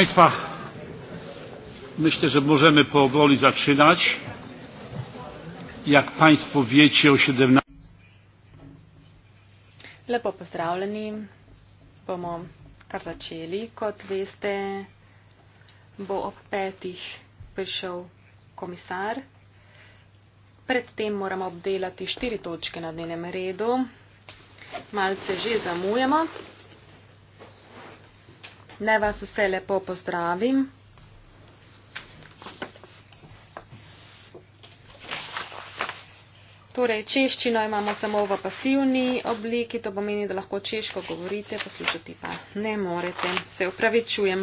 państwa myślę że możemy powoli zaczynać. jak państwo wiecie o. lepo pozdravljeni bomo kar začeli kot veste bo ob petih prišel komisar predtem moramo obdelati štiri točke na dnevnem redu malce že zamujamo Ne vas vse lepo pozdravim. Torej, češčino imamo samo v pasivni obliki, to pomeni, da lahko češko govorite, poslušati pa ne morete. Se upravičujem.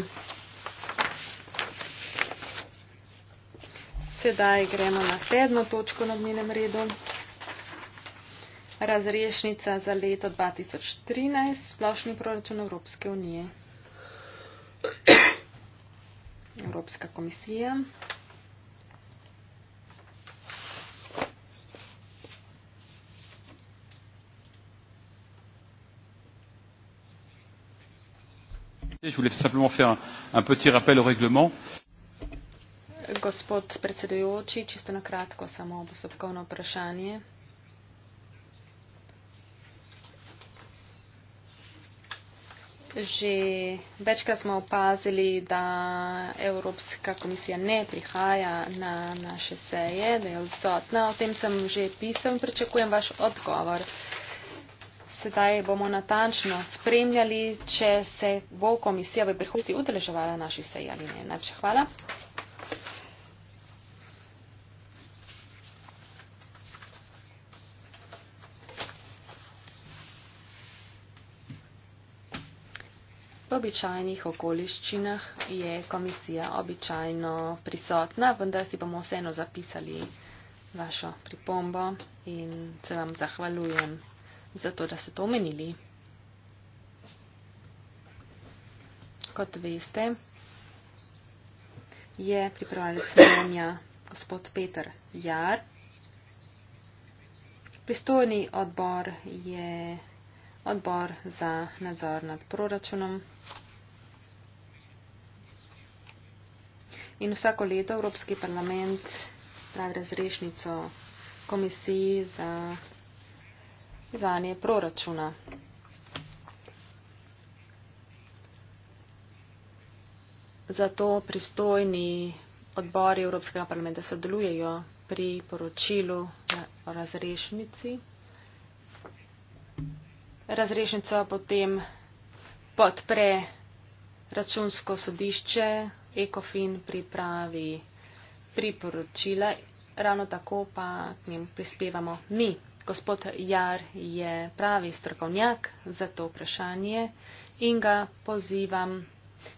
Sedaj gremo na sedmo točko na dnevnem redu. Razrešnica za leto 2013, splošni proračun Evropske unije. Evropska komisija. Je voulais simplement faire un, un petit rappel au règlement. Gospod predsedujoči, čisto na kratko samo postopkovno vprašanje. že večkrat smo opazili, da Evropska komisija ne prihaja na naše seje, da je odsotna. O tem sem že pisal in pričakujem vaš odgovor. Sedaj bomo natančno spremljali, če se bo komisija v prihodnosti udeleževala naši seji ali ne. Najprej hvala. neobičajnih okoliščinah je komisija običajno prisotna, vendar si bomo vseeno zapisali vašo pripombo in se vam zahvaljujem za to, da ste to omenili. Kot veste, je pripravljalec mnenja gospod Peter Jar. Pristojni odbor je odbor za nadzor nad proračunom. In vsako leto Evropski parlament pravi razrešnico komisiji za zanje proračuna. Zato pristojni odbori Evropskega parlamenta sodelujejo pri poročilu o razrešnici razrešnica potem podpre računsko sodišče, ECOFIN pripravi priporočila, ravno tako pa k njim prispevamo mi. Gospod Jar je pravi strokovnjak za to vprašanje in ga pozivam,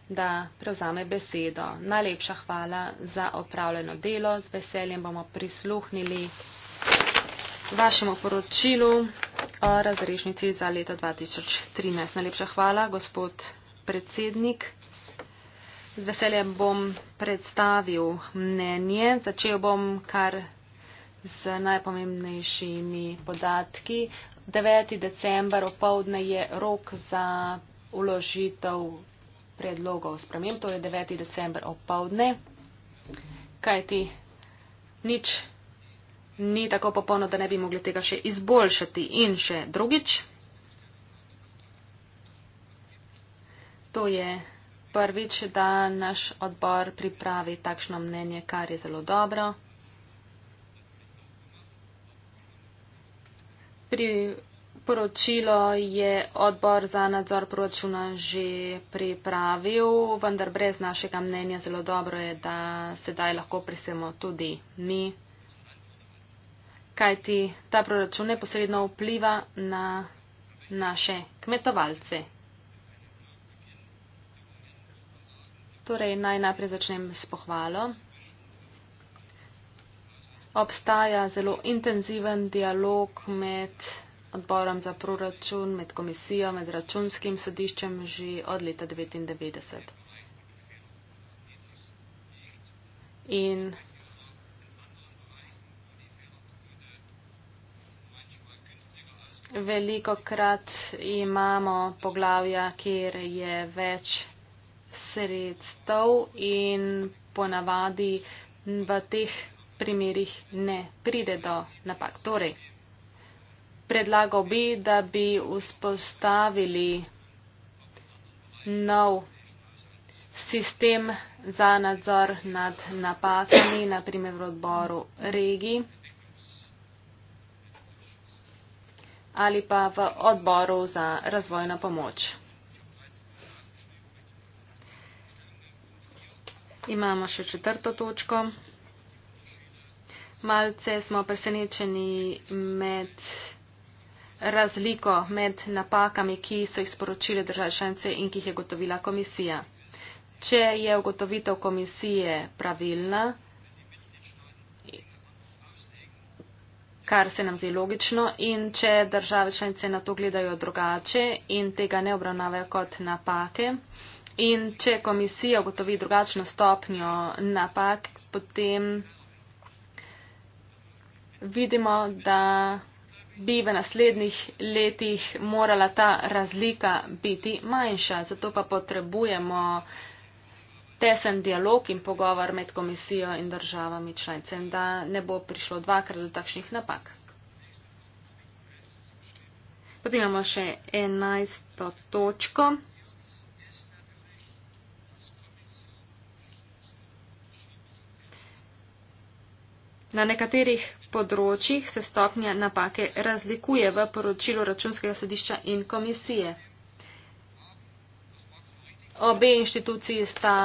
da prevzame besedo. Najlepša hvala za opravljeno delo, z veseljem bomo prisluhnili vašemu poročilu o razrešnici za leto 2013. Najlepša hvala, gospod predsednik. Z veseljem bom predstavil mnenje. Začel bom kar z najpomembnejšimi podatki. 9. decembar opovdne je rok za uložitev predlogov sprememb, to je 9. decembar opovdne. Kaj ti? Nič ni tako popolno, da ne bi mogli tega še izboljšati. In še drugič, to je prvič, da naš odbor pripravi takšno mnenje, kar je zelo dobro. Pri poročilo je odbor za nadzor proračuna že pripravil, vendar brez našega mnenja zelo dobro je, da sedaj lahko prisemo tudi mi kajti ta proračun neposredno vpliva na naše kmetovalce. Torej, naj najprej začnem s pohvalo. Obstaja zelo intenziven dialog med odborom za proračun, med komisijo, med računskim sodiščem že od leta 1999. In veliko krat imamo poglavja, kjer je več sredstev in ponavadi v teh primerjih ne pride do napak. Torej, predlagal bi, da bi vzpostavili nov sistem za nadzor nad napakami, naprimer v odboru regij. ali pa v odboru za razvojno pomoč. Imamo še četrto točko. Malce smo presenečeni med razliko med napakami, ki so jih sporočile države šance in ki jih je gotovila komisija. Če je ugotovitev komisije pravilna, kar se nam zdi logično in če države članice na to gledajo drugače in tega ne obravnavajo kot napake in če komisija ugotovi drugačno stopnjo napak, potem vidimo, da bi v naslednjih letih morala ta razlika biti manjša. Zato pa potrebujemo uh, tesen dialog in pogovor med komisijo in državami članice in da ne bo prišlo dvakrat do takšnih napak. Potem imamo še enajsto točko. Na nekaterih področjih se stopnja napake razlikuje v poročilu računskega sodišča in komisije. Obe inštituciji sta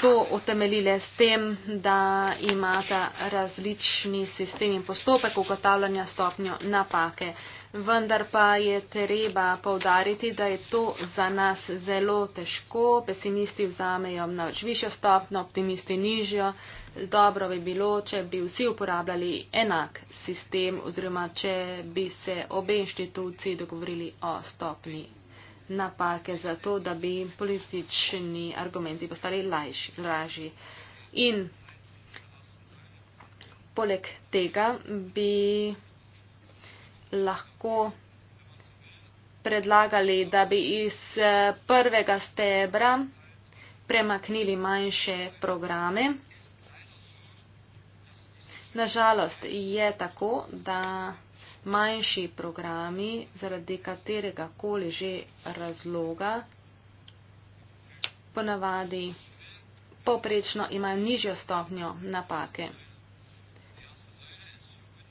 to utemeljile s tem, da imata različni sistem in postopek ugotavljanja stopnjo napake. Vendar pa je treba povdariti, da je to za nas zelo težko. Pesimisti vzamejo na več višjo stopnjo, optimisti nižjo. Dobro bi bilo, če bi vsi uporabljali enak sistem oziroma če bi se obe inštituciji dogovorili o stopnji napake za to, da bi politični argumenti postali lažji. In poleg tega bi lahko predlagali, da bi iz eh, prvega stebra premaknili manjše programe. Nažalost je tako, da manjši programi, zaradi katerega koli že razloga, ponavadi poprečno imajo nižjo stopnjo napake.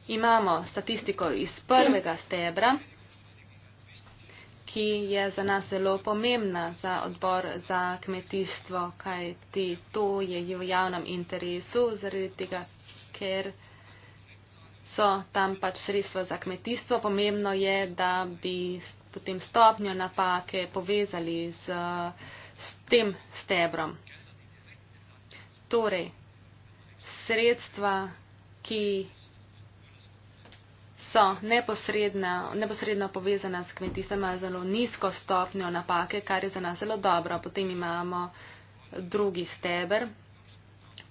Imamo statistiko iz prvega stebra, ki je za nas zelo pomembna za odbor za kmetijstvo, kaj ti to je v javnem interesu, zaradi tega, ker so tam pač sredstva za kmetijstvo. Pomembno je, da bi potem stopnjo napake povezali z, s tem stebrom. Torej, sredstva, ki so neposredno povezana s kmetijstvom, imajo zelo nizko stopnjo napake, kar je za nas zelo dobro. Potem imamo drugi steber,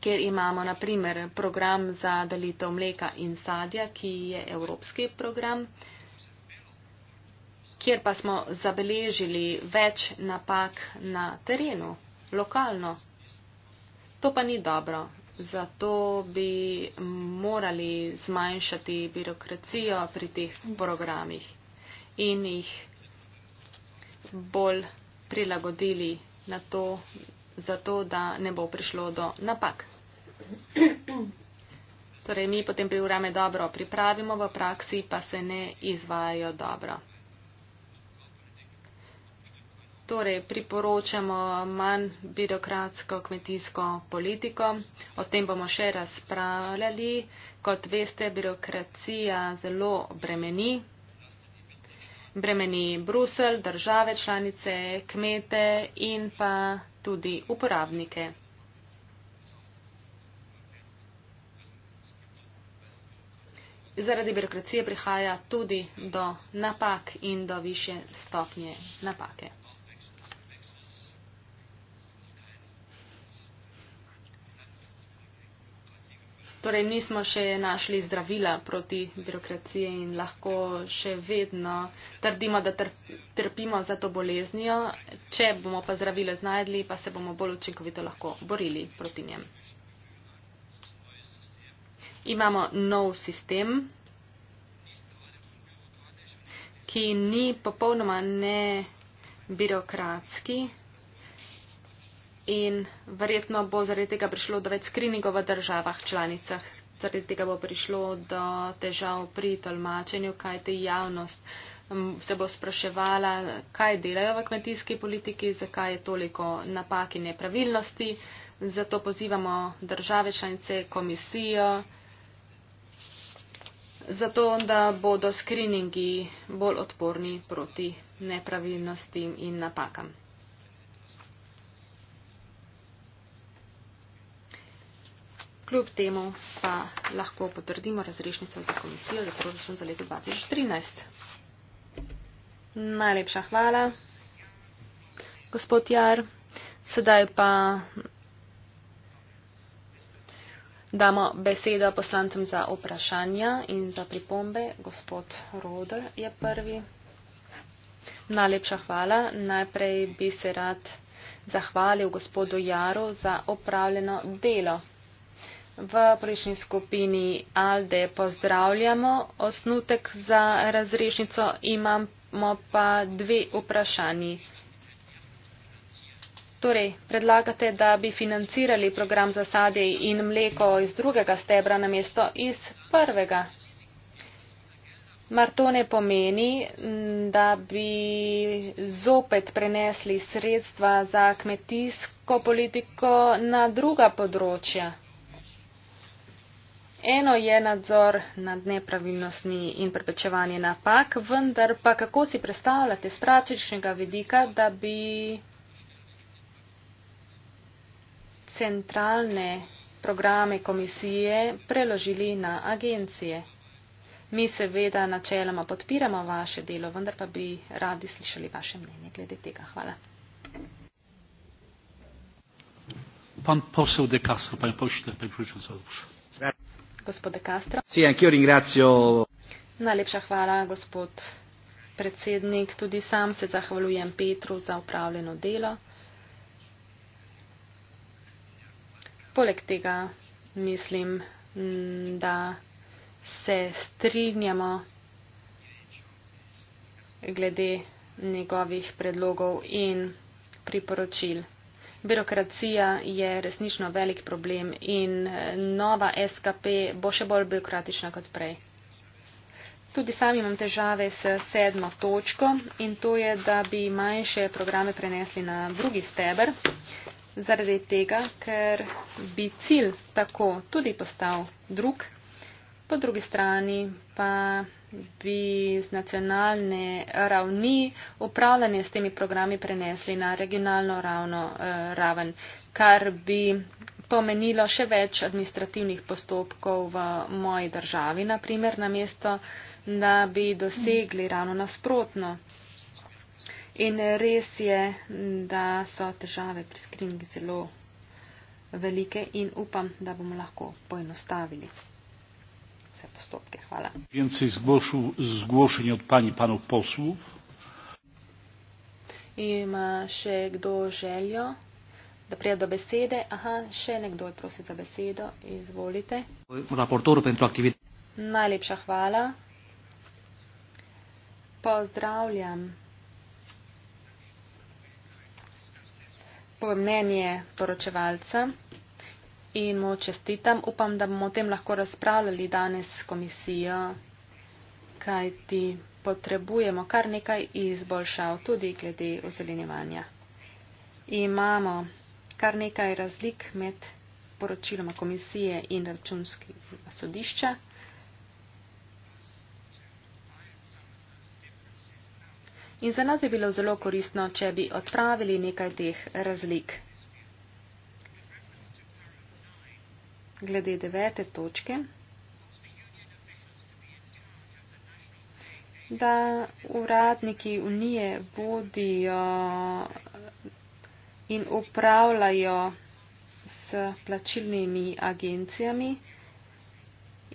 ker imamo na primer program za delitev mleka in sadja, ki je evropski program, kjer pa smo zabeležili več napak na terenu, lokalno. To pa ni dobro. Zato bi morali zmanjšati birokracijo pri teh programih in jih bolj prilagodili na to, zato da ne bo prišlo do napak. Torej, mi potem priurame dobro pripravimo, v praksi pa se ne izvajajo dobro. Torej, priporočamo manj birokratsko kmetijsko politiko. O tem bomo še razpravljali. Kot veste, birokracija zelo bremeni. Bremeni Brusel, države članice, kmete in pa tudi uporabnike. Zaradi birokracije prihaja tudi do napak in do više stopnje napake. Torej, nismo še našli zdravila proti birokraciji in lahko še vedno trdimo, da trpimo za to boleznijo. Če bomo pa zdravilo znajdli, pa se bomo bolj učinkovito lahko borili proti njem. Imamo nov sistem, ki ni popolnoma ne birokratski, in verjetno bo zaradi tega prišlo do več skriningov v državah članicah. Zaradi tega bo prišlo do težav pri tolmačenju, kaj te javnost se bo spraševala, kaj delajo v kmetijski politiki, zakaj je toliko napak in nepravilnosti. Zato pozivamo države članice, komisijo, zato da bodo skriningi bolj odporni proti nepravilnostim in napakam. Kljub temu pa lahko potrdimo razrešnico za komisijo za proračun za leto 2013. Najlepša hvala, gospod Jar. Sedaj pa damo besedo poslancem za vprašanja in za pripombe. Gospod Roder je prvi. Najlepša hvala. Najprej bi se rad zahvalil gospodu Jaru za opravljeno delo v prejšnji skupini Alde pozdravljamo. Osnutek za razrešnico imamo pa dve vprašanji. Torej, predlagate, da bi financirali program za sadje in mleko iz drugega stebra na mesto iz prvega. Mar to ne pomeni, da bi zopet prenesli sredstva za kmetijsko politiko na druga področja? Eno je nadzor nad nepravilnostmi in preprečevanje napak, vendar pa kako si predstavljate z praktičnega vidika, da bi centralne programe komisije preložili na agencije? Mi seveda načeloma podpiramo vaše delo, vendar pa bi radi slišali vaše mnenje glede tega. Hvala. Pan posel de Castro, pan posel de Castro, pan posel de Castro gospod De Castro. Sì, anch'io ringrazio. Najlepša hvala, gospod predsednik. Tudi sam se zahvaljujem Petru za upravljeno delo. Poleg tega mislim, da se strinjamo glede njegovih predlogov in priporočil. Birokracija je resnično velik problem in eh, nova SKP bo še bolj birokratična kot prej. Tudi sam imam težave s sedmo točko in to je, da bi manjše programe prenesli na drugi steber, zaradi tega, ker bi cilj tako tudi postal drug po drugi strani pa bi z nacionalne ravni upravljanje s temi programi prenesli na regionalno ravno, eh, raven, kar bi pomenilo še več administrativnih postopkov v moji državi, naprimer, namesto, da bi dosegli ravno nasprotno. In res je, da so težave pri skrinji zelo velike in upam, da bomo lahko poenostavili te postopke. Hvala. Więcej zgłoszeń od pani panów posłów? Ima še kdo željo, da prija do besede? Aha, še nekdo je prosil za besedo. Izvolite. Najlepša hvala. Pozdravljam. Po mnenje poročevalca in mu čestitam. Upam, da bomo o tem lahko razpravljali danes s komisijo, kaj ti potrebujemo kar nekaj izboljšav, tudi glede ozelenjevanja. Imamo kar nekaj razlik med poročiloma komisije in računskega sodišča. In za nas je bilo zelo koristno, če bi odpravili nekaj teh razlik. glede devete točke, da uradniki unije vodijo in upravljajo s plačilnimi agencijami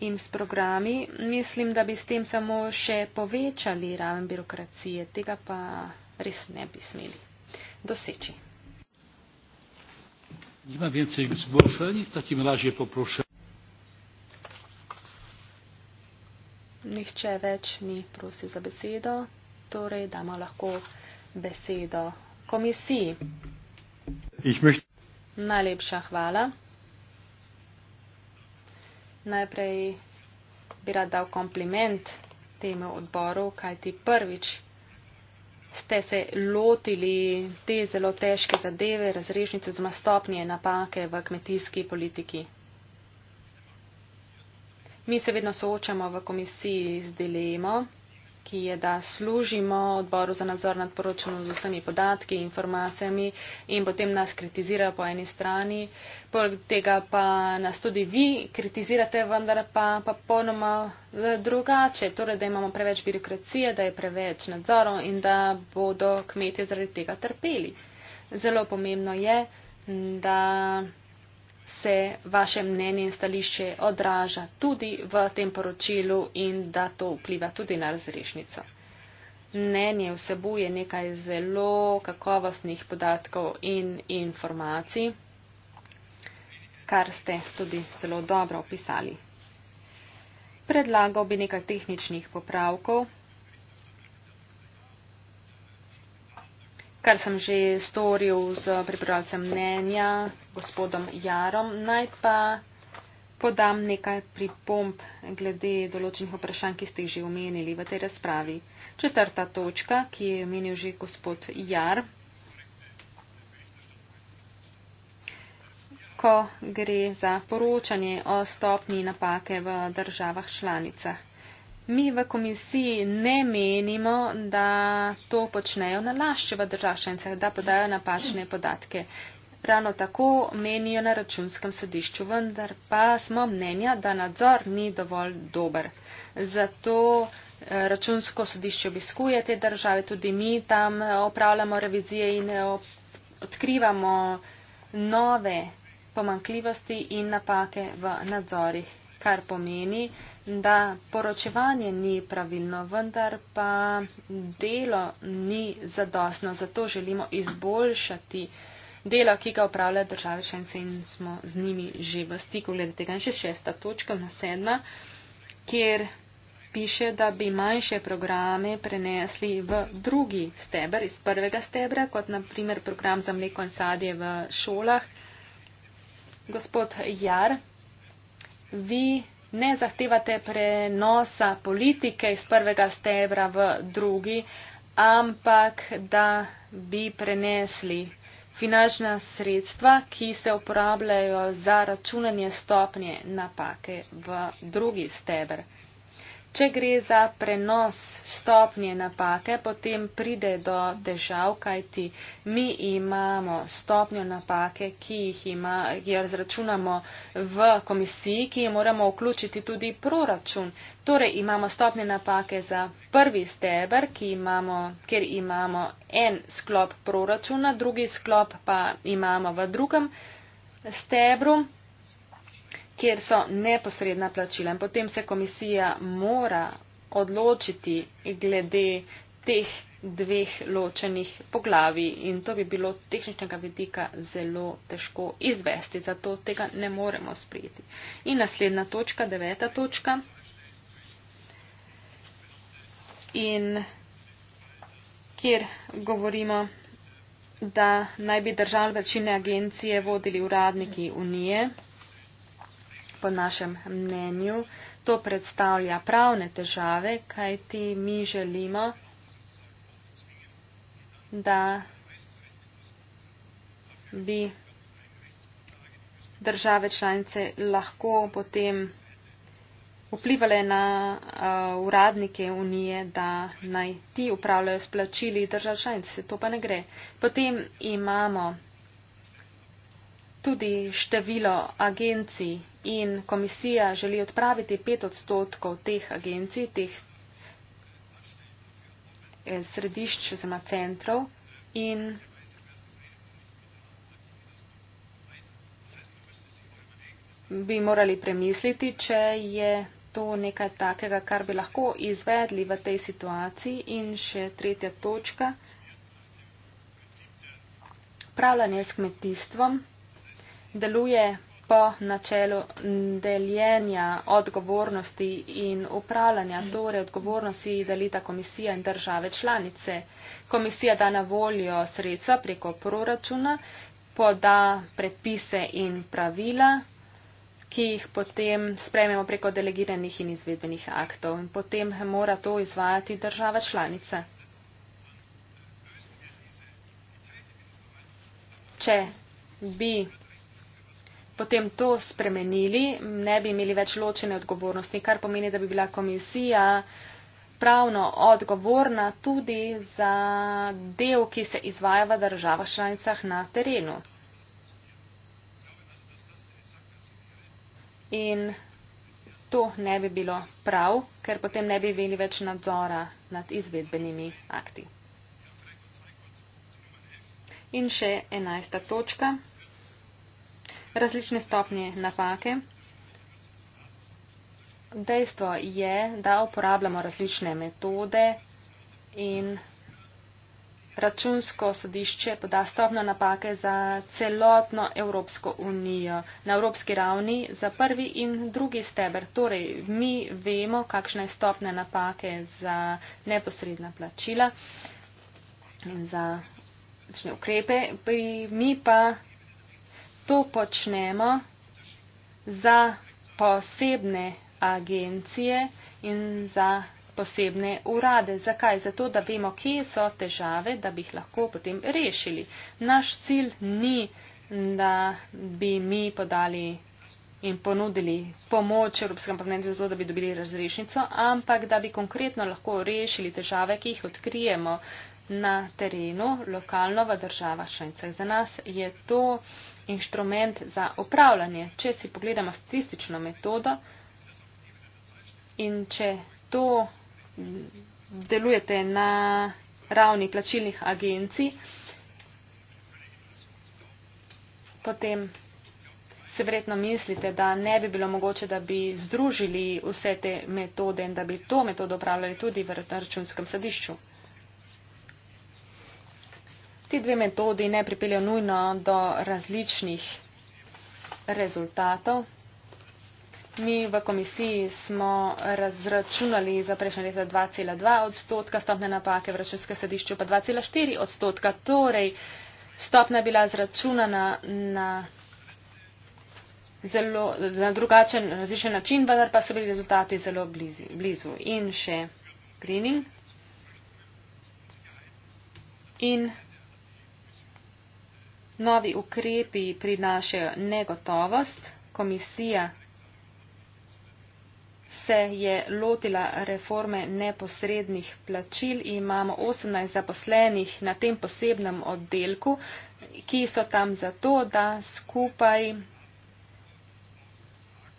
in s programi. Mislim, da bi s tem samo še povečali raven birokracije, tega pa res ne bi smeli doseči. Nie ma więcej zgłoszeń. W takim razie poproszę. Nihče več ni prosil za besedo, torej damo lahko besedo komisiji. Najlepša hvala. Najprej bi rad dal kompliment temu odboru, kaj ti prvič ste se lotili te zelo težke zadeve, razrešnice z nastopnje napake v kmetijski politiki? Mi se vedno soočamo v komisiji z dilemo, ki je, da služimo odboru za nadzor nad poročanjem z vsemi podatki, informacijami in potem nas kritizira po eni strani. Poleg tega pa nas tudi vi kritizirate, vendar pa popolnoma eh, drugače. Torej, da imamo preveč birokracije, da je preveč nadzorov in da bodo kmetje zaradi tega trpeli. Zelo pomembno je, da se vaše mnenje in stališče odraža tudi v tem poročilu in da to vpliva tudi na razrešnico. Mnenje vsebuje nekaj zelo kakovostnih podatkov in informacij, kar ste tudi zelo dobro opisali. Predlagal bi nekaj tehničnih popravkov, kar sem že storil z pripravljalcem mnenja gospodom Jarom. Naj pa podam nekaj pripomp glede določenih vprašanj, ki ste jih že omenili v tej razpravi. Četrta točka, ki je omenil že gospod Jar. ko gre za poročanje o stopni napake v državah članicah. Mi v komisiji ne menimo, da to počnejo na lašče v državah članicah, da podajo napačne podatke. Ravno tako menijo na računskem sodišču, vendar pa smo mnenja, da nadzor ni dovolj dober. Zato eh, računsko sodišče obiskuje te države, tudi mi tam eh, opravljamo revizije in eh, odkrivamo nove pomankljivosti in napake v nadzorih, kar pomeni, da poročevanje ni pravilno, vendar pa delo ni zadostno. Zato želimo izboljšati delo, ki ga upravlja države šence in smo z njimi že v stiku glede tega. In še šesta točka na sedma, kjer piše, da bi manjše programe prenesli v drugi steber, iz prvega stebra, kot naprimer program za mleko in sadje v šolah. Gospod Jar, vi ne zahtevate prenosa politike iz prvega stebra v drugi, ampak da bi prenesli finančna sredstva, ki se uporabljajo za računanje stopnje napake v drugi steber. Če gre za prenos stopnje napake, potem pride do težav, kajti mi imamo stopnjo napake, ki jih ima, jo razračunamo v komisiji, ki jo moramo vključiti tudi proračun. Torej imamo stopnje napake za prvi steber, imamo, kjer imamo en sklop proračuna, drugi sklop pa imamo v drugem stebru kjer so neposredna plačila. In potem se komisija mora odločiti glede teh dveh ločenih poglavi in to bi bilo tehničnega vidika zelo težko izvesti, zato tega ne moremo sprejeti. In naslednja točka, deveta točka. In kjer govorimo, da naj bi držav večine agencije vodili uradniki unije po našem mnenju to predstavlja pravne težave, kaj ti mi želimo, da bi države članice lahko potem vplivali na uh, uradnike unije, da naj ti upravljajo splačili držav članic. To pa ne gre. Potem imamo tudi število agencij in komisija želi odpraviti pet odstotkov teh agencij, teh eh, središč oziroma centrov in bi morali premisliti, če je to nekaj takega, kar bi lahko izvedli v tej situaciji. In še tretja točka. Pravljanje s kmetijstvom deluje po načelu deljenja odgovornosti in upravljanja, torej odgovornosti delita komisija in države članice. Komisija da na voljo sredstva preko proračuna, poda predpise in pravila, ki jih potem sprememo preko delegiranih in izvedbenih aktov in potem mora to izvajati država članica. Če bi potem to spremenili, ne bi imeli več ločene odgovornosti, kar pomeni, da bi bila komisija pravno odgovorna tudi za del, ki se izvaja v državah članicah na terenu. In to ne bi bilo prav, ker potem ne bi imeli več nadzora nad izvedbenimi akti. In še enajsta točka različne stopnje napake. Dejstvo je, da uporabljamo različne metode in računsko sodišče poda stopno napake za celotno Evropsko unijo na evropski ravni za prvi in drugi steber. Torej, mi vemo, kakšne stopne napake za neposredna plačila in za različne ukrepe, mi pa to počnemo za posebne agencije in za posebne urade. Zakaj? Zato, da vemo, kje so težave, da bi jih lahko potem rešili. Naš cilj ni, da bi mi podali in ponudili pomoč Evropskem parlamentu za to, da bi dobili razrešnico, ampak da bi konkretno lahko rešili težave, ki jih odkrijemo na terenu, lokalno v državah članicah. Za nas je to inštrument za upravljanje, če si pogledamo statistično metodo in če to delujete na ravni plačilnih agencij, potem se verjetno mislite, da ne bi bilo mogoče, da bi združili vse te metode in da bi to metodo upravljali tudi v računskem sadišču ti dve metodi ne pripeljajo nujno do različnih rezultatov. Mi v komisiji smo razračunali za prejšnje leto 2,2 odstotka stopne napake v računskem središču, pa 2,4 odstotka. Torej, stopna je bila zračunana na, zelo, na drugačen, različen način, vendar pa so bili rezultati zelo blizu. blizu. In še greening. In Novi ukrepi prinašajo negotovost. Komisija se je lotila reforme neposrednih plačil. Imamo 18 zaposlenih na tem posebnem oddelku, ki so tam zato, da skupaj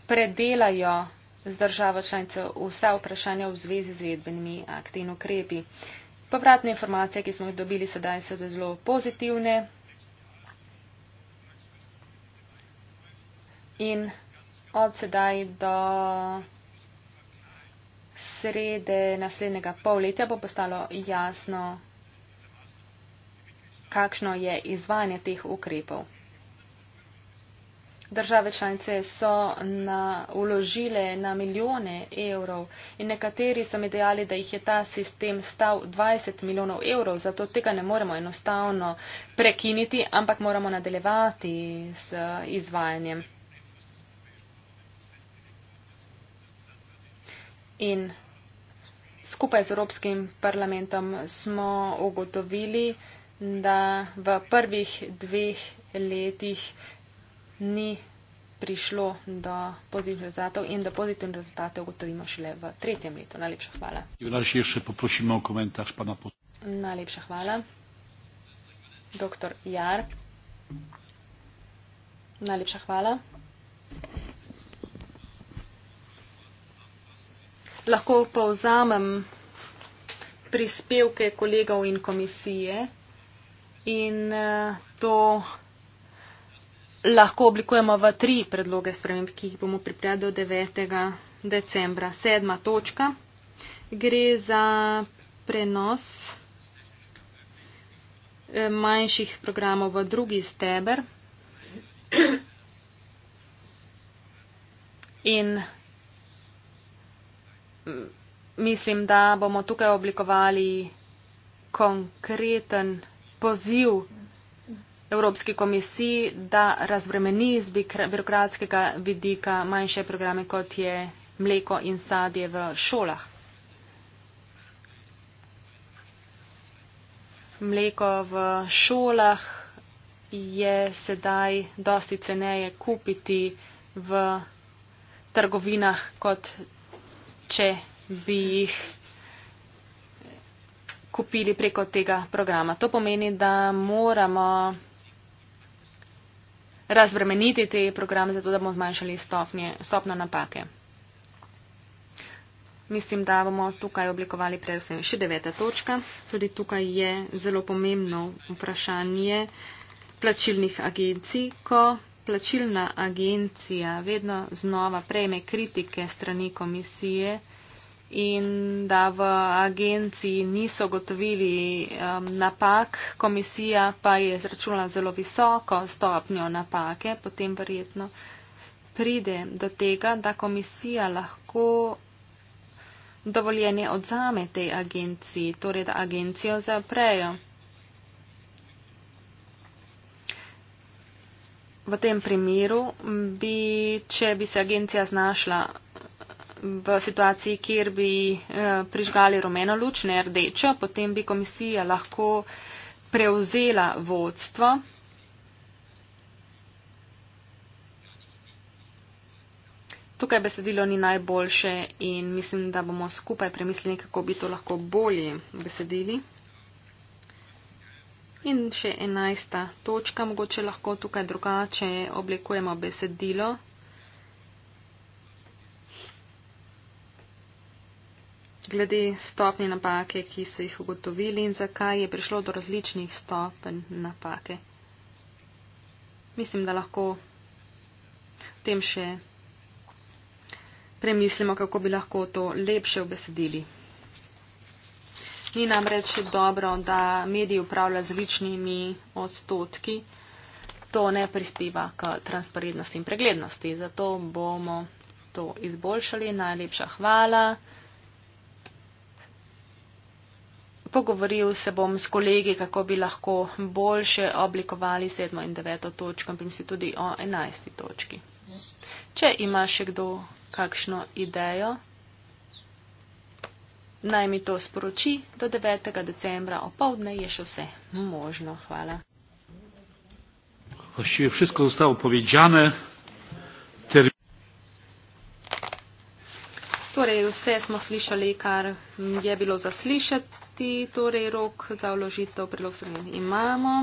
predelajo z državo članico vsa vprašanja v zvezi z izvedbenimi akti in ukrepi. Povratne informacije, ki smo jih dobili sedaj, so zelo pozitivne. In od sedaj do srede naslednjega polletja bo postalo jasno, kakšno je izvajanje teh ukrepov. Države članice so na, uložile na milijone evrov in nekateri so mi dejali, da jih je ta sistem stal 20 milijonov evrov, zato tega ne moremo enostavno prekiniti, ampak moramo nadaljevati z izvajanjem. in skupaj z Evropskim parlamentom smo ugotovili, da v prvih dveh letih ni prišlo do pozitivnih rezultatov in da pozitivne rezultate ugotovimo šele v tretjem letu. Najlepša hvala. Najlepša hvala. Doktor Jar. Najlepša hvala. lahko povzamem prispevke kolegov in komisije in eh, to lahko oblikujemo v tri predloge sprememb, ki jih bomo pripravili do 9. decembra. Sedma točka gre za prenos eh, manjših programov v drugi steber in mislim, da bomo tukaj oblikovali konkreten poziv Evropski komisiji, da razbremeni iz birokratskega vidika manjše programe, kot je mleko in sadje v šolah. Mleko v šolah je sedaj dosti ceneje kupiti v trgovinah kot če bi jih kupili preko tega programa. To pomeni, da moramo razvremeniti te programe, zato da bomo zmanjšali stopnje, stopno napake. Mislim, da bomo tukaj oblikovali predvsem še deveta točka. Tudi tukaj je zelo pomembno vprašanje plačilnih agencij, ko plačilna agencija vedno znova prejme kritike strani komisije in da v agenciji niso gotovili um, napak, komisija pa je zračunala zelo visoko stopnjo napake, potem verjetno pride do tega, da komisija lahko dovoljenje odzame tej agenciji, torej da agencijo zaprejo. v tem primeru bi, če bi se agencija znašla v situaciji, kjer bi eh, prižgali rumeno luč, ne rdečo, potem bi komisija lahko prevzela vodstvo. Tukaj besedilo ni najboljše in mislim, da bomo skupaj premislili, kako bi to lahko bolje besedili. In še enajsta točka, mogoče lahko tukaj drugače oblikujemo besedilo. Glede stopni napake, ki so jih ugotovili in zakaj je prišlo do različnih stopen napake. Mislim, da lahko tem še premislimo, kako bi lahko to lepše obesedili. Ni nam reč dobro, da mediji upravlja z ličnimi odstotki. To ne prispeva k transparentnosti in preglednosti. Zato bomo to izboljšali. Najlepša hvala. Pogovoril se bom s kolegi, kako bi lahko boljše oblikovali 7. in 9. točko in primisli tudi o 11. točki. Če ima še kdo kakšno idejo. Naj mi to sporoči, do 9. decembra opoldne je še vse možno. Hvala. Če je vse ostalo povedano, ter. Torej, vse smo slišali, kar je bilo zaslišati, torej rok za vložitev priložnosti imamo.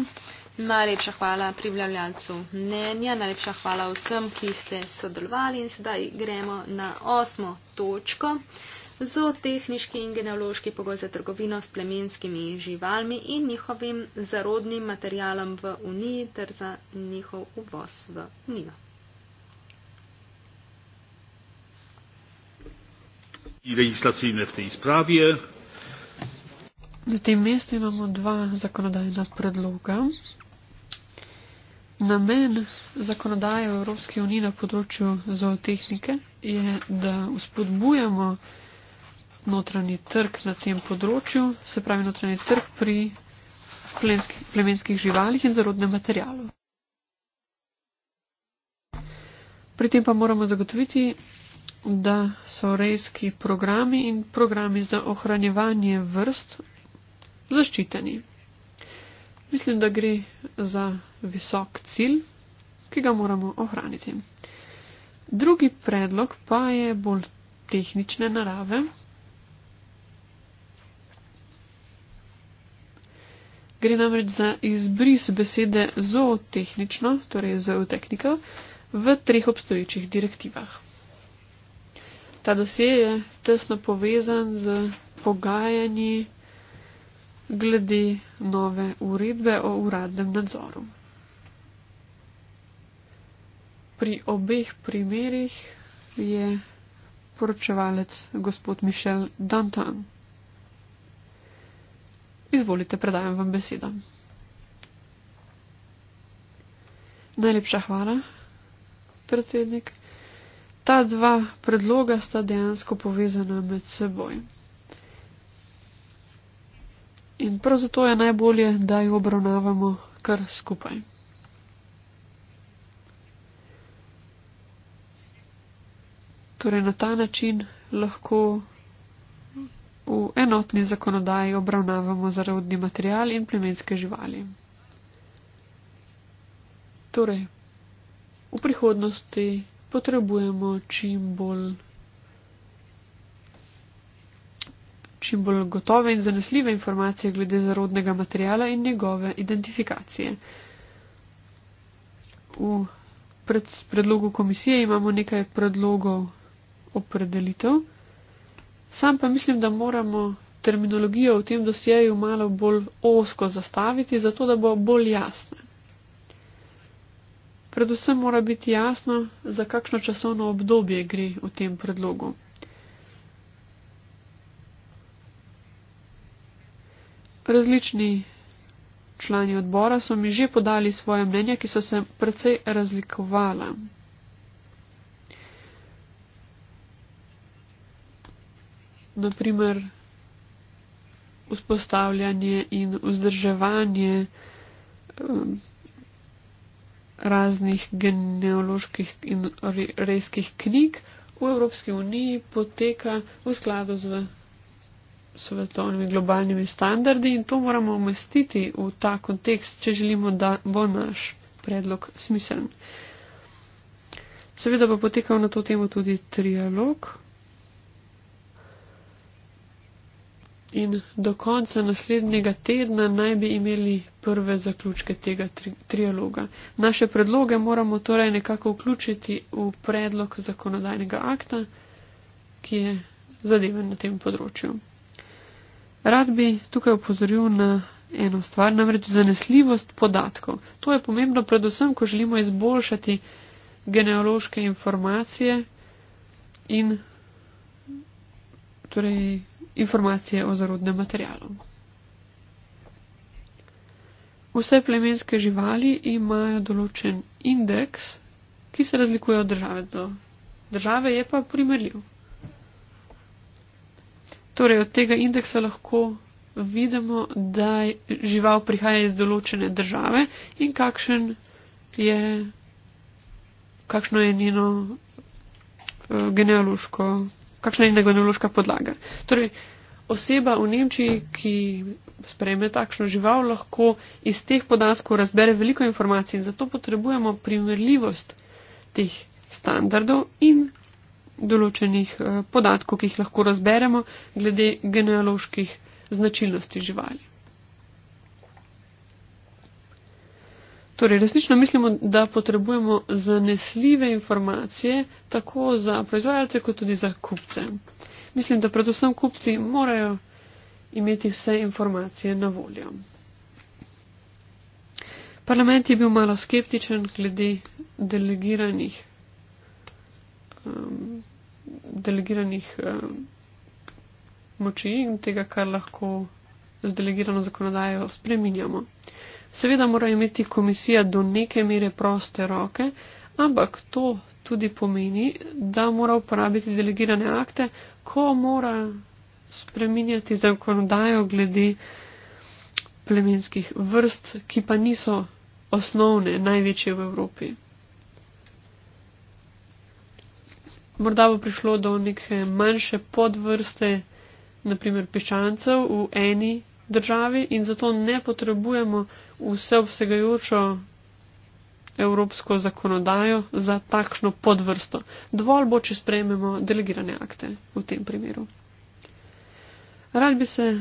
Najlepša hvala pripravljalcu mnenja, najlepša hvala vsem, ki ste sodelovali in sedaj gremo na osmo točko zootehniški in genealoški pogoj za trgovino s plemenskimi živalmi in njihovim zarodnim materialom v Uniji ter za njihov uvoz v Unijo. Na tem mestu imamo dva zakonodajna predloga. Namen zakonodaje v Evropski uniji na področju zootehnike je, da uspodbujamo notranji trg na tem področju, se pravi notranji trg pri plemskih, plemenskih živalih in zarodnem materialu. Pri tem pa moramo zagotoviti, da so rejski programi in programi za ohranjevanje vrst zaščiteni. Mislim, da gre za visok cilj, ki ga moramo ohraniti. Drugi predlog pa je bolj tehnične narave. Gre namreč za izbris besede zootehnično, torej zootehnika, v treh obstoječih direktivah. Ta dosje je tesno povezan z pogajanji glede nove uredbe o uradnem nadzoru. Pri obeh primerih je poročevalec gospod Mišel Dantan. Izvolite, predajam vam besedo. Najlepša hvala, predsednik. Ta dva predloga sta dejansko povezana med seboj. In prav zato je najbolje, da jo obravnavamo kar skupaj. Torej na ta način lahko v enotni zakonodaji obravnavamo zarodni material in plemenske živali. Torej, v prihodnosti potrebujemo čim bolj, čim bolj gotove in zanesljive informacije glede zarodnega materijala in njegove identifikacije. V predlogu komisije imamo nekaj predlogov opredelitev. Sam pa mislim, da moramo terminologijo v tem dosjeju malo bolj osko zastaviti, zato da bo bolj jasna. Predvsem mora biti jasno, za kakšno časovno obdobje gre v tem predlogu. Različni člani odbora so mi že podali svoje mnenja, ki so se precej razlikovala. naprimer vzpostavljanje in vzdrževanje um, raznih genealoških in rejskih knjig v Evropski uniji poteka v skladu z svetovnimi globalnimi standardi in to moramo umestiti v ta kontekst, če želimo, da bo naš predlog smiseln. Seveda pa potekal na to temo tudi trialog, in do konca naslednjega tedna naj bi imeli prve zaključke tega tri trialoga. Naše predloge moramo torej nekako vključiti v predlog zakonodajnega akta, ki je zadeven na tem področju. Rad bi tukaj upozoril na eno stvar, namreč zanesljivost podatkov. To je pomembno predvsem, ko želimo izboljšati genealoške informacije in torej informacije o zarodnem materialu. Vse plemenske živali imajo določen indeks, ki se razlikuje od države do države, je pa primerljiv. Torej, od tega indeksa lahko vidimo, da žival prihaja iz določene države in kakšen je, kakšno je njeno eh, genealoško kakšna je nagonološka podlaga. Torej, oseba v Nemčiji, ki sprejme takšno žival, lahko iz teh podatkov razbere veliko informacij in zato potrebujemo primerljivost teh standardov in določenih eh, podatkov, ki jih lahko razberemo glede genealoških značilnosti živali. Torej, resnično mislimo, da potrebujemo zanesljive informacije tako za proizvajalce, kot tudi za kupce. Mislim, da predvsem kupci morajo imeti vse informacije na voljo. Parlament je bil malo skeptičen glede delegiranih, um, delegiranih um, moči in tega, kar lahko z delegirano zakonodajo spreminjamo. Seveda mora imeti komisija do neke mere proste roke, ampak to tudi pomeni, da mora uporabiti delegirane akte, ko mora spreminjati zakonodajo glede plemenskih vrst, ki pa niso osnovne, največje v Evropi. Morda bo prišlo do neke manjše podvrste, naprimer piščancev v eni državi in zato ne potrebujemo vseobsegajočo evropsko zakonodajo za takšno podvrsto. Dovolj bo, če sprejmemo delegirane akte v tem primeru. Rad bi se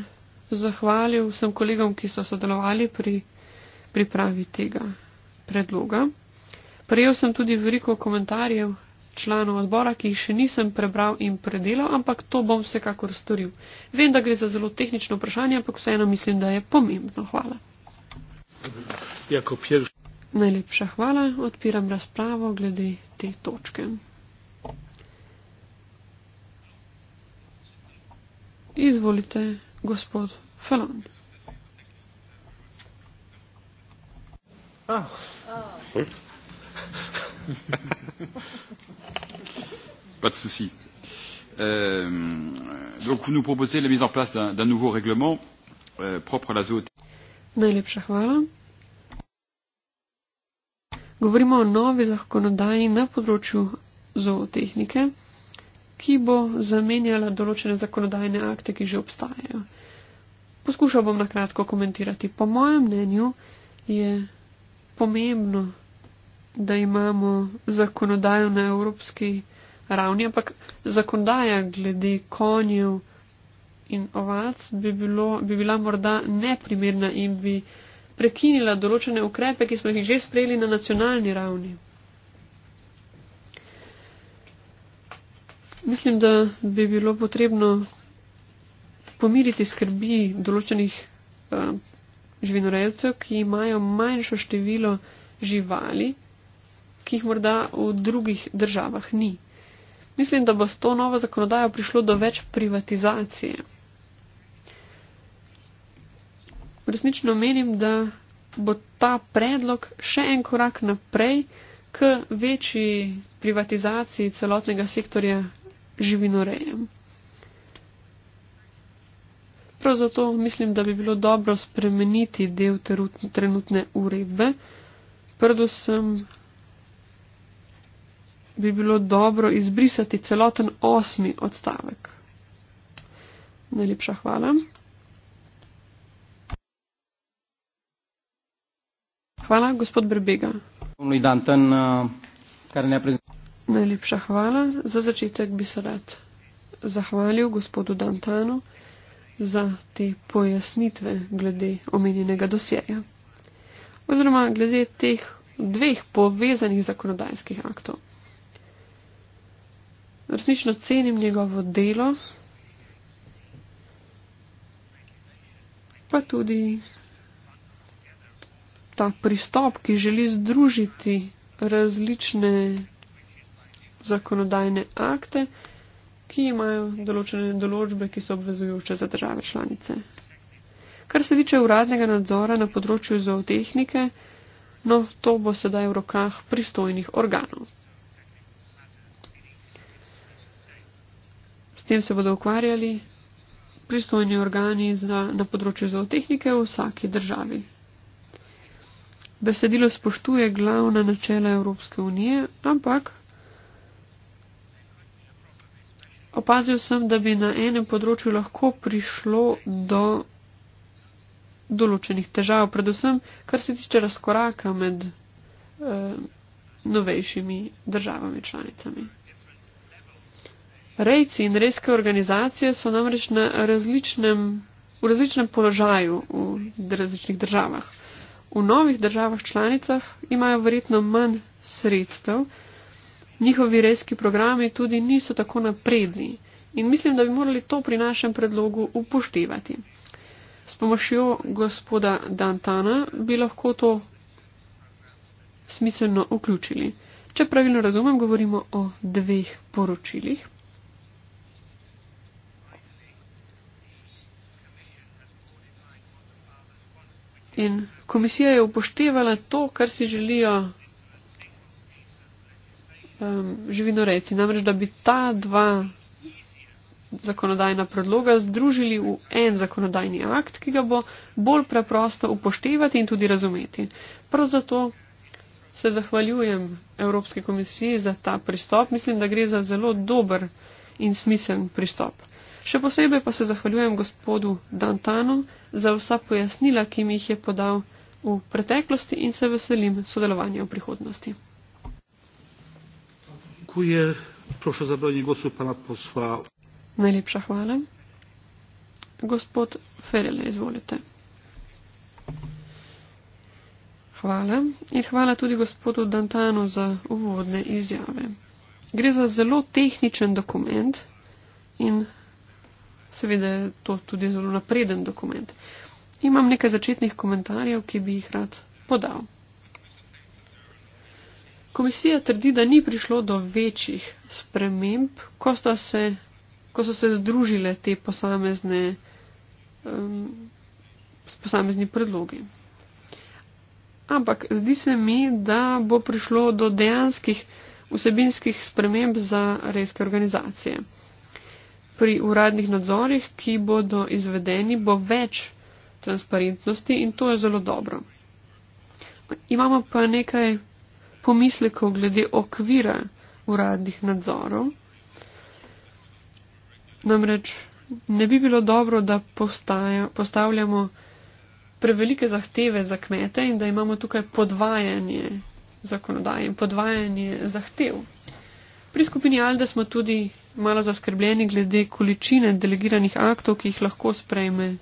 zahvalil vsem kolegom, ki so sodelovali pri pripravi tega predloga. Prejel sem tudi veliko komentarjev članov odbora, ki jih še nisem prebral in predelal, ampak to bom vsekakor storil. Vem, da gre za zelo tehnično vprašanje, ampak vseeno mislim, da je pomembno. Hvala. Najlepša hvala. Odpiram razpravo glede te točke. Izvolite, gospod Felon. Ah. Oh. Hm? Pas de souci. Euh, donc vous nous proposez la mise en place d'un nouveau règlement euh, propre à la zoothérapie. Govorimo o novi zakonodaji na področju zootehnike, ki bo zamenjala določene zakonodajne akte, ki že obstajajo. Poskušal bom na kratko komentirati. Po mojem mnenju je pomembno da imamo zakonodajo na evropski ravni, ampak zakonodaja glede konjev in ovac bi, bilo, bi bila morda neprimerna in bi prekinila določene ukrepe, ki smo jih že sprejeli na nacionalni ravni. Mislim, da bi bilo potrebno pomiriti skrbi določenih eh, živinorejcev, ki imajo manjšo število živali ki jih morda v drugih državah ni. Mislim, da bo s to novo zakonodajo prišlo do več privatizacije. Resnično menim, da bo ta predlog še en korak naprej k večji privatizaciji celotnega sektorja živinorejem. Prav zato mislim, da bi bilo dobro spremeniti del trenutne uredbe, predvsem bi bilo dobro izbrisati celoten osmi odstavek. Najlepša hvala. Hvala, gospod Brbega. Uh, Najlepša hvala. Za začetek bi se rad zahvalil gospodu Dantanu za te pojasnitve glede omenjenega dosjeja. Oziroma glede teh dveh povezanih zakonodajskih aktov resnično cenim njegovo delo, pa tudi ta pristop, ki želi združiti različne zakonodajne akte, ki imajo določene določbe, ki so obvezujoče za države članice. Kar se tiče uradnega nadzora na področju zootehnike, no, to bo sedaj v rokah pristojnih organov. tem se bodo ukvarjali pristojni organi za, na področju zootehnike v vsaki državi. Besedilo spoštuje glavna načela Evropske unije, ampak opazil sem, da bi na enem področju lahko prišlo do določenih težav, predvsem kar se tiče razkoraka med eh, novejšimi državami članicami. Rejci in rejske organizacije so namreč na različnem, v različnem položaju v različnih državah. V novih državah članicah imajo verjetno manj sredstev, njihovi rejski programi tudi niso tako napredni in mislim, da bi morali to pri našem predlogu upoštevati. S pomočjo gospoda Dantana bi lahko to smiselno vključili. Če pravilno razumem, govorimo o dveh poročilih. In komisija je upoštevala to, kar si želijo um, živinoreci. Namreč, da bi ta dva zakonodajna predloga združili v en zakonodajni akt, ki ga bo bolj preprosto upoštevati in tudi razumeti. Prav zato se zahvaljujem Evropske komisiji za ta pristop. Mislim, da gre za zelo dober in smiseln pristop. Še posebej pa se zahvaljujem gospodu Dantanu za vsa pojasnila, ki mi jih je podal v preteklosti in se veselim sodelovanja v prihodnosti. Najlepša hvala. Gospod Ferele, izvolite. Hvala in hvala tudi gospodu Dantanu za uvodne izjave. Gre za zelo tehničen dokument in seveda je to tudi zelo napreden dokument. Imam nekaj začetnih komentarjev, ki bi jih rad podal. Komisija trdi, da ni prišlo do večjih sprememb, ko, se, ko so se združile te posamezne, um, posamezni predlogi. Ampak zdi se mi, da bo prišlo do dejanskih vsebinskih sprememb za rejske organizacije pri uradnih nadzorih, ki bodo izvedeni, bo več transparentnosti in to je zelo dobro. Imamo pa nekaj pomislekov glede okvira uradnih nadzorov. Namreč ne bi bilo dobro, da postavljamo prevelike zahteve za kmete in da imamo tukaj podvajanje zakonodaje in podvajanje zahtev. Pri skupini Alde smo tudi malo zaskrbljeni glede količine delegiranih aktov, ki jih lahko sprejme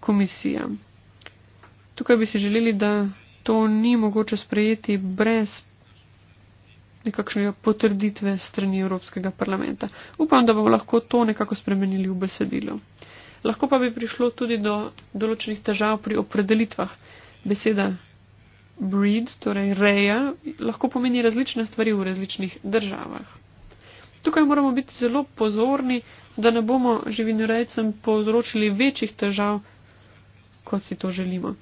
komisija. Tukaj bi si želeli, da to ni mogoče sprejeti brez nekakšnega potrditve strani Evropskega parlamenta. Upam, da bomo lahko to nekako spremenili v besedilo. Lahko pa bi prišlo tudi do določenih težav pri opredelitvah. Beseda breed, torej reja, lahko pomeni različne stvari v različnih državah. Tukaj moramo biti zelo pozorni, da ne bomo živinorejcem povzročili večjih težav, kot si to želimo.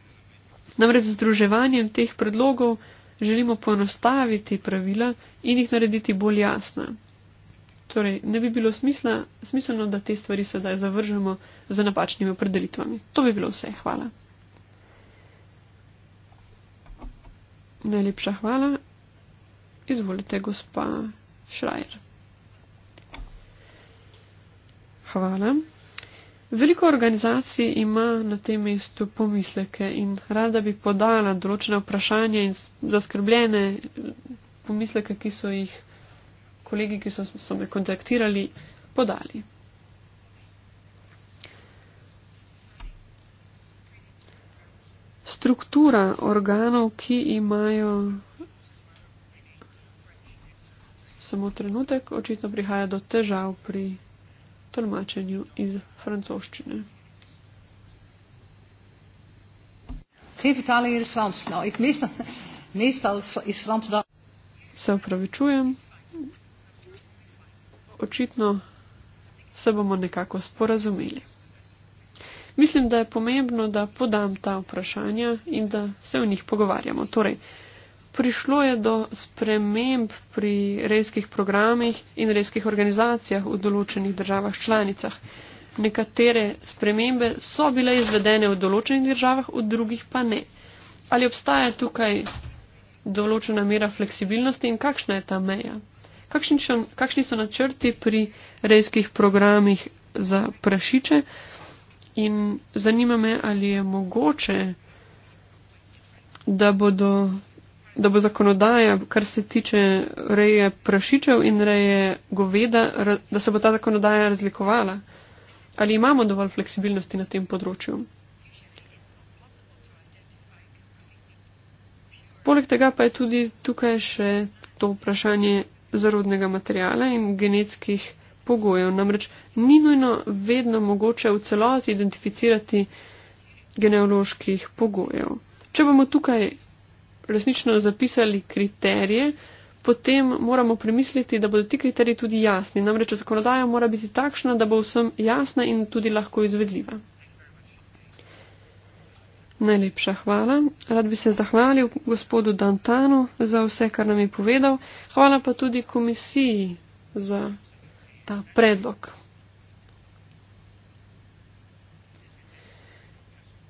Namreč z združevanjem teh predlogov želimo poenostaviti pravila in jih narediti bolj jasna. Torej, ne bi bilo smisla, smiselno, da te stvari sedaj zavržemo za napačnimi opredelitvami. To bi bilo vse. Hvala. Najlepša hvala. Izvolite, gospa Šrajer. Hvala. Veliko organizacij ima na tem mestu pomisleke in rada bi podala določene vprašanja in zaskrbljene pomisleke, ki so jih kolegi, ki so, so me kontaktirali, podali. Struktura organov, ki imajo. Samo trenutek, očitno prihaja do težav pri tolmačenju iz francoščine. Te vitale iz francoščina, no. mesta iz francoščina. Se upravičujem, očitno se bomo nekako sporazumeli. Mislim, da je pomembno, da podam ta vprašanja in da se o njih pogovarjamo. Torej, prišlo je do sprememb pri rejskih programih in rejskih organizacijah v določenih državah članicah. Nekatere spremembe so bile izvedene v določenih državah, v drugih pa ne. Ali obstaja tukaj določena mera fleksibilnosti in kakšna je ta meja? Kakšni so, kakšni so načrti pri rejskih programih za prašiče? In zanima me, ali je mogoče, da bodo da bo zakonodaja, kar se tiče reje prašičev in reje goveda, da se bo ta zakonodaja razlikovala. Ali imamo dovolj fleksibilnosti na tem področju? Poleg tega pa je tudi tukaj še to vprašanje zarodnega materijala in genetskih pogojev. Namreč ni nujno vedno mogoče v celoti identificirati genealoških pogojev. Če bomo tukaj resnično zapisali kriterije, potem moramo premisliti, da bodo ti kriteriji tudi jasni. Namreč zakonodaja mora biti takšna, da bo vsem jasna in tudi lahko izvedljiva. Najlepša hvala. Rad bi se zahvalil gospodu Dantanu za vse, kar nam je povedal. Hvala pa tudi komisiji za ta predlog.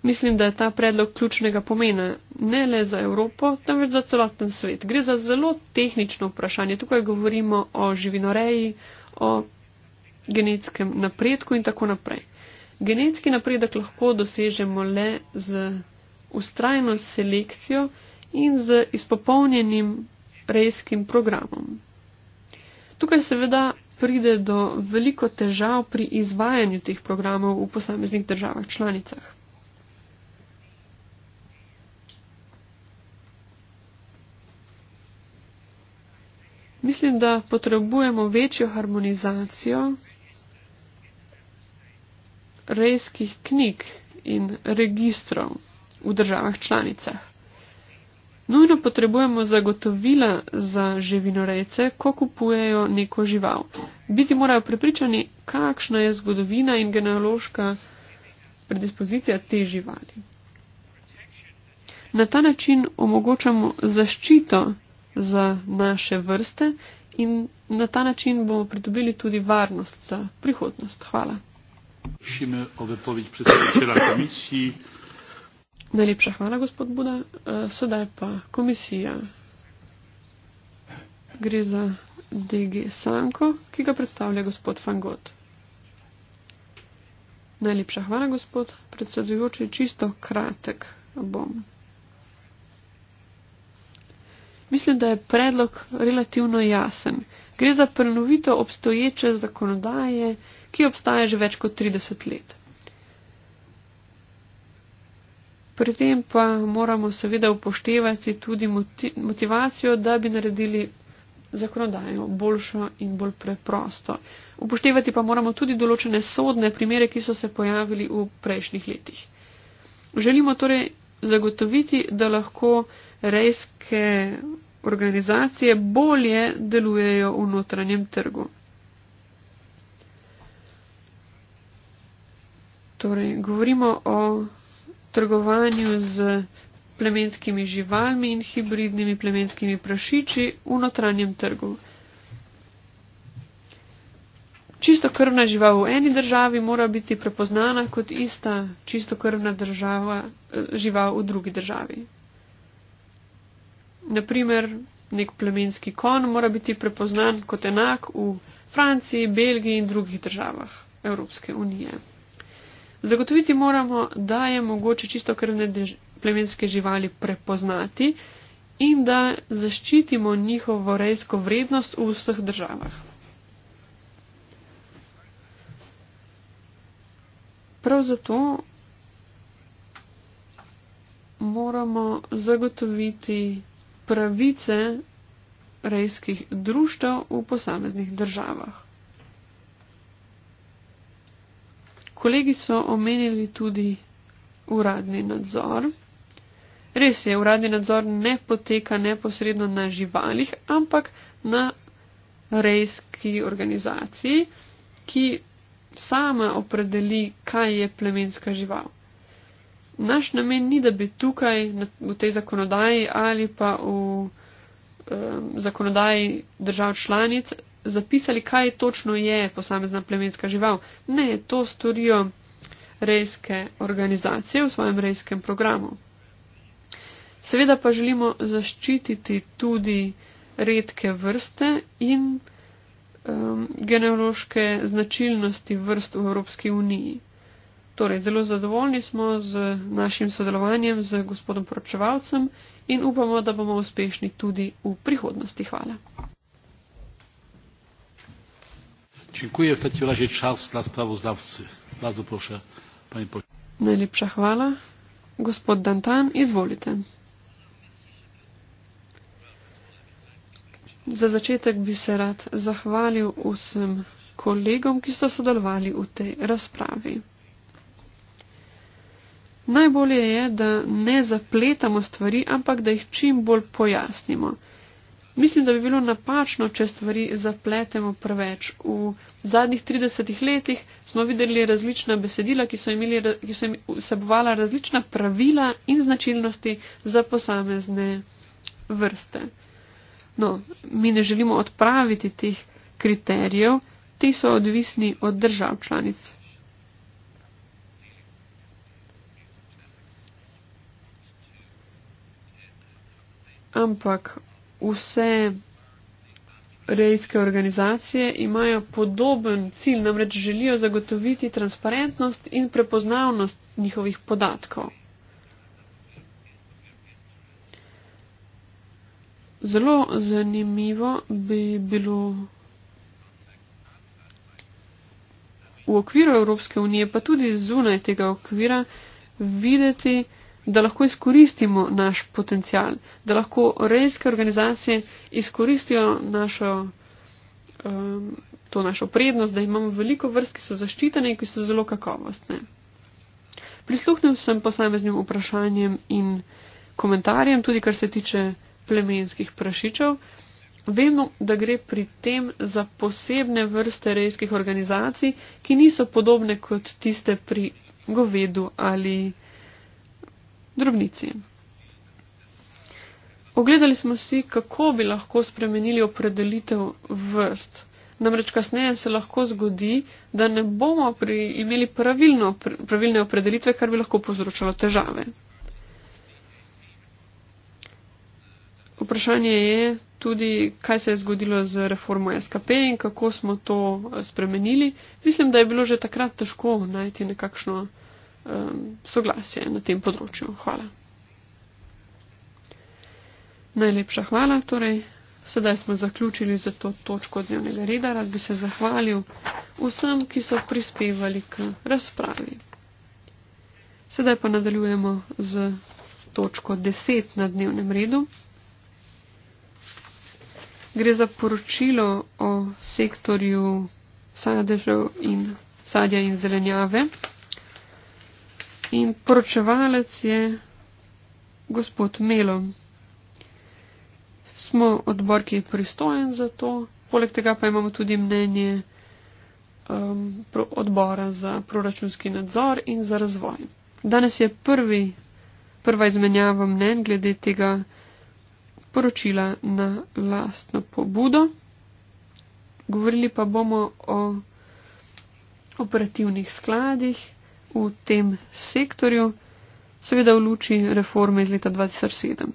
Mislim, da je ta predlog ključnega pomena ne le za Evropo, temveč za celoten svet. Gre za zelo tehnično vprašanje. Tukaj govorimo o živinoreji, o genetskem napredku in tako naprej. Genetski napredek lahko dosežemo le z ustrajno selekcijo in z izpopolnjenim rejskim programom. Tukaj seveda pride do veliko težav pri izvajanju teh programov v posameznih državah članicah. Mislim, da potrebujemo večjo harmonizacijo rejskih knjig in registrov v državah članicah. Nujno potrebujemo zagotovila za živinorejce, ko kupujejo neko žival. Biti morajo prepričani, kakšna je zgodovina in genealoška predispozicija te živali. Na ta način omogočamo zaščito za naše vrste in na ta način bomo pridobili tudi varnost za prihodnost. Hvala. Najlepša hvala, gospod Buda. E, sedaj pa komisija. Gre za DG Sanko, ki ga predstavlja gospod Fangot. Najlepša hvala, gospod predsedujoči. Čisto kratek bom. Mislim, da je predlog relativno jasen. Gre za prenovito obstoječe zakonodaje, ki obstaja že več kot 30 let. Pri tem pa moramo seveda upoštevati tudi motivacijo, da bi naredili zakonodajo boljšo in bolj preprosto. Upoštevati pa moramo tudi določene sodne primere, ki so se pojavili v prejšnjih letih. Želimo torej zagotoviti, da lahko rejske organizacije bolje delujejo v notranjem trgu. Torej, govorimo o trgovanju z plemenskimi živalmi in hibridnimi plemenskimi prašiči v notranjem trgu čisto krvna žival v eni državi mora biti prepoznana kot ista čisto krvna država, eh, žival v drugi državi. Naprimer, nek plemenski kon mora biti prepoznan kot enak v Franciji, Belgiji in drugih državah Evropske unije. Zagotoviti moramo, da je mogoče čisto krvne plemenske živali prepoznati in da zaščitimo njihovo rejsko vrednost v vseh državah. Prav zato moramo zagotoviti pravice rejskih društev v posameznih državah. Kolegi so omenili tudi uradni nadzor. Res je, uradni nadzor ne poteka neposredno na živalih, ampak na rejski organizaciji, ki sama opredeli, kaj je plemenska žival. Naš namen ni, da bi tukaj, v tej zakonodaji ali pa v eh, zakonodaji držav članic zapisali, kaj točno je posamezna plemenska žival. Ne, to storijo rejske organizacije v svojem rejskem programu. Seveda pa želimo zaščititi tudi redke vrste in um, genealoške značilnosti vrst v Evropski uniji. Torej, zelo zadovoljni smo z našim sodelovanjem z gospodom poročevalcem in upamo, da bomo uspešni tudi v prihodnosti. Hvala. Najlepša hvala. Gospod Dantan, izvolite. Za začetek bi se rad zahvalil vsem kolegom, ki so sodelovali v tej razpravi. Najbolje je, da ne zapletamo stvari, ampak da jih čim bolj pojasnimo. Mislim, da bi bilo napačno, če stvari zapletemo preveč. V zadnjih 30 letih smo videli različna besedila, ki so, imeli, ki so sebovala različna pravila in značilnosti za posamezne vrste. No, mi ne želimo odpraviti teh kriterijev, ti so odvisni od držav članic. Ampak vse rejske organizacije imajo podoben cilj, namreč želijo zagotoviti transparentnost in prepoznavnost njihovih podatkov. Zelo zanimivo bi bilo v okviru Evropske unije, pa tudi zunaj tega okvira, videti, da lahko izkoristimo naš potencial, da lahko rejske organizacije izkoristijo našo, um, to našo prednost, da imamo veliko vrst, ki so zaščitene in ki so zelo kakovostne. Prisluhnil sem posameznim vprašanjem in komentarjem, tudi kar se tiče plemenskih prašičev. Vemo, da gre pri tem za posebne vrste rejskih organizacij, ki niso podobne kot tiste pri govedu ali drobnici. Ogledali smo si, kako bi lahko spremenili opredelitev vrst. Namreč kasneje se lahko zgodi, da ne bomo pri, imeli pravilno, pravilne opredelitve, kar bi lahko povzročalo težave. Vprašanje je tudi, kaj se je zgodilo z reformo SKP in kako smo to eh, spremenili. Mislim, da je bilo že takrat težko najti nekakšno um, soglasje na tem področju. Hvala. Najlepša hvala. Torej, sedaj smo zaključili za to točko dnevnega reda. Rad bi se zahvalil vsem, ki so prispevali k razpravi. Sedaj pa nadaljujemo z točko 10 na dnevnem redu gre za poročilo o sektorju sadežev in sadja in zelenjave. In poročevalec je gospod Melo. Smo odbor, ki je pristojen za to. Poleg tega pa imamo tudi mnenje um, odbora za proračunski nadzor in za razvoj. Danes je prvi, prva izmenjava mnen glede tega, poročila na lastno pobudo. Govorili pa bomo o operativnih skladih v tem sektorju, seveda v luči reforme iz leta 2007.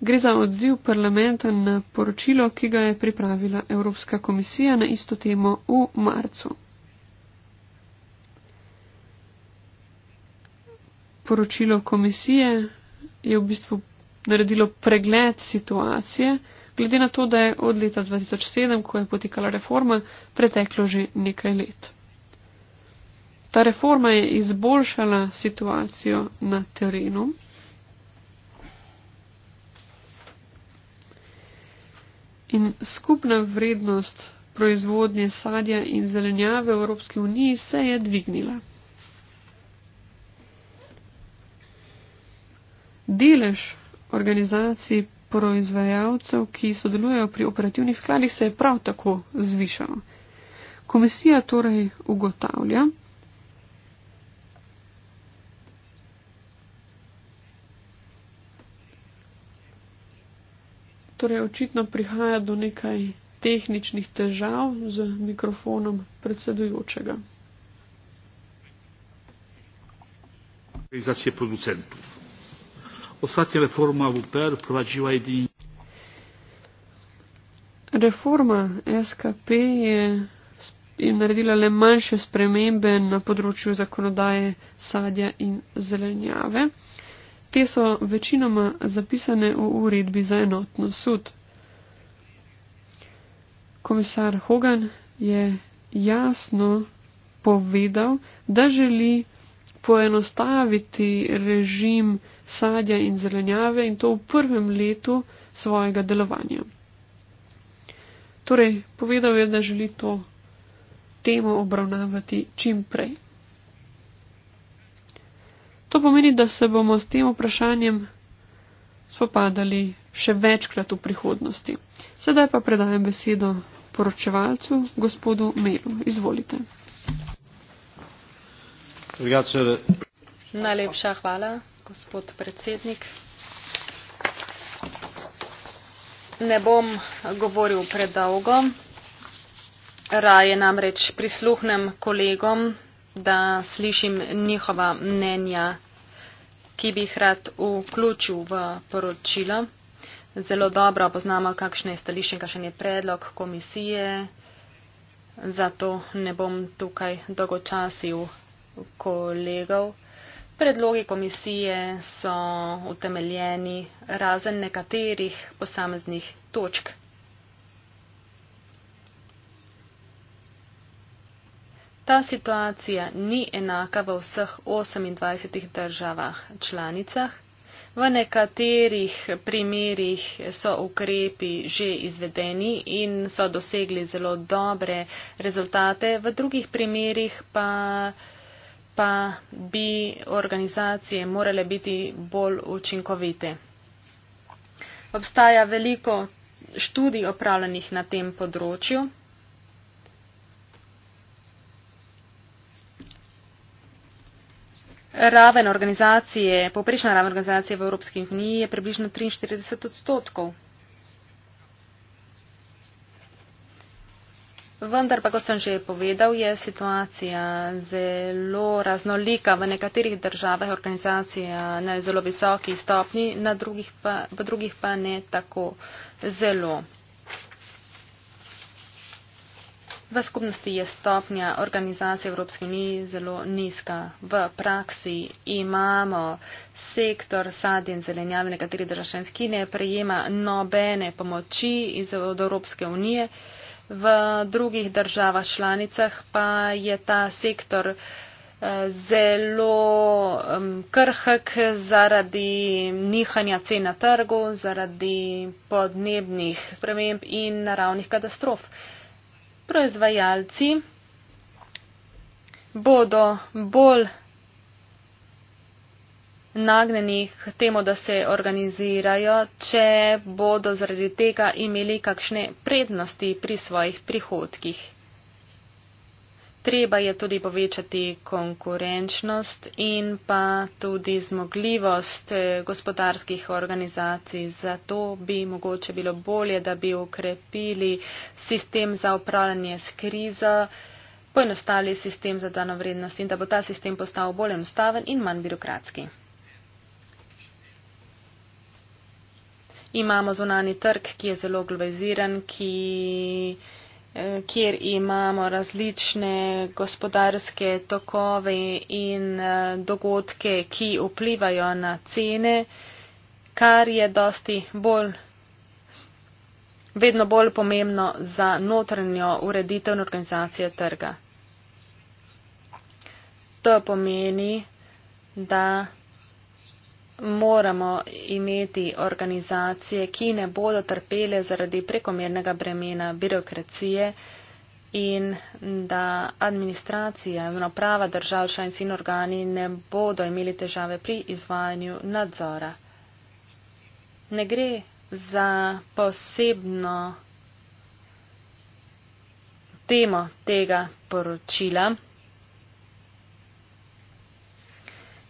Gre za odziv parlamenta na poročilo, ki ga je pripravila Evropska komisija na isto temo v marcu. Poročilo komisije je v bistvu naredilo pregled situacije, glede na to, da je od leta 2007, ko je potekala reforma, preteklo že nekaj let. Ta reforma je izboljšala situacijo na terenu. In skupna vrednost proizvodnje sadja in zelenjave v Evropski uniji se je dvignila. delež organizacij proizvajalcev, ki sodelujejo pri operativnih skladih, se je prav tako zvišal. Komisija torej ugotavlja, Torej, očitno prihaja do nekaj tehničnih težav z mikrofonom predsedujočega. Organizacije producentov. Ostatnia reforma WPR wprowadziła jedynie... Reforma SKP je naredila le manjše spremembe na področju zakonodaje sadja in zelenjave. Te so večinoma zapisane v uredbi za enotno sud. Komisar Hogan je jasno povedal, da želi poenostaviti režim sadja in zelenjave in to v prvem letu svojega delovanja. Torej, povedal je, da želi to temo obravnavati čim prej. To pomeni, da se bomo s tem vprašanjem spopadali še večkrat v prihodnosti. Sedaj pa predajem besedo poročevalcu, gospodu Melu. Izvolite. Najlepša hvala, gospod predsednik. Ne bom govoril predolgo. Raje namreč prisluhnem kolegom, da slišim njihova mnenja, ki bi jih rad vključil v poročilo. Zelo dobro poznamo, kakšne je stališče, kakšen je predlog komisije. Zato ne bom tukaj dolgočasil kolegov. Predlogi komisije so utemeljeni razen nekaterih posameznih točk. Ta situacija ni enaka v vseh 28 državah članicah. V nekaterih primerjih so ukrepi že izvedeni in so dosegli zelo dobre rezultate, v drugih primerjih pa pa bi organizacije morale biti bolj učinkovite. Obstaja veliko študij opravljenih na tem področju. Raven organizacije, poprečna raven organizacije v Evropski uniji je približno 43 odstotkov. Vendar pa, kot sem že povedal, je situacija zelo raznolika. V nekaterih državah je organizacija na zelo visoki stopni, na drugih pa, v drugih pa ne tako zelo. V skupnosti je stopnja organizacije Evropske unije zelo nizka. V praksi imamo sektor sad in zelenjave nekaterih državšenskih, ki ne prejema nobene pomoči iz, od Evropske unije. V drugih državah članicah pa je ta sektor eh, zelo krhek zaradi nihanja cen na trgu, zaradi podnebnih sprememb in naravnih katastrof. Proizvajalci bodo bolj nagnjeni k temu, da se organizirajo, če bodo zaradi tega imeli kakšne prednosti pri svojih prihodkih. Treba je tudi povečati konkurenčnost in pa tudi zmogljivost eh, gospodarskih organizacij. Zato bi mogoče bilo bolje, da bi ukrepili sistem za upravljanje s krizo, poenostali sistem za dano vrednost in da bo ta sistem postal bolj enostaven in manj birokratski. imamo zunani trg, ki je zelo globaliziran, ki, eh, kjer imamo različne gospodarske tokove in eh, dogodke, ki vplivajo na cene, kar je dosti bolj. Vedno bolj pomembno za notranjo ureditev in organizacijo trga. To pomeni, da moramo imeti organizacije, ki ne bodo trpele zaradi prekomernega bremena birokracije in da administracija in prava držav članic in organi ne bodo imeli težave pri izvajanju nadzora. Ne gre za posebno temo tega poročila.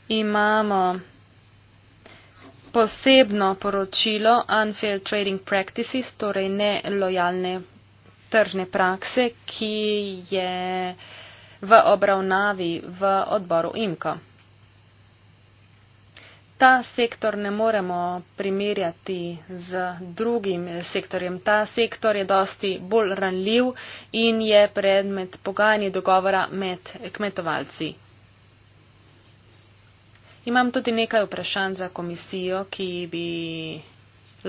Imamo posebno poročilo Unfair Trading Practices, torej nelojalne tržne prakse, ki je v obravnavi v odboru IMKO. Ta sektor ne moremo primerjati z drugim sektorjem. Ta sektor je dosti bolj ranljiv in je predmet pogajanja dogovora med kmetovalci. Imam tudi nekaj vprašanj za komisijo, ki bi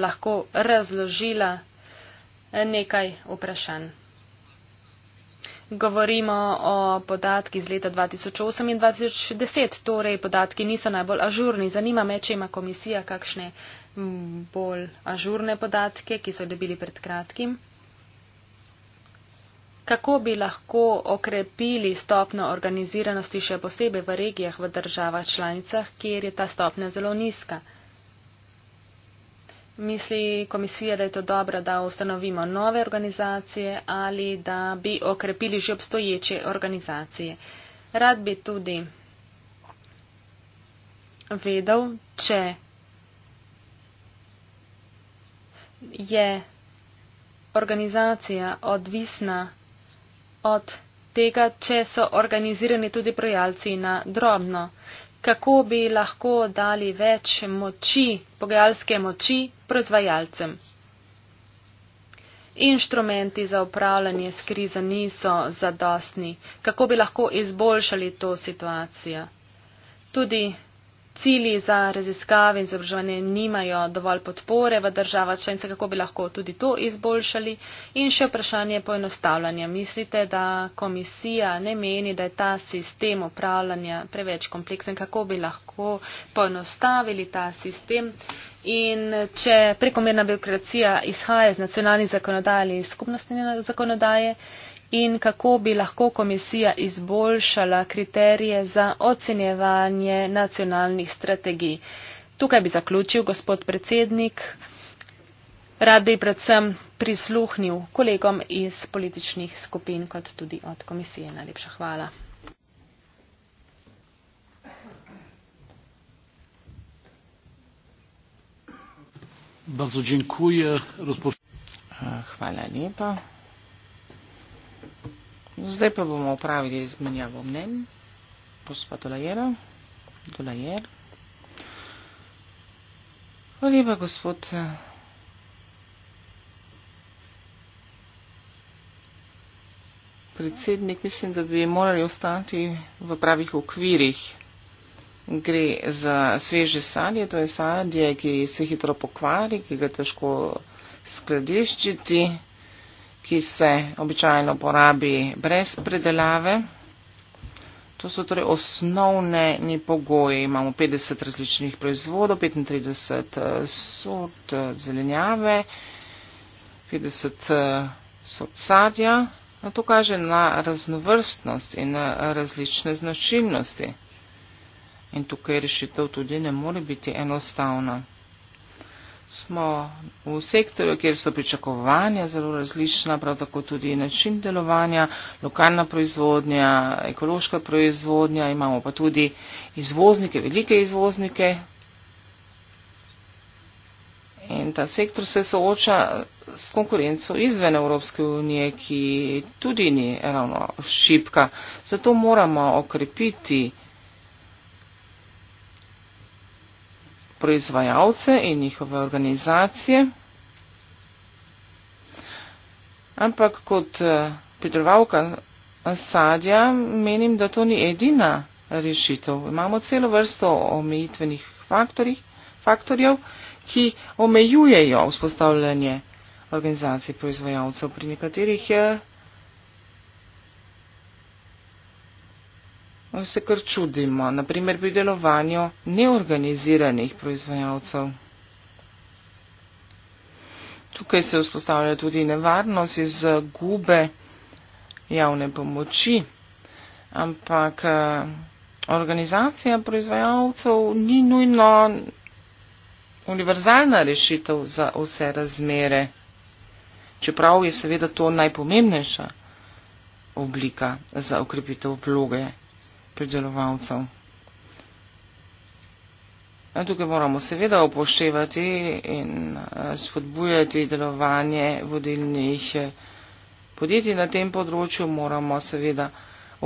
lahko razložila eh, nekaj vprašanj. Govorimo o podatki z leta 2008 in 2010, torej podatki niso najbolj ažurni. Zanima me, če ima komisija kakšne bolj ažurne podatke, ki so dobili pred kratkim kako bi lahko okrepili stopno organiziranosti še posebej v regijah v državah članicah, kjer je ta stopna zelo nizka. Misli komisija, da je to dobro, da ustanovimo nove organizacije ali da bi okrepili že obstoječe organizacije. Rad bi tudi vedel, če je organizacija odvisna od tega, če so organizirani tudi pogajalci na drobno. Kako bi lahko dali več moči, pogajalske moči, proizvajalcem? Inštrumenti za upravljanje s krizo niso zadostni. Kako bi lahko izboljšali to situacijo? Tudi cili za raziskave in izobraževanje nimajo dovolj podpore v državah članice, kako bi lahko tudi to izboljšali. In še vprašanje poenostavljanja. Mislite, da komisija ne meni, da je ta sistem upravljanja preveč kompleksen, kako bi lahko poenostavili ta sistem? In če prekomerna birokracija izhaja iz nacionalnih zakonodaj ali iz skupnostne zakonodaje in kako bi lahko komisija izboljšala kriterije za ocenjevanje nacionalnih strategij. Tukaj bi zaključil gospod predsednik. Rad bi predvsem prisluhnil kolegom iz političnih skupin, kot tudi od komisije. Najlepša hvala. Hvala lepa. Zdaj pa bomo upravili izmenjavo mnen. Pospa dolajera. Dolajer. Hvaliva gospod. Eh, predsednik, mislim, da bi morali ostati v pravih okvirih. Gre za sveže sadje, to je sadje, ki se hitro pokvari, ki ga težko skladeščiti ki se običajno porabi brez predelave. To so torej osnovni pogoji. Imamo 50 različnih proizvodov, 35 eh, sort eh, zelenjave, 50 eh, sort sadja. No, to kaže na raznovrstnost in na različne značilnosti. In tukaj rešitev tudi ne more biti enostavna smo v sektorju, kjer so pričakovanja zelo različna, prav tako tudi način delovanja, lokalna proizvodnja, ekološka proizvodnja, imamo pa tudi izvoznike, velike izvoznike. In ta sektor se sooča s konkurenco izven Evropske unije, ki tudi ni ravno šipka. Zato moramo okrepiti proizvajalce in njihove organizacije, ampak kot eh, pridrvalka sadja menim, da to ni edina rešitev. Imamo celo vrsto omejitvenih faktorjev, ki omejujejo vzpostavljanje organizacij proizvajalcev. Pri nekaterih je eh, se kar čudimo, naprimer pri delovanju neorganiziranih proizvajalcev. Tukaj se vzpostavlja tudi nevarnost iz gube javne pomoči, ampak eh, organizacija proizvajalcev ni nujno univerzalna rešitev za vse razmere, čeprav je seveda to najpomembnejša oblika za okrepitev vloge pridelovalcev. No, tukaj moramo seveda upoštevati in eh, spodbujati delovanje vodilnih eh, podjetij na tem področju, moramo seveda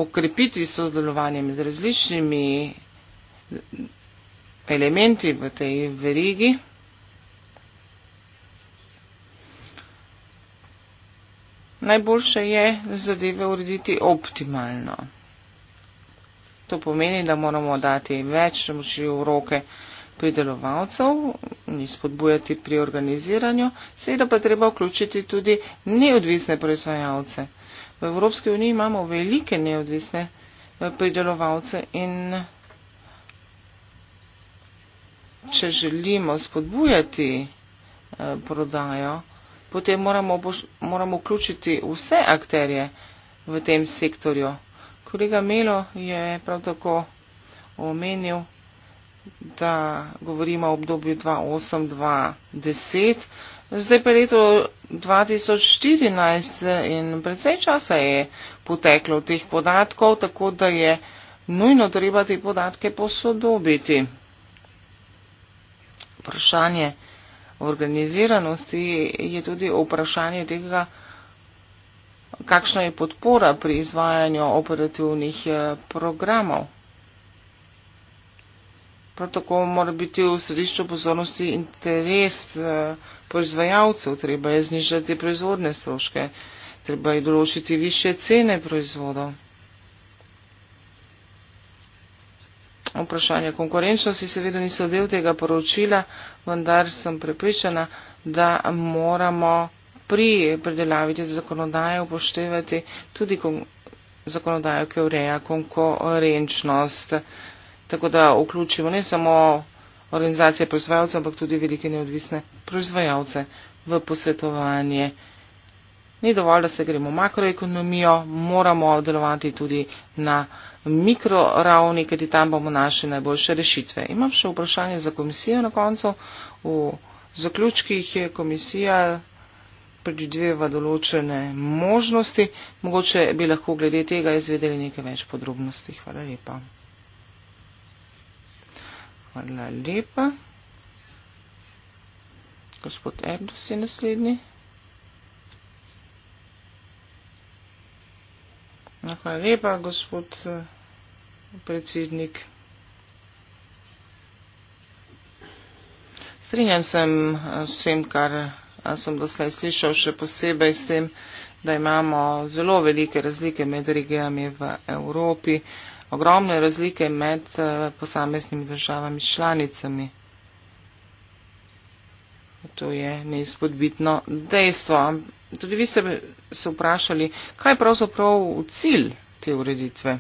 okrepiti sodelovanje med različnimi eh, elementi v tej verigi. Najboljše je zadeve urediti optimalno. To pomeni, da moramo dati več moči v roke pridelovalcev in spodbujati pri organiziranju, seveda pa treba vključiti tudi neodvisne proizvajalce. V Evropski uniji imamo velike neodvisne eh, pridelovalce in če želimo spodbujati eh, prodajo, potem moramo, moramo vključiti vse akterje v tem sektorju. Kolega Melo je prav tako omenil, da govorimo o obdobju 2008-2010. Zdaj pa je leto 2014 in predvsej časa je poteklo teh podatkov, tako da je nujno treba te podatke posodobiti. Vprašanje organiziranosti je tudi vprašanje tega, Kakšna je podpora pri izvajanju operativnih eh, programov? Prav tako mora biti v središču pozornosti interes eh, proizvajalcev, treba je znižati proizvodne stroške, treba je določiti više cene proizvodov. Vprašanje konkurenčnosti seveda niso del tega poročila, vendar sem prepričana, da moramo pri predelavi te zakonodaje upoštevati tudi zakonodajo, ki ureja konkurenčnost. Tako da vključimo ne samo organizacije proizvajalcev, ampak tudi velike neodvisne proizvajalce v posvetovanje. Ni dovolj, da se gremo v makroekonomijo, moramo delovati tudi na mikroravni, kajti tam bomo našli najboljše rešitve. Imam še vprašanje za komisijo na koncu. V zaključkih je komisija predvideva določene možnosti. Mogoče bi lahko glede tega izvedeli nekaj več podrobnosti. Hvala lepa. Hvala lepa. Gospod Ebdus je naslednji. No, hvala lepa, gospod eh, predsednik. Strinjam sem eh, vsem, kar sem doslej slišal še posebej s tem, da imamo zelo velike razlike med regijami v Evropi, ogromne razlike med eh, posameznimi državami članicami. To je neizpodbitno dejstvo. Tudi vi ste se vprašali, kaj je pravzaprav v cilj te ureditve.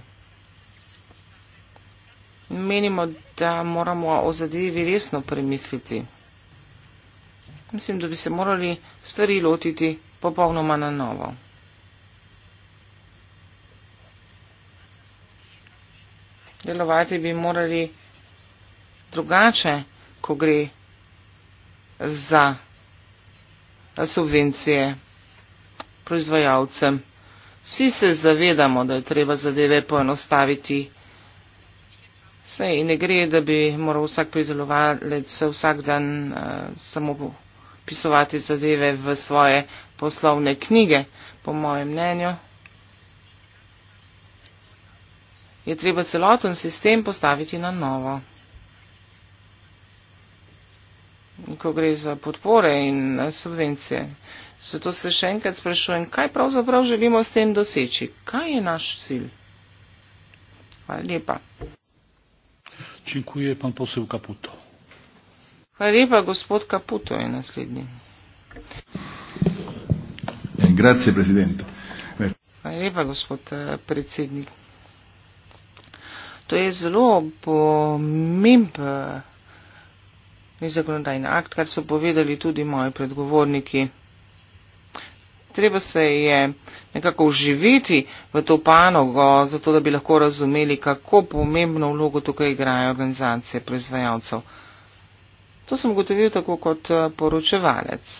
Menimo, da moramo o zadevi resno premisliti mislim, da bi se morali stvari lotiti popolnoma na novo. Delovati bi morali drugače, ko gre za subvencije proizvajalcem. Vsi se zavedamo, da je treba zadeve poenostaviti. Sej ne gre, da bi moral vsak pridelovalec vsak dan uh, samo pisovati zadeve v svoje poslovne knjige, po mojem mnenju. Je treba celoten sistem postaviti na novo. Ko gre za podpore in subvencije. Zato se še enkrat sprašujem, kaj pravzaprav želimo s tem doseči. Kaj je naš cilj? Hvala lepa. Dziękuję pan poseł Kaputo. Hvala lepa, gospod Kaputo je naslednji. Eh, grazie, predsednik. Eh. Hvala lepa, gospod eh, predsednik. To je zelo pomemben zakonodajni akt, kar so povedali tudi moji predgovorniki. Treba se je nekako uživiti v to panogo, zato da bi lahko razumeli, kako pomembno vlogo tukaj igrajo organizacije proizvajalcev. To sem ugotovil tako kot eh, poročevalec.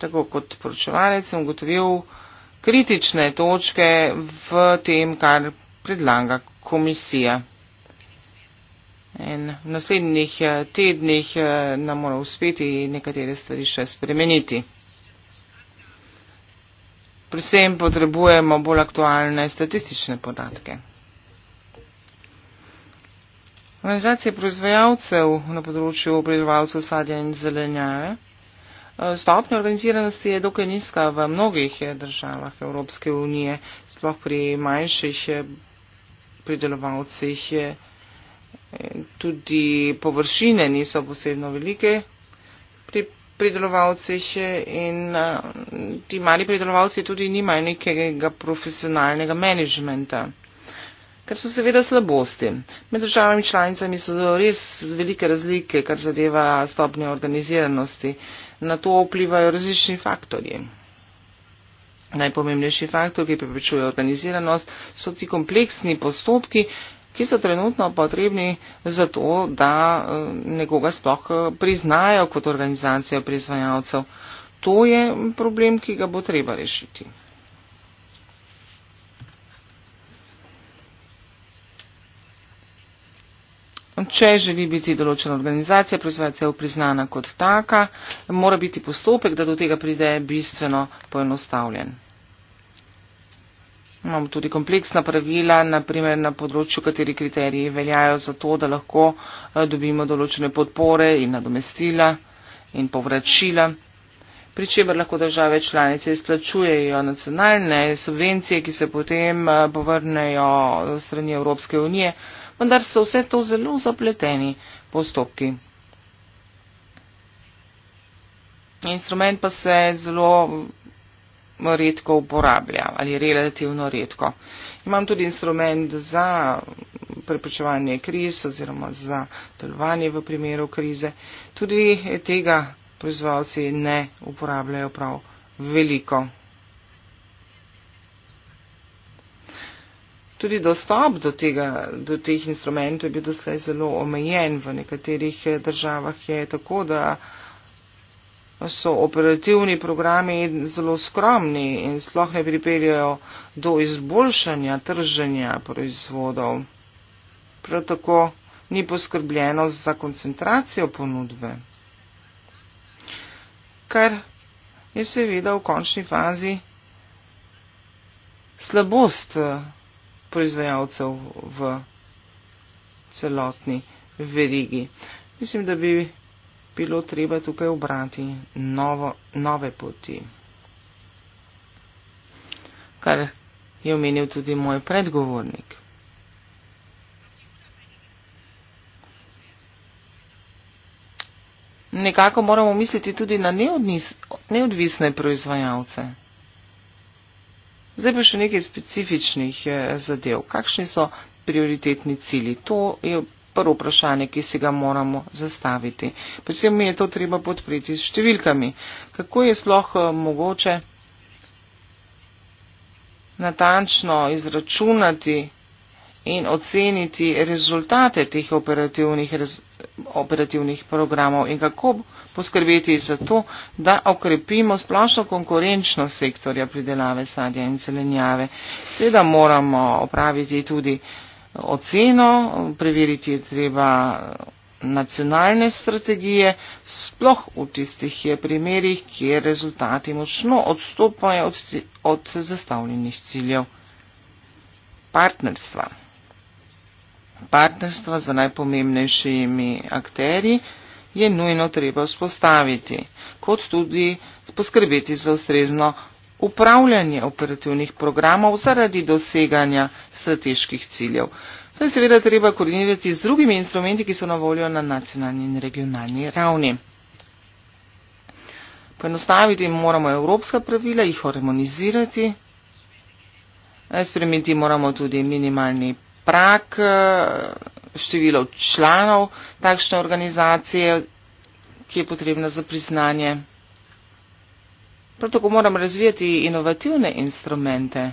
Tako kot poročevalec sem ugotovil kritične točke v tem, kar predlaga komisija. In v naslednjih eh, tednih eh, nam mora uspeti nekatere stvari še spremeniti. Predvsem potrebujemo bolj aktualne statistične podatke. Organizacije proizvajalcev na področju obdelovalcev sadja in zelenjave. Eh, stopnja organiziranosti je dokaj nizka v mnogih eh, državah Evropske unije, sploh pri manjših eh, pridelovalcih. Tudi površine niso posebno velike pri pridelovalcih in ti mali pridelovalci tudi nimajo nekega profesionalnega menižmenta ker so seveda slabosti. Med državami članicami so res velike razlike, kar zadeva stopnje organiziranosti. Na to vplivajo različni faktorji. Najpomembnejši faktor, ki preprečuje organiziranost, so ti kompleksni postopki, ki so trenutno potrebni za to, da eh, nekoga sploh eh, priznajo kot organizacijo prizvajalcev. To je problem, ki ga bo treba rešiti. Če želi biti določena organizacija, proizvajalcev priznana kot taka, mora biti postopek, da do tega pride bistveno poenostavljen. Imamo tudi kompleksna pravila, naprimer na področju, kateri kriteriji veljajo za to, da lahko eh, dobimo določene podpore in nadomestila in povračila, pri čemer lahko države članice izplačujejo nacionalne subvencije, ki se potem eh, povrnejo strani Evropske unije vendar so vse to zelo zapleteni postopki. Instrument pa se zelo redko uporablja ali relativno redko. Imam tudi instrument za preprečevanje kriz oziroma za delovanje v primeru krize. Tudi tega proizvalci ne uporabljajo prav veliko. Tudi dostop do, tega, do teh instrumentov je bil doslej zelo omejen. V nekaterih eh, državah je tako, da so operativni programi zelo skromni in sploh ne pripeljajo do izboljšanja trženja proizvodov. Prav tako ni poskrbljeno za koncentracijo ponudbe, kar je seveda v končni fazi slabost eh, proizvajalcev v celotni verigi. Mislim, da bi bilo treba tukaj obrati novo, nove poti. Kar je omenil tudi moj predgovornik. Nekako moramo misliti tudi na neodvisne proizvajalce. Zdaj pa še nekaj specifičnih eh, zadev. Kakšni so prioritetni cilji? To je prvo vprašanje, ki si ga moramo zastaviti. Predvsem mi je to treba podpreti s številkami. Kako je sploh eh, mogoče natančno izračunati in oceniti rezultate teh operativnih, operativnih programov in kako poskrbeti za to, da okrepimo splošno konkurenčno sektorja pridelave sadja in zelenjave. Sveda moramo opraviti tudi oceno, preveriti je treba nacionalne strategije, sploh v tistih primerjih, kjer rezultati močno odstopajo od, od zastavljenih ciljev. Partnerstva partnerstva z najpomembnejšimi akterji je nujno treba vzpostaviti, kot tudi poskrbeti za ustrezno upravljanje operativnih programov zaradi doseganja strateških ciljev. To je seveda treba koordinirati z drugimi instrumenti, ki so na voljo na nacionalni in regionalni ravni. Poenostaviti moramo evropska pravila, jih harmonizirati, spremeniti moramo tudi minimalni prak eh, število članov takšne organizacije, ki je potrebna za priznanje. Prav tako moram razvijati inovativne instrumente,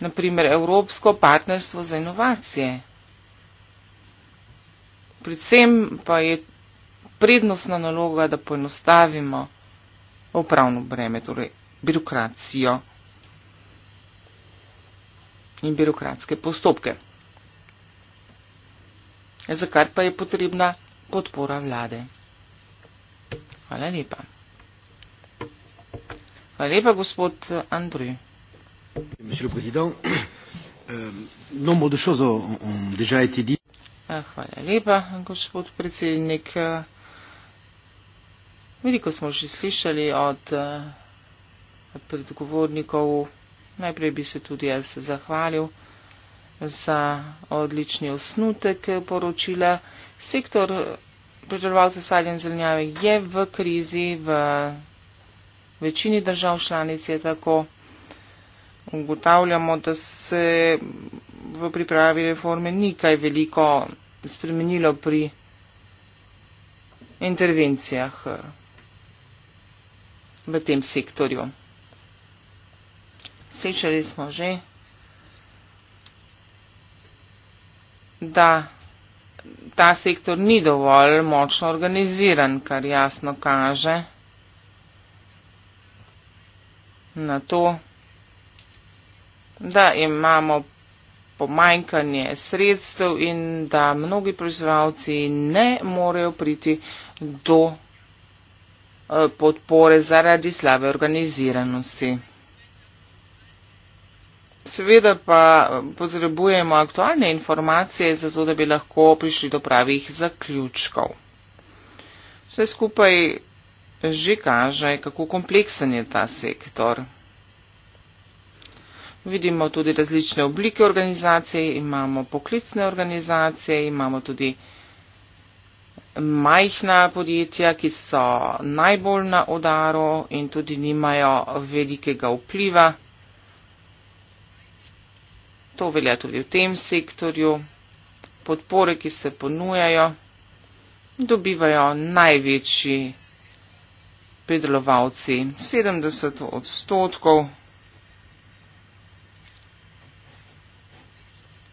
naprimer Evropsko partnerstvo za inovacije. Predvsem pa je prednostna naloga, da poenostavimo upravno breme, torej birokracijo in birokratske postopke. Zakaj pa je potrebna podpora vlade? Hvala lepa. Hvala lepa, gospod Andrej. Mišel prezident, no bo došlo za držaj tedi. Hvala lepa, gospod predsednik. Eh, veliko smo že slišali od eh, predgovornikov. Najprej bi se tudi jaz zahvalil za odlični osnutek poročila. Sektor pridelovalcev sadja in zelenjave je v krizi, v večini držav članic je tako. Ugotavljamo, da se v pripravi reforme ni kaj veliko spremenilo pri intervencijah v tem sektorju. Slišali smo že, da ta sektor ni dovolj močno organiziran, kar jasno kaže na to, da imamo pomanjkanje sredstev in da mnogi proizvajalci ne morejo priti do eh, podpore zaradi slabe organiziranosti. Seveda pa potrebujemo aktualne informacije, zato da bi lahko prišli do pravih zaključkov. Vse skupaj že kaže, kako kompleksen je ta sektor. Vidimo tudi različne oblike organizacije, imamo poklicne organizacije, imamo tudi majhna podjetja, ki so najbolj na odaru in tudi nimajo velikega vpliva. To velja tudi v tem sektorju. Podpore, ki se ponujajo, dobivajo največji predelovalci 70 odstotkov.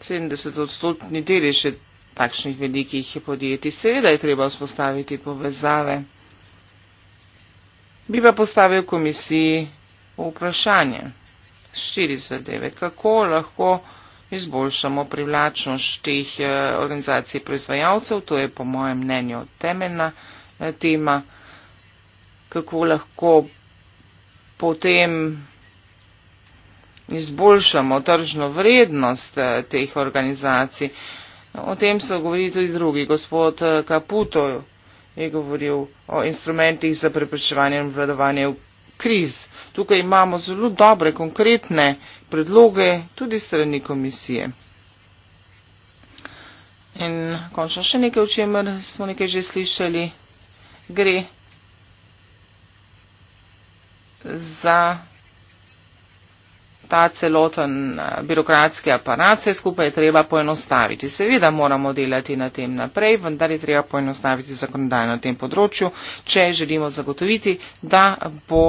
70 odstotni delež je takšnih velikih podjetij. Seveda je treba vzpostaviti povezave. Bi pa postavil komisiji vprašanje. 49. Kako lahko izboljšamo privlačnost teh eh, organizacij proizvajalcev. To je po mojem mnenju temeljna eh, tema, kako lahko potem izboljšamo tržno vrednost eh, teh organizacij. O tem so govorili tudi drugi. Gospod Kaputo je govoril o instrumentih za preprečevanje in obvladovanje kriz. Tukaj imamo zelo dobre, konkretne predloge tudi strani komisije. In končno še nekaj, o čemer smo nekaj že slišali, gre za ta celoten eh, birokratski aparat, vse skupaj je treba poenostaviti. Seveda moramo delati na tem naprej, vendar je treba poenostaviti zakonodajno na tem področju, če želimo zagotoviti, da bo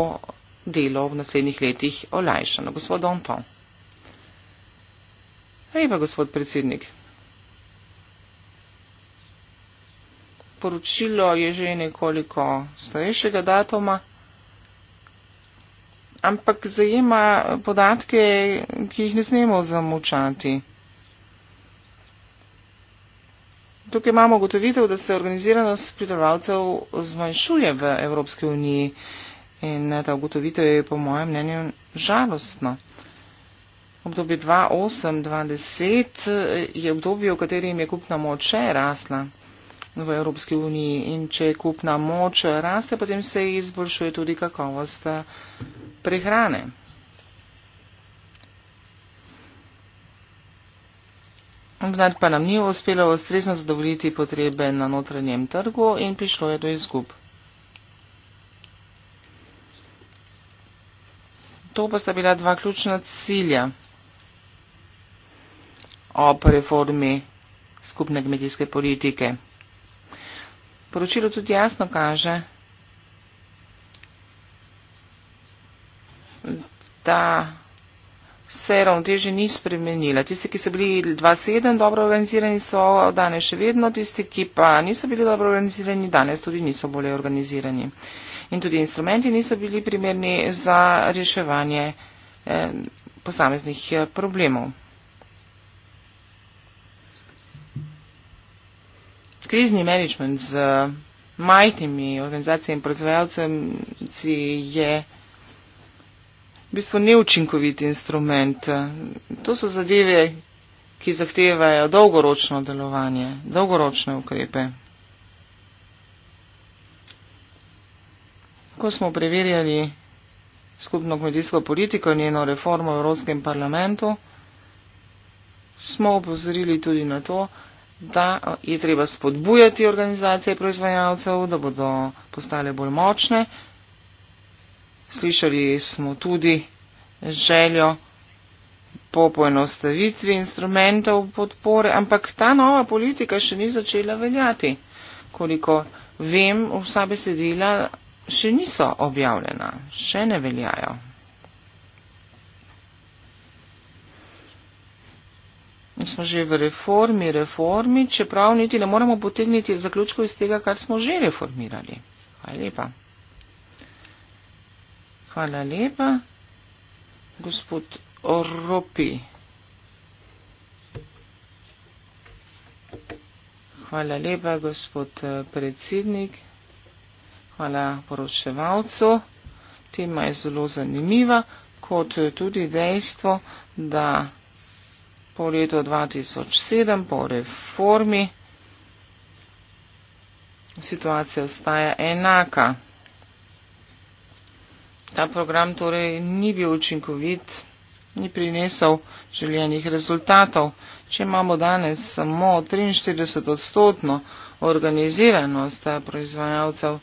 delo v naslednjih letih olajšano. Gospod Donpon. Lepa, gospod predsednik. Poročilo je že nekoliko starejšega datuma ampak zajema podatke, ki jih ne smemo zamučati. Tukaj imamo gotovitev, da se organiziranost pridelovalcev zmanjšuje v Evropski uniji in ta gotovitev je po mojem mnenju žalostna. Obdobje 2008-2010 je obdobje, v katerem je kupna moč še rasla v Evropski uniji. In če kupna moč raste, potem se izboljšuje tudi kakovost eh, prehrane. Vendar pa nam ni uspelo ustrezno zadovoljiti potrebe na notranjem trgu in prišlo je do izgub. To pa sta bila dva ključna cilja ob reformi skupne kmetijske politike. Poročilo tudi jasno kaže, da se ravnoteže ni spremenila. Tisti, ki so bili 2-7 dobro organizirani, so danes še vedno, tisti, ki pa niso bili dobro organizirani, danes tudi niso bolje organizirani. In tudi instrumenti niso bili primerni za reševanje eh, posameznih eh, problemov. krizni management z eh, majhnimi organizacijami in proizvajalci je v bistvu neučinkovit instrument. To so zadeve, ki zahtevajo dolgoročno delovanje, dolgoročne ukrepe. Ko smo preverjali skupno kmetijsko politiko in njeno reformo v Evropskem parlamentu, smo opozorili tudi na to, da je treba spodbujati organizacije proizvajalcev, da bodo postale bolj močne. Slišali smo tudi željo po poenostavitvi instrumentov podpore, ampak ta nova politika še ni začela veljati. Koliko vem, vsa besedila še niso objavljena, še ne veljajo. Mi smo že v reformi, reformi, čeprav niti ne moremo potegniti zaključkov iz tega, kar smo že reformirali. Hvala lepa. Hvala lepa, gospod Oropi. Hvala lepa, gospod eh, predsednik. Hvala poročevalcu. Tema je zelo zanimiva, kot tudi dejstvo, da po letu 2007, po reformi, situacija ostaja enaka. Ta program torej ni bil učinkovit, ni prinesel željenih rezultatov. Če imamo danes samo 43 odstotno organiziranost proizvajalcev,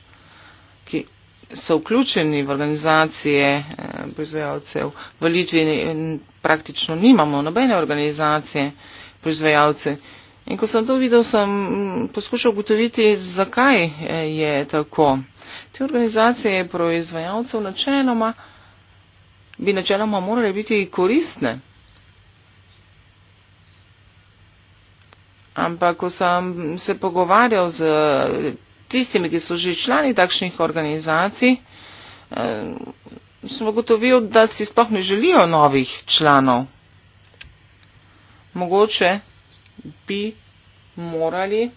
ki so vključeni v organizacije eh, proizvajalcev. V Litvi praktično nimamo nobene organizacije proizvajalce. In ko sem to videl, sem mm, poskušal ugotoviti, zakaj eh, je tako. Te organizacije proizvajalcev načeloma bi načeloma morale biti koristne. Ampak, ko sem se pogovarjal z tistimi, ki so že člani takšnih organizacij, eh, sem ugotovil, da si sploh ne želijo novih članov. Mogoče bi morali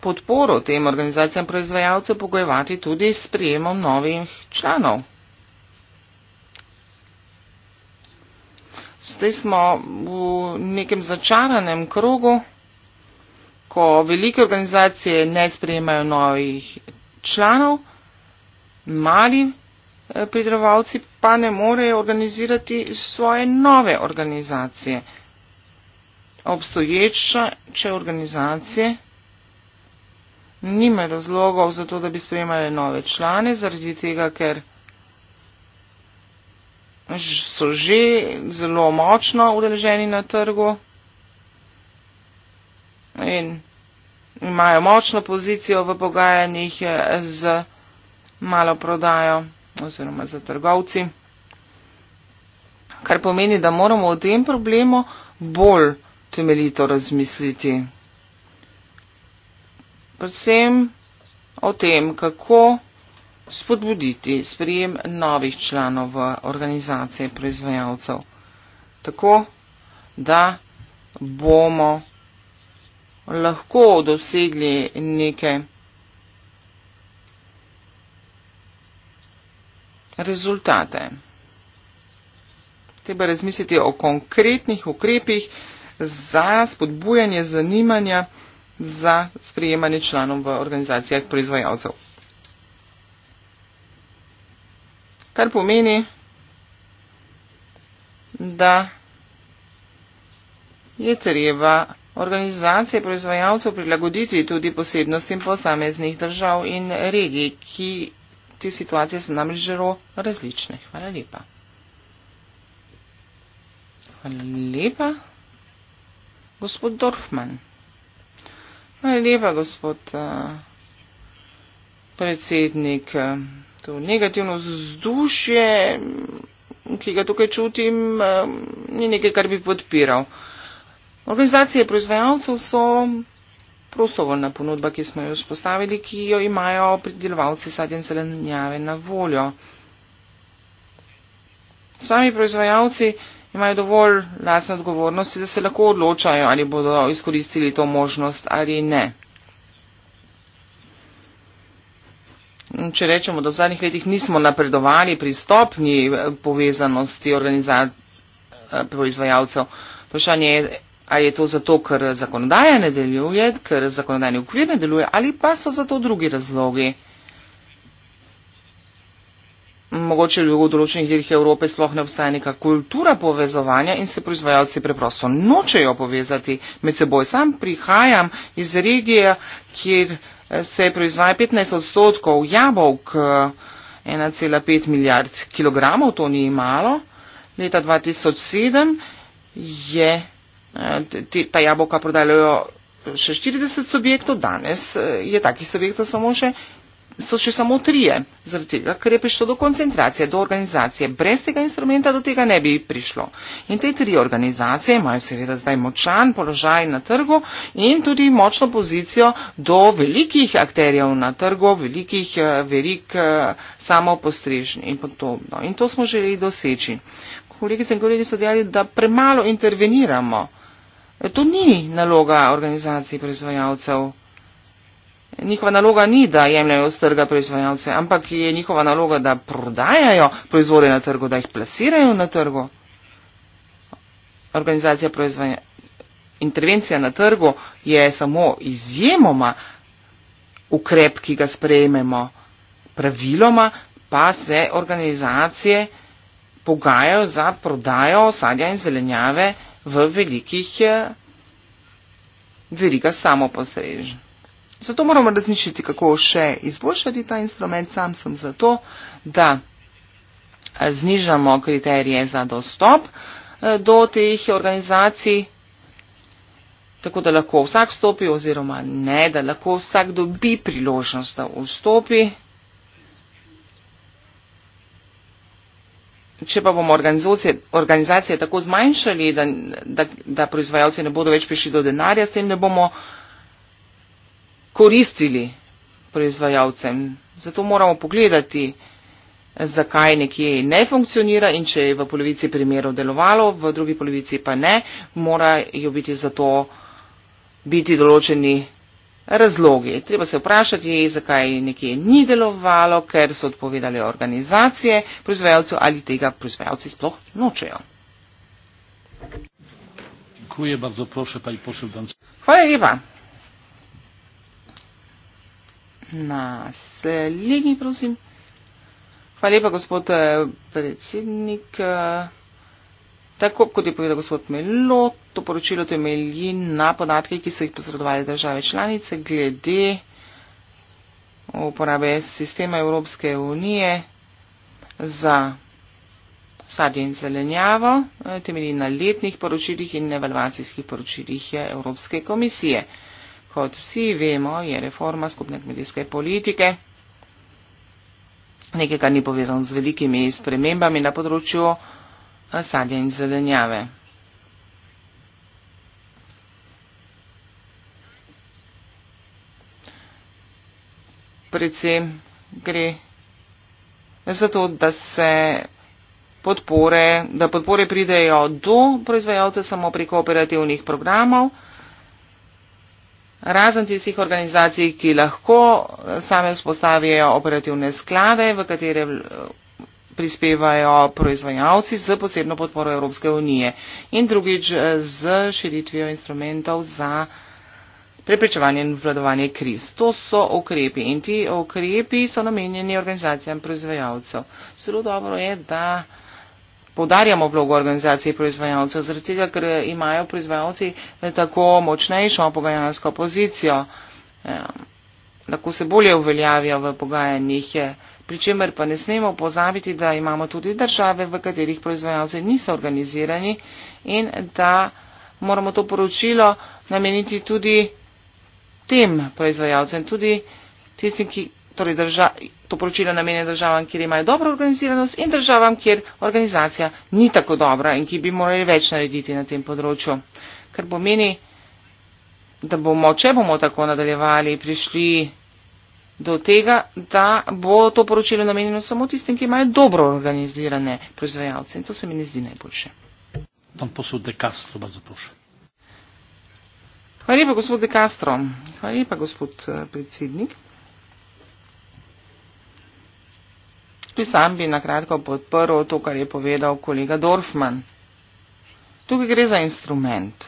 podporo tem organizacijam proizvajalcev pogojevati tudi s prijemom novih članov. Zdaj smo v nekem začaranem krogu ko velike organizacije ne sprejemajo novih članov, mali eh, pridravalci pa ne morejo organizirati svoje nove organizacije. Obstoječa, če organizacije nime razlogov za to, da bi sprejemali nove člane, zaradi tega, ker so že zelo močno udeleženi na trgu in imajo močno pozicijo v pogajanjih eh, z malo prodajo oziroma z trgovci, kar pomeni, da moramo o tem problemu bolj temeljito razmisliti. Predvsem o tem, kako spodbuditi sprijem novih članov v organizacije proizvajalcev, tako da bomo lahko dosegli neke rezultate. Treba razmisliti o konkretnih ukrepih za spodbujanje zanimanja za sprejemanje članov v organizacijah proizvajalcev. Kar pomeni, da je treba organizacije proizvajalcev prilagoditi tudi posebnostim posameznih držav in regij, ki te situacije so namreč zelo različne. Hvala lepa. Hvala lepa, gospod Dorfman. Hvala lepa, gospod uh, predsednik. To negativno vzdušje, ki ga tukaj čutim, uh, ni nekaj, kar bi podpiral. Uh, Organizacije proizvajalcev so prostovoljna ponudba, ki smo jo spostavili, ki jo imajo pridelovalci sadjen zelenjave na voljo. Sami proizvajalci imajo dovolj lasne odgovornosti, da se lahko odločajo, ali bodo izkoristili to možnost ali ne. Če rečemo, da v zadnjih letih nismo napredovali pri stopnji povezanosti organizacij eh, proizvajalcev, vprašanje je, A je to zato, ker zakonodaja ne deluje, ker zakonodajni ukvir ne deluje, ali pa so za to drugi razlogi? Mogoče ljubo v določenih delih Evrope sploh ne obstaja neka kultura povezovanja in se proizvajalci preprosto nočejo povezati med seboj. Sam prihajam iz regije, kjer eh, se proizvaja 15 odstotkov jabolk, 1,5 eh, milijard kilogramov, to ni malo. Leta 2007 je. Eh, te, ta jabolka prodajajo še 40 subjektov, danes eh, je takih subjektov samo še, so še samo trije, zaradi tega, ker je prišlo do koncentracije, do organizacije. Brez tega instrumenta do tega ne bi prišlo. In te tri organizacije imajo seveda zdaj močan položaj na trgu in tudi močno pozicijo do velikih akterjev na trgu, velikih eh, verik samopostrežni in podobno. In to smo želeli doseči. Kolegice in kolegi so dejali, da premalo interveniramo. To ni naloga organizacij proizvajalcev. Njihova naloga ni, da jemljajo od trga proizvajalce, ampak je njihova naloga, da prodajajo proizvode na trgu, da jih plasirajo na trgu. Organizacija proizvajanja. Intervencija na trgu je samo izjemoma ukrep, ki ga sprejmemo. Praviloma pa se organizacije pogajajo za prodajo sadja in zelenjave v velikih eh, veriga samoposrež. Zato moramo razmišljati, kako še izboljšati ta instrument. Sam sem zato, da eh, znižamo kriterije za dostop eh, do teh organizacij, tako da lahko vsak vstopi oziroma ne, da lahko vsak dobi priložnost, da vstopi. če pa bomo organizacije, organizacije tako zmanjšali, da, da, da proizvajalci ne bodo več prišli do denarja, s tem ne bomo koristili proizvajalcem. Zato moramo pogledati, zakaj nekje ne funkcionira in če je v polovici primerov delovalo, v drugi polovici pa ne, morajo biti zato biti določeni razlogi. Treba se vprašati, zakaj nekje ni delovalo, ker so odpovedali organizacije proizvajalcev ali tega proizvajalci sploh nočejo. Hvala lepa. Naslednji, prosim. Hvala lepa, gospod eh, predsednik. Eh, Tako kot je povedal gospod Melo, to poročilo temelji na podatkih, ki so jih posredovali države članice glede uporabe sistema Evropske unije za sadje in zelenjavo, eh, temelji na letnih poročilih in evalvacijskih poročilih Evropske komisije. Kot vsi vemo, je reforma skupne kmetijske politike nekaj, kar ni povezano z velikimi spremembami na področju sadje in zelenjave. Predvsem gre za to, da se podpore, da podpore pridejo do proizvajalcev samo preko operativnih programov, razen tistih organizacij, ki lahko same vzpostavijo operativne sklade, v katere prispevajo proizvajalci z posebno podporo Evropske unije in drugič eh, z širitvijo instrumentov za preprečevanje in vladovanje kriz. To so ukrepi in ti ukrepi so namenjeni organizacijam proizvajalcev. Zelo dobro je, da povdarjamo vlogo organizacij proizvajalcev, zaradi tega, ker imajo proizvajalci eh, tako močnejšo pogajalsko pozicijo, ehm, lahko se bolje uveljavijo v pogajanjih. Je. Eh, pri čemer pa ne smemo pozabiti, da imamo tudi države, v katerih proizvajalce niso organizirani in da moramo to poročilo nameniti tudi tem proizvajalcem, tudi tistim, ki torej drža, to poročilo namenja državam, kjer imajo dobro organiziranost in državam, kjer organizacija ni tako dobra in ki bi morali več narediti na tem področju. Kar pomeni, da bomo, če bomo tako nadaljevali, prišli do tega, da bo to poročilo namenjeno samo tistim, ki imajo dobro organizirane proizvajalce. In to se mi ne zdi najboljše. Tam posod de Castro vas zaprošam. Hvala lepa, gospod de Castro. Hvala lepa, gospod eh, predsednik. Tudi sam bi nakratko podprl to, kar je povedal kolega Dorfman. Tukaj gre za instrument.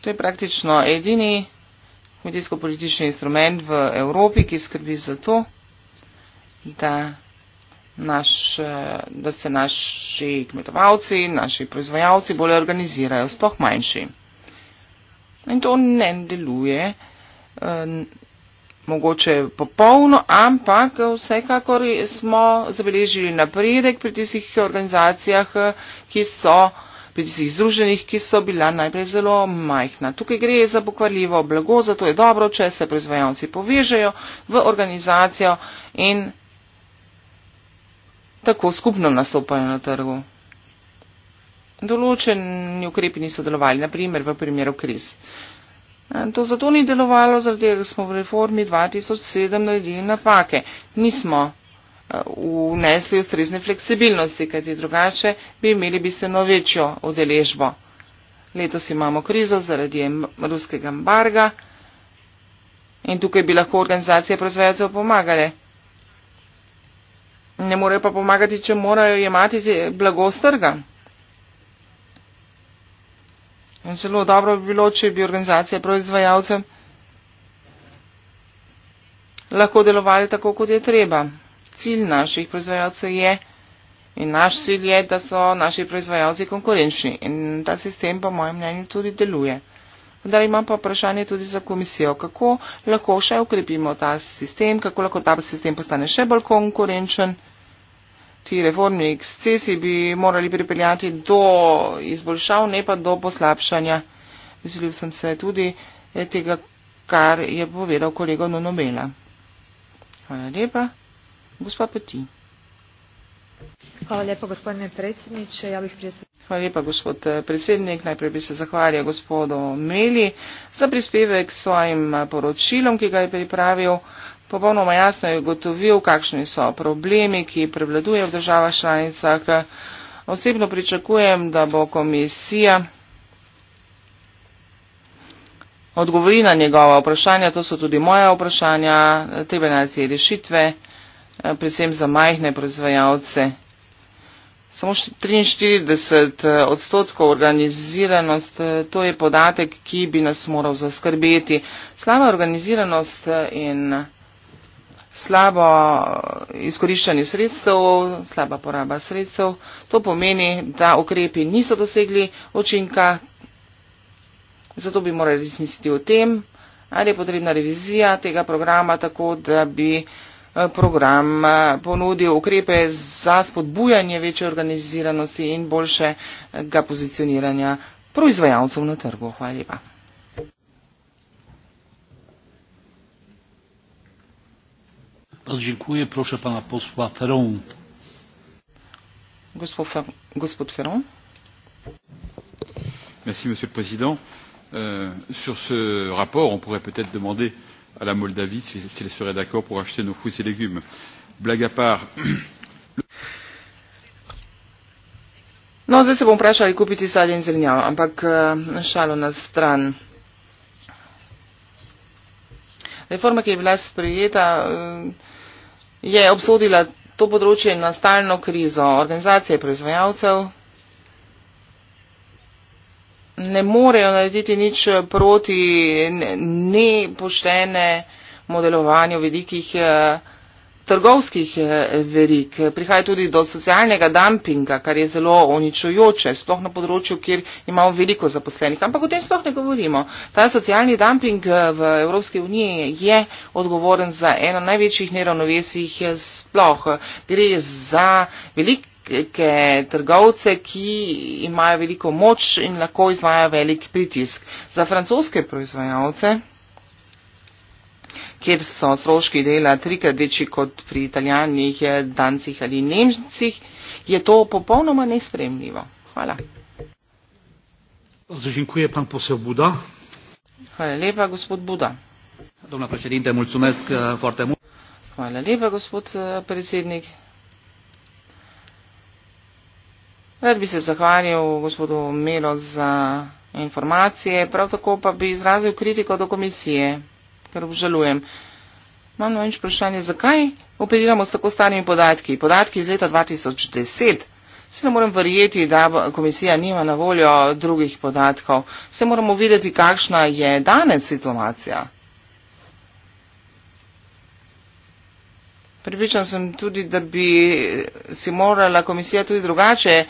To je praktično edini kmetijsko-politični instrument v Evropi, ki skrbi za to, da, naš, da se naši kmetovalci, naši proizvajalci bolje organizirajo, spoh manjši. In to ne deluje eh, mogoče popolno, ampak vsekakor smo zabeležili napredek pri tistih organizacijah, eh, ki so eh, pričih združenih, ki so bila najprej zelo majhna. Tukaj gre za pokvarljivo blago, zato je dobro, če se proizvajalci povežejo v organizacijo in tako skupno nastopajo na trgu. Določeni ukrepi niso delovali, naprimer v primeru kriz. To zato ni delovalo, zaradi tega smo v reformi 2007 naredili napake. Nismo Eh, vnesli ustrezne fleksibilnosti, kajti drugače bi imeli bistveno večjo udeležbo. Letos imamo krizo zaradi ruskega embarga in tukaj bi lahko organizacije proizvajalcev pomagale. Ne morejo pa pomagati, če morajo jemati blago z trga. In zelo dobro bi bilo, če bi organizacije proizvajalcev lahko delovali tako, kot je treba cilj naših proizvajalcev je, in naš cilj je, da so naši proizvajalci konkurenčni. In ta sistem, po mojem mnenju, tudi deluje. Vendar imam pa vprašanje tudi za komisijo, kako lahko še ukrepimo ta sistem, kako lahko ta sistem postane še bolj konkurenčen. Ti reformni ekscesi bi morali pripeljati do izboljšav, ne pa do poslabšanja. Veselil sem se tudi eh, tega, kar je povedal kolega Nonomela. Hvala lepa gospa Peti. Hvala lepa, gospodine predsedniče. Ja bih prijesel... Hvala lepa, gospod eh, predsednik. Najprej bi se zahvalil gospodu Meli za prispevek s svojim eh, poročilom, ki ga je pripravil. Popolnoma jasno je ugotovil, kakšni so problemi, ki prevladujejo v državah članicah. Osebno pričakujem, da bo komisija odgovorila na njegova vprašanja. To so tudi moja vprašanja. Treba najti rešitve. Eh, predvsem za majhne proizvajalce. Samo 43 eh, odstotkov organiziranost, eh, to je podatek, ki bi nas moral zaskrbeti. Slaba organiziranost in slabo izkoriščanje sredstev, slaba poraba sredstev, to pomeni, da ukrepi niso dosegli učinka. Zato bi morali razmisliti o tem, ali je potrebna revizija tega programa, tako da bi program eh, ponudil ukrepe za spodbujanje večje organiziranosti in boljšega pozicioniranja proizvajalcev na trgu. Hvala lepa. Dziękuję. Proszę pana posła Ferron. Gospod Ferron. Merci, monsieur le président. Euh, sur ce rapport, on pourrait peut-être demander à la Moldavie si, si elle serait d'accord pour acheter nos fruits et légumes. Blague à part. No, zdaj se bom vprašal, ali kupiti sadje in zelenjavo, ampak eh, šalo na stran. Reforma, ki je bila sprijeta, eh, je obsodila to področje na stalno krizo organizacije proizvajalcev, ne morejo narediti nič proti nepoštene modelovanju velikih eh, trgovskih eh, verik. Prihaja tudi do socialnega dumpinga, kar je zelo uničujoče, sploh na področju, kjer imamo veliko zaposlenih. Ampak o tem sploh ne govorimo. Ta socialni dumping eh, v Evropski uniji je odgovoren za eno največjih neravnovesij sploh. Gre za velik velike trgovce, ki imajo veliko moč in lahko izvajo velik pritisk. Za francoske proizvajalce, kjer so stroški dela trikrat večji kot pri italijanih, dancih ali nemcih, je to popolnoma nespremljivo. Hvala. Zaženkuje pan posel Buda. Hvala lepa, gospod Buda. Eh, Hvala lepa, gospod eh, predsednik. Rad bi se zahvalil gospodu Melo za informacije, prav tako pa bi izrazil kritiko do komisije, ker obžalujem. Imam več vprašanje, zakaj operiramo s tako starimi podatki? Podatki iz leta 2010. Se ne morem verjeti, da komisija nima na voljo drugih podatkov. Se moramo videti, kakšna je danes situacija. Pripričan sem tudi, da bi si morala komisija tudi drugače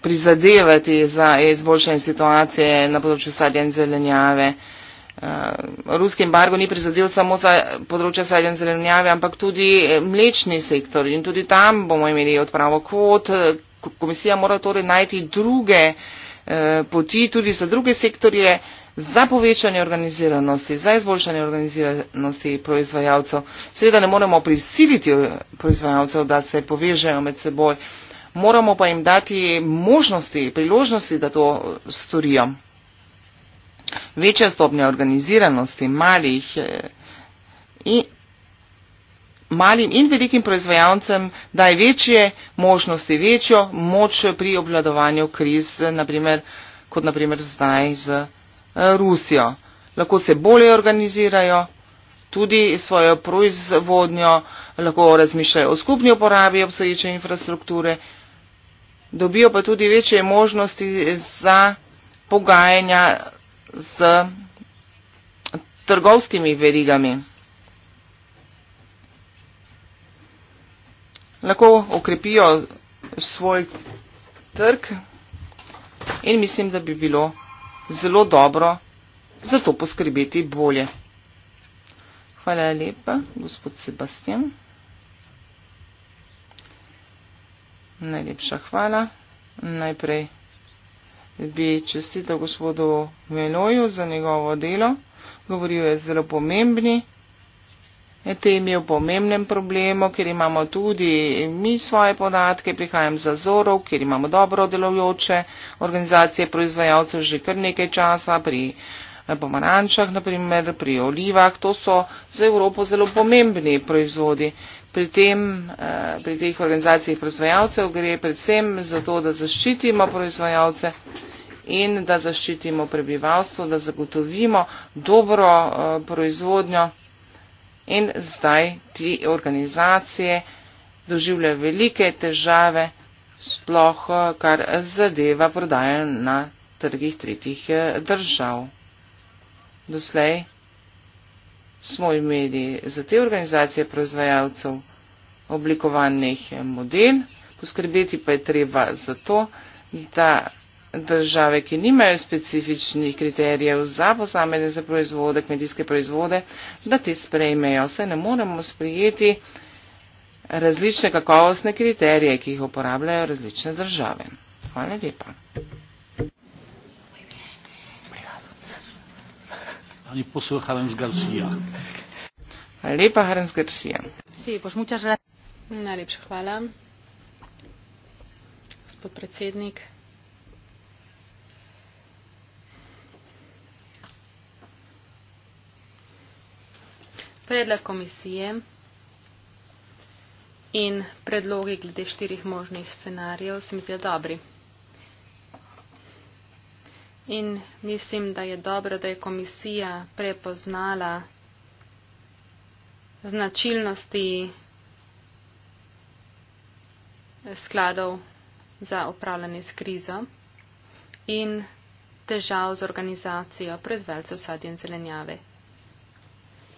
prizadevati za izboljšanje situacije na področju sadja in zelenjave. Eh, ruski embargo ni prizadel samo za področje sadja in zelenjave, ampak tudi mlečni sektor in tudi tam bomo imeli odpravo kvot. Komisija mora torej najti druge eh, poti tudi za druge sektorje za povečanje organiziranosti, za izboljšanje organiziranosti proizvajalcev. Seveda ne moremo prisiliti proizvajalcev, da se povežejo med seboj moramo pa jim dati možnosti, priložnosti, da to storijo. Večja stopnja organiziranosti malih eh, in, malim in velikim proizvajalcem daje večje možnosti, večjo moč pri obvladovanju kriz, naprimer, kot naprimer zdaj z eh, Rusijo. Lahko se bolje organizirajo, tudi svojo proizvodnjo, lahko razmišljajo o skupni uporabi obstoječe infrastrukture dobijo pa tudi večje možnosti za pogajanja z trgovskimi verigami. Lahko okrepijo svoj trg in mislim, da bi bilo zelo dobro za to poskrbeti bolje. Hvala lepa, gospod Sebastian. Najlepša hvala. Najprej bi čestitev gospodu Meloju za njegovo delo. Govoril je zelo pomembni. Tem je v pomembnem problemu, ker imamo tudi mi svoje podatke, prihajam za Zorov, ker imamo dobro delujoče organizacije proizvajalcev že kar nekaj časa pri pomarančah, naprimer pri olivah. To so za Evropo zelo pomembni proizvodi pri, tem, eh, pri teh organizacijah proizvajalcev gre predvsem za to, da zaščitimo proizvajalce in da zaščitimo prebivalstvo, da zagotovimo dobro eh, proizvodnjo. In zdaj ti organizacije doživljajo velike težave, sploh eh, kar zadeva prodajo na trgih tretjih držav. Doslej smo imeli za te organizacije proizvajalcev oblikovan nek model, poskrbeti pa je treba za to, da države, ki nimajo specifičnih kriterijev za posamezne za proizvode, kmetijske proizvode, da te sprejmejo. Vse ne moremo sprijeti različne kakovostne kriterije, ki jih uporabljajo različne države. Hvala lepa. Ali posluh Harens Garcia. Lepa Harens Garcia. Si, Najlepša hvala, gospod predsednik. Predlog komisije in predlogi glede štirih možnih scenarijev se mi zdijo dobri. In mislim, da je dobro, da je komisija prepoznala značilnosti skladov za upravljanje s krizo in težav z organizacijo predvelcev sadje in zelenjave.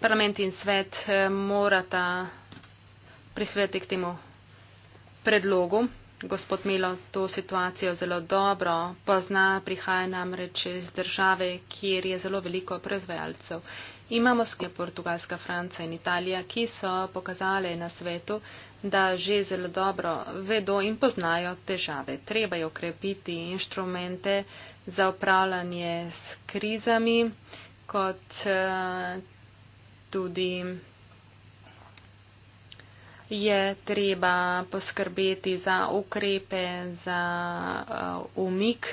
Parlament in svet eh, morata prisveti k temu predlogu gospod Milo to situacijo zelo dobro pozna, prihaja namreč iz države, kjer je zelo veliko proizvajalcev. Imamo skupaj Portugalska, Franca in Italija, ki so pokazali na svetu, da že zelo dobro vedo in poznajo težave. Treba je okrepiti inštrumente za upravljanje s krizami, kot eh, tudi je treba poskrbeti za ukrepe, za uh, umik.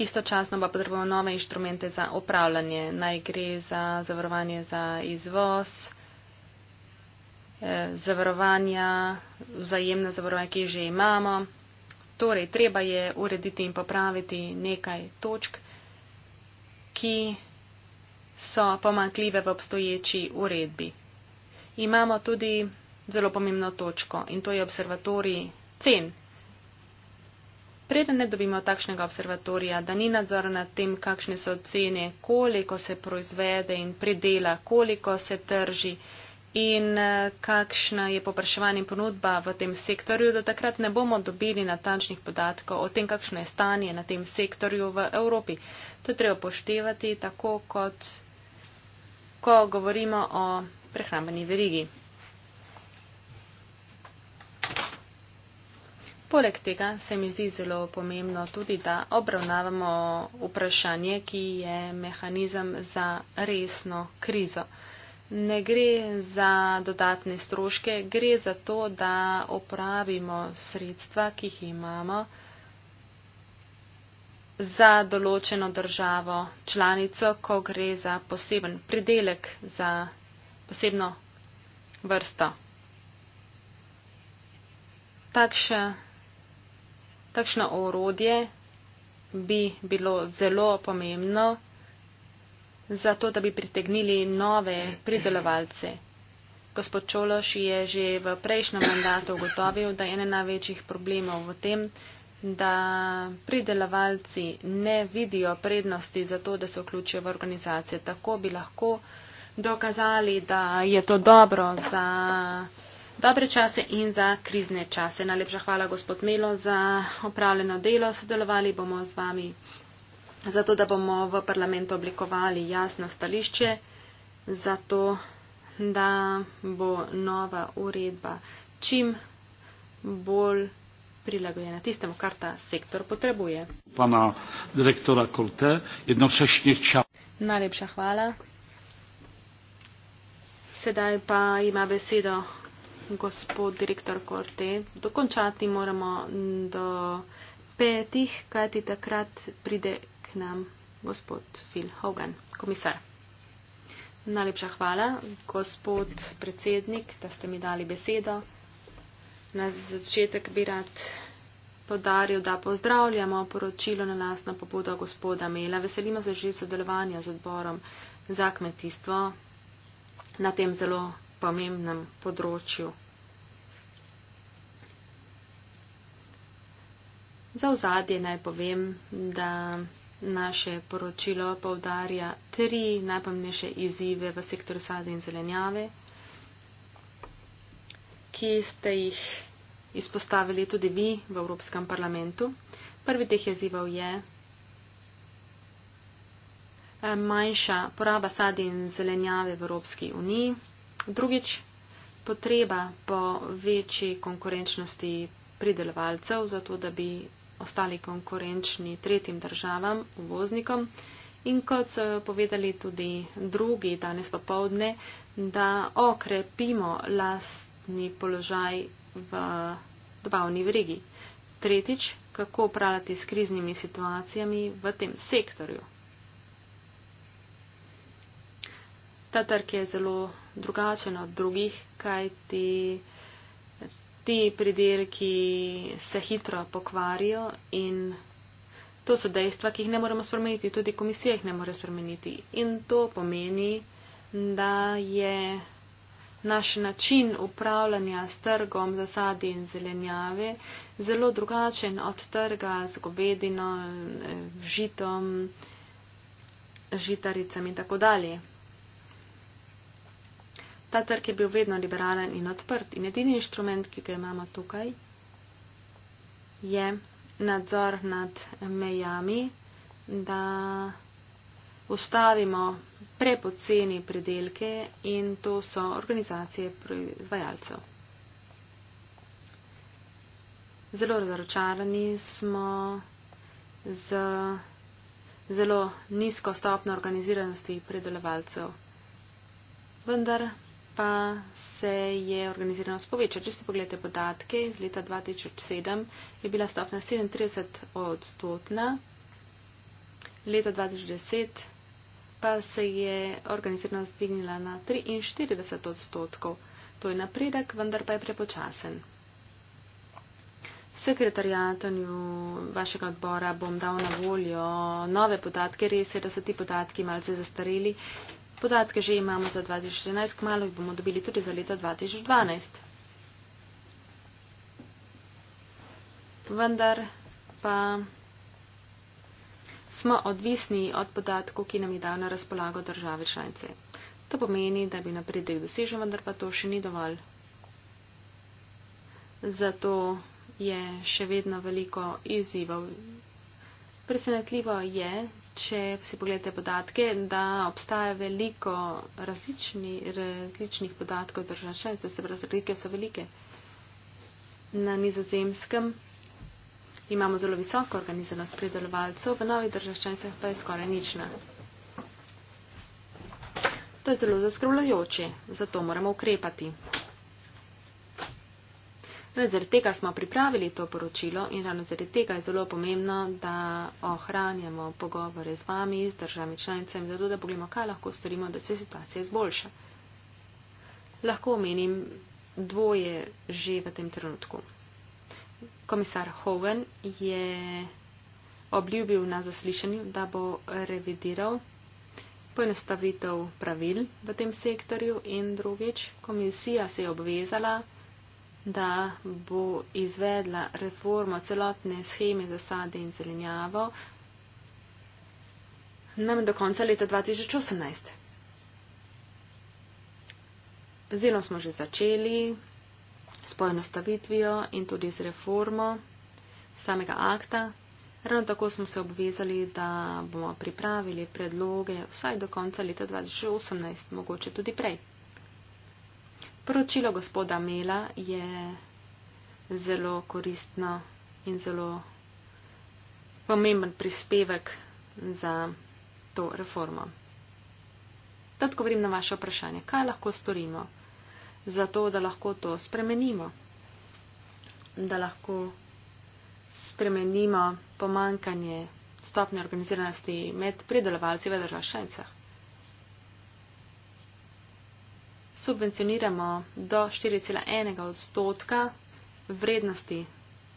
Istočasno pa potrebujemo nove inštrumente za upravljanje. Naj gre za zavarovanje za izvoz, eh, zavarovanja, vzajemne zavarovanja, ki že imamo. Torej, treba je urediti in popraviti nekaj točk, ki so pomakljive v obstoječi uredbi imamo tudi zelo pomembno točko in to je observatorij cen. Preden ne dobimo takšnega observatorija, da ni nadzora nad tem, kakšne so cene, koliko se proizvede in predela, koliko se trži in eh, kakšna je popraševanje in ponudba v tem sektorju, da takrat ne bomo dobili natančnih podatkov o tem, kakšno je stanje na tem sektorju v Evropi. To je treba poštevati, tako kot ko govorimo o prehrambeni verigi. Poleg tega se mi zdi zelo pomembno tudi, da obravnavamo vprašanje, ki je mehanizem za resno krizo. Ne gre za dodatne stroške, gre za to, da opravimo sredstva, ki jih imamo za določeno državo članico, ko gre za poseben pridelek za posebno vrsto. Takšne, takšno orodje bi bilo zelo pomembno zato, da bi pritegnili nove pridelovalce. Gospod Čološ je že v prejšnjem mandatu ugotovil, da je ena največjih problemov v tem, da pridelovalci ne vidijo prednosti za to, da se vključijo v organizacije. Tako bi lahko dokazali, da je to dobro za dobre čase in za krizne čase. Najlepša hvala, gospod Melo, za opravljeno delo. Sodelovali bomo z vami zato, da bomo v parlamentu oblikovali jasno stališče, zato, da bo nova uredba čim bolj prilagojena tistemu, kar ta sektor potrebuje. Pana direktora Kolte, jednočešnje čas. Najlepša hvala. Sedaj pa ima besedo gospod direktor Korte. Dokončati moramo do petih, kajti takrat pride k nam gospod Phil Hogan, komisar. Najlepša hvala, gospod predsednik, da ste mi dali besedo. Na začetek bi rad podaril, da pozdravljamo poročilo na lastno pobudo gospoda Mela. Veselimo se že sodelovanja z odborom za kmetijstvo, na tem zelo pomembnem področju. Za vzadje naj povem, da naše poročilo povdarja tri najpomnejše izzive v sektoru sade in zelenjave, ki ste jih izpostavili tudi vi v Evropskem parlamentu. Prvi teh izzivov je manjša poraba sadja in zelenjave v Evropski uniji. Drugič, potreba po večji konkurenčnosti pridelovalcev, zato da bi ostali konkurenčni tretjim državam, uvoznikom. In kot so povedali tudi drugi danes popovdne, da okrepimo lastni položaj v dobavni verigi. Tretjič, kako upravljati s kriznimi situacijami v tem sektorju. ta trg je zelo drugačen od drugih, kaj ti, ti pridelki se hitro pokvarijo in to so dejstva, ki jih ne moremo spremeniti, tudi komisija jih ne more spremeniti. In to pomeni, da je naš način upravljanja s trgom za sadje in zelenjave zelo drugačen od trga z govedino, žitom, žitaricami in tako dalje. Ta trg je bil vedno liberalen in odprt in edini inštrument, ki ga imamo tukaj, je nadzor nad mejami, da ustavimo prepoceni predelke in to so organizacije proizvajalcev. Zelo razočarani smo z zelo nizko stopno organiziranosti predelovalcev. Vendar pa se je organiziranost povečala. Če si pogledate podatke iz leta 2007, je bila stopna 37 odstotna, leta 2010 pa se je organiziranost dvignila na 43 odstotkov. To je napredek, vendar pa je prepočasen. Sekretarjatanju vašega odbora bom dal na voljo nove podatke. Res je, da so ti podatki malce zastareli Podatke že imamo za 2014, kmalo jih bomo dobili tudi za leto 2012. Vendar pa smo odvisni od podatkov, ki nam je dal na razpolago države članice. To pomeni, da bi napredek dosežen, vendar pa to še ni dovolj. Zato je še vedno veliko izzivov. Presenetljivo je, če si pogledate podatke, da obstaja veliko različni, različnih podatkov držav članic, se pravi, razlike so velike. Na nizozemskem imamo zelo visoko organiziranost pridelovalcev, v novih državah članicah pa je skoraj nična. To je zelo zaskrbljajoče, zato moramo ukrepati. Ravno zaradi tega smo pripravili to poročilo in ravno zaradi tega je zelo pomembno, da ohranjamo pogovore z vami, z državami članicami, zato da pogledamo, kaj lahko storimo, da se situacija izboljša. Lahko omenim dvoje že v tem trenutku. Komisar Hogan je obljubil na zaslišanju, da bo revidiral poenostavitev pravil v tem sektorju in drugič komisija se je obvezala, da bo izvedla reformo celotne scheme za sade in zelenjavo nam do konca leta 2018. Zelo smo že začeli s poenostavitvijo in tudi z reformo samega akta. Ravno tako smo se obvezali, da bomo pripravili predloge vsaj do konca leta 2018, mogoče tudi prej. Poročilo gospoda Mela je zelo koristno in zelo pomemben prispevek za to reformo. Da odgovorim na vaše vprašanje, kaj lahko storimo za to, da lahko to spremenimo, da lahko spremenimo pomankanje stopne organiziranosti med predelovalci v državah šencah. subvencioniramo do 4,1 odstotka vrednosti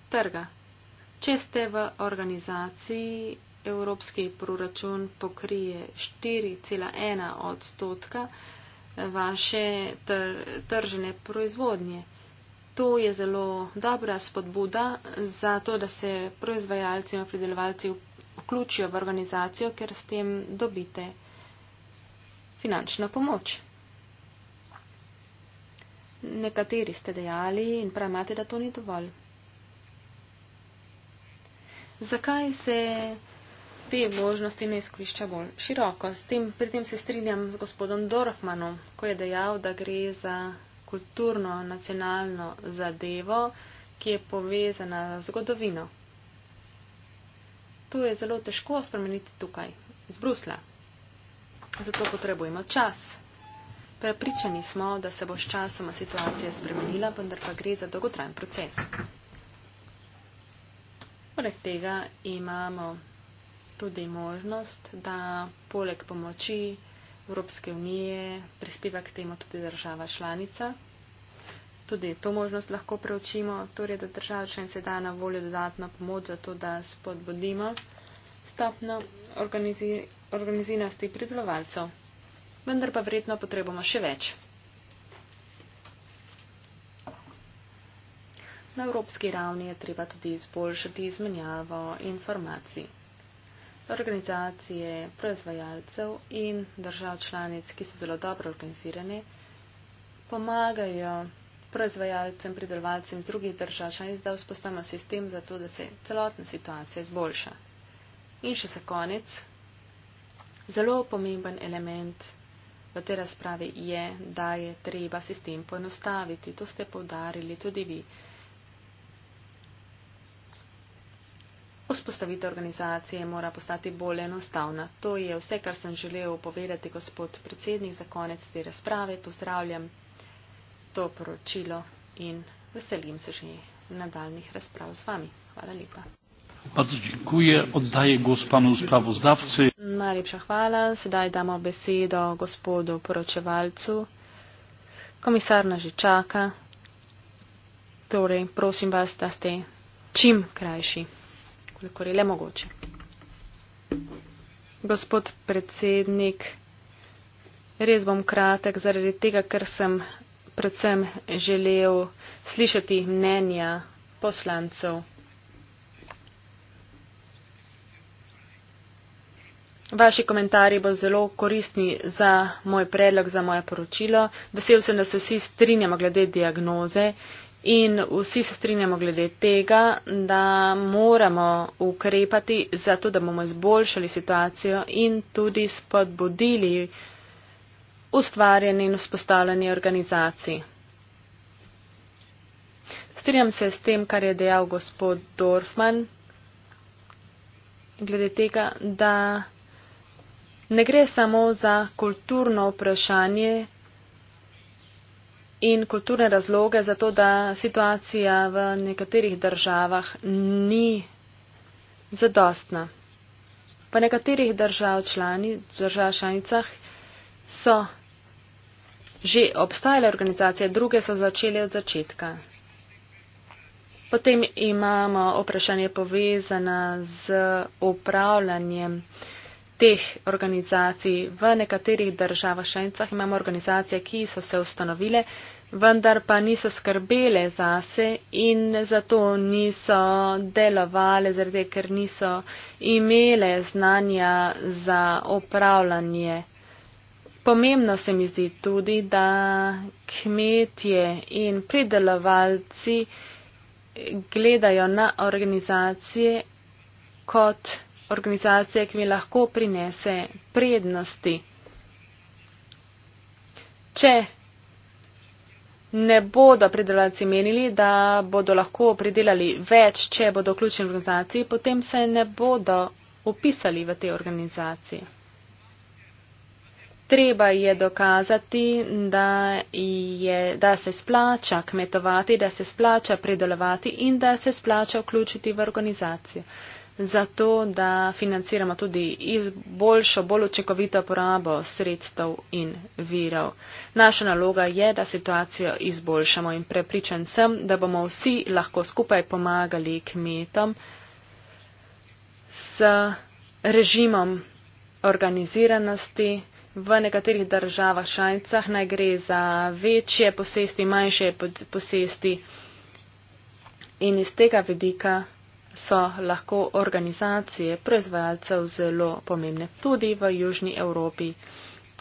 trga. Če ste v organizaciji, evropski proračun pokrije 4,1 odstotka vaše tr tržene proizvodnje. To je zelo dobra spodbuda za to, da se proizvajalci in predelovalci vključijo v organizacijo, ker s tem dobite finančno pomoč. Nekateri ste dejali in pravite, da to ni dovolj. Zakaj se te možnosti ne izkorišča bolj široko? Tem, pri tem se strinjam z gospodom Dorfmanom, ko je dejal, da gre za kulturno, nacionalno zadevo, ki je povezana z zgodovino. To je zelo težko spremeniti tukaj, z Brusla. Zato potrebujemo čas. Prepričani smo, da se bo s časoma situacija spremenila, vendar pa gre za dolgotrajen proces. Poleg tega imamo tudi možnost, da poleg pomoči Evropske unije prispeva k temu tudi država članica. Tudi to možnost lahko preučimo, torej da država članica da na voljo dodatno pomoč za to, da spodbudimo stopno organiziranosti pridelovalcev vendar pa vredno potrebamo še več. Na evropski ravni je treba tudi izboljšati izmenjavo informacij. Organizacije proizvajalcev in držav članic, ki so zelo dobro organizirane, pomagajo proizvajalcem, pridelovalcem iz drugih držav članic, da vzpostavimo sistem za to, da se celotna situacija izboljša. In še za konec, zelo pomemben element v tej razpravi je, da je treba sistem poenostaviti. To ste povdarili tudi vi. Vzpostavitev organizacije mora postati bolj enostavna. To je vse, kar sem želel povedati, gospod predsednik, za konec te razprave. Pozdravljam to poročilo in veselim se že nadaljnih razprav z vami. Hvala lepa. Bardzo dziękuję. Oddaję głos panu sprawozdawcy. Najlepsza chwała. Zdaj damo besedo gospodu poroczewalcu. Komisarna Życzaka. Torej, prosim was, da ste čim krajši, koliko je le mogoče. Gospod predsednik, res bom kratek, zaradi tega, ker sem predvsem želel slišati mnenja poslancev. Vaši komentarji bo zelo koristni za moj predlog, za moje poročilo. Vesel sem, da se vsi strinjamo glede diagnoze in vsi se strinjamo glede tega, da moramo ukrepati zato, da bomo izboljšali situacijo in tudi spodbudili ustvarjanje in vzpostavljanje organizacij. Strinjam se s tem, kar je dejal gospod Dorfman glede tega, da ne gre samo za kulturno vprašanje in kulturne razloge za to, da situacija v nekaterih državah ni zadostna. V nekaterih držav člani, držav članicah so že obstajale organizacije, druge so začele od začetka. Potem imamo vprašanje povezana z upravljanjem uh, teh organizacij. V nekaterih državah šencah imamo organizacije, ki so se ustanovile, vendar pa niso skrbele zase in zato niso delovale, zrede, ker niso imele znanja za upravljanje. Pomembno se mi zdi tudi, da kmetje in pridelovalci gledajo na organizacije kot organizacija, ki mi lahko prinese prednosti. Če ne bodo pridelovalci menili, da bodo lahko pridelali več, če bodo vključeni v organizaciji, potem se ne bodo upisali v te organizacije. Treba je dokazati, da, je, da se splača kmetovati, da se splača pridelovati in da se splača vključiti v organizacijo zato da financiramo tudi boljšo, bolj očekovito porabo sredstev in virov. Naša naloga je, da situacijo izboljšamo in prepričan sem, da bomo vsi lahko skupaj pomagali kmetom s režimom organiziranosti. V nekaterih državah šalicah naj gre za večje posesti, manjše posesti in iz tega vidika so lahko organizacije proizvajalcev zelo pomembne, tudi v Južni Evropi,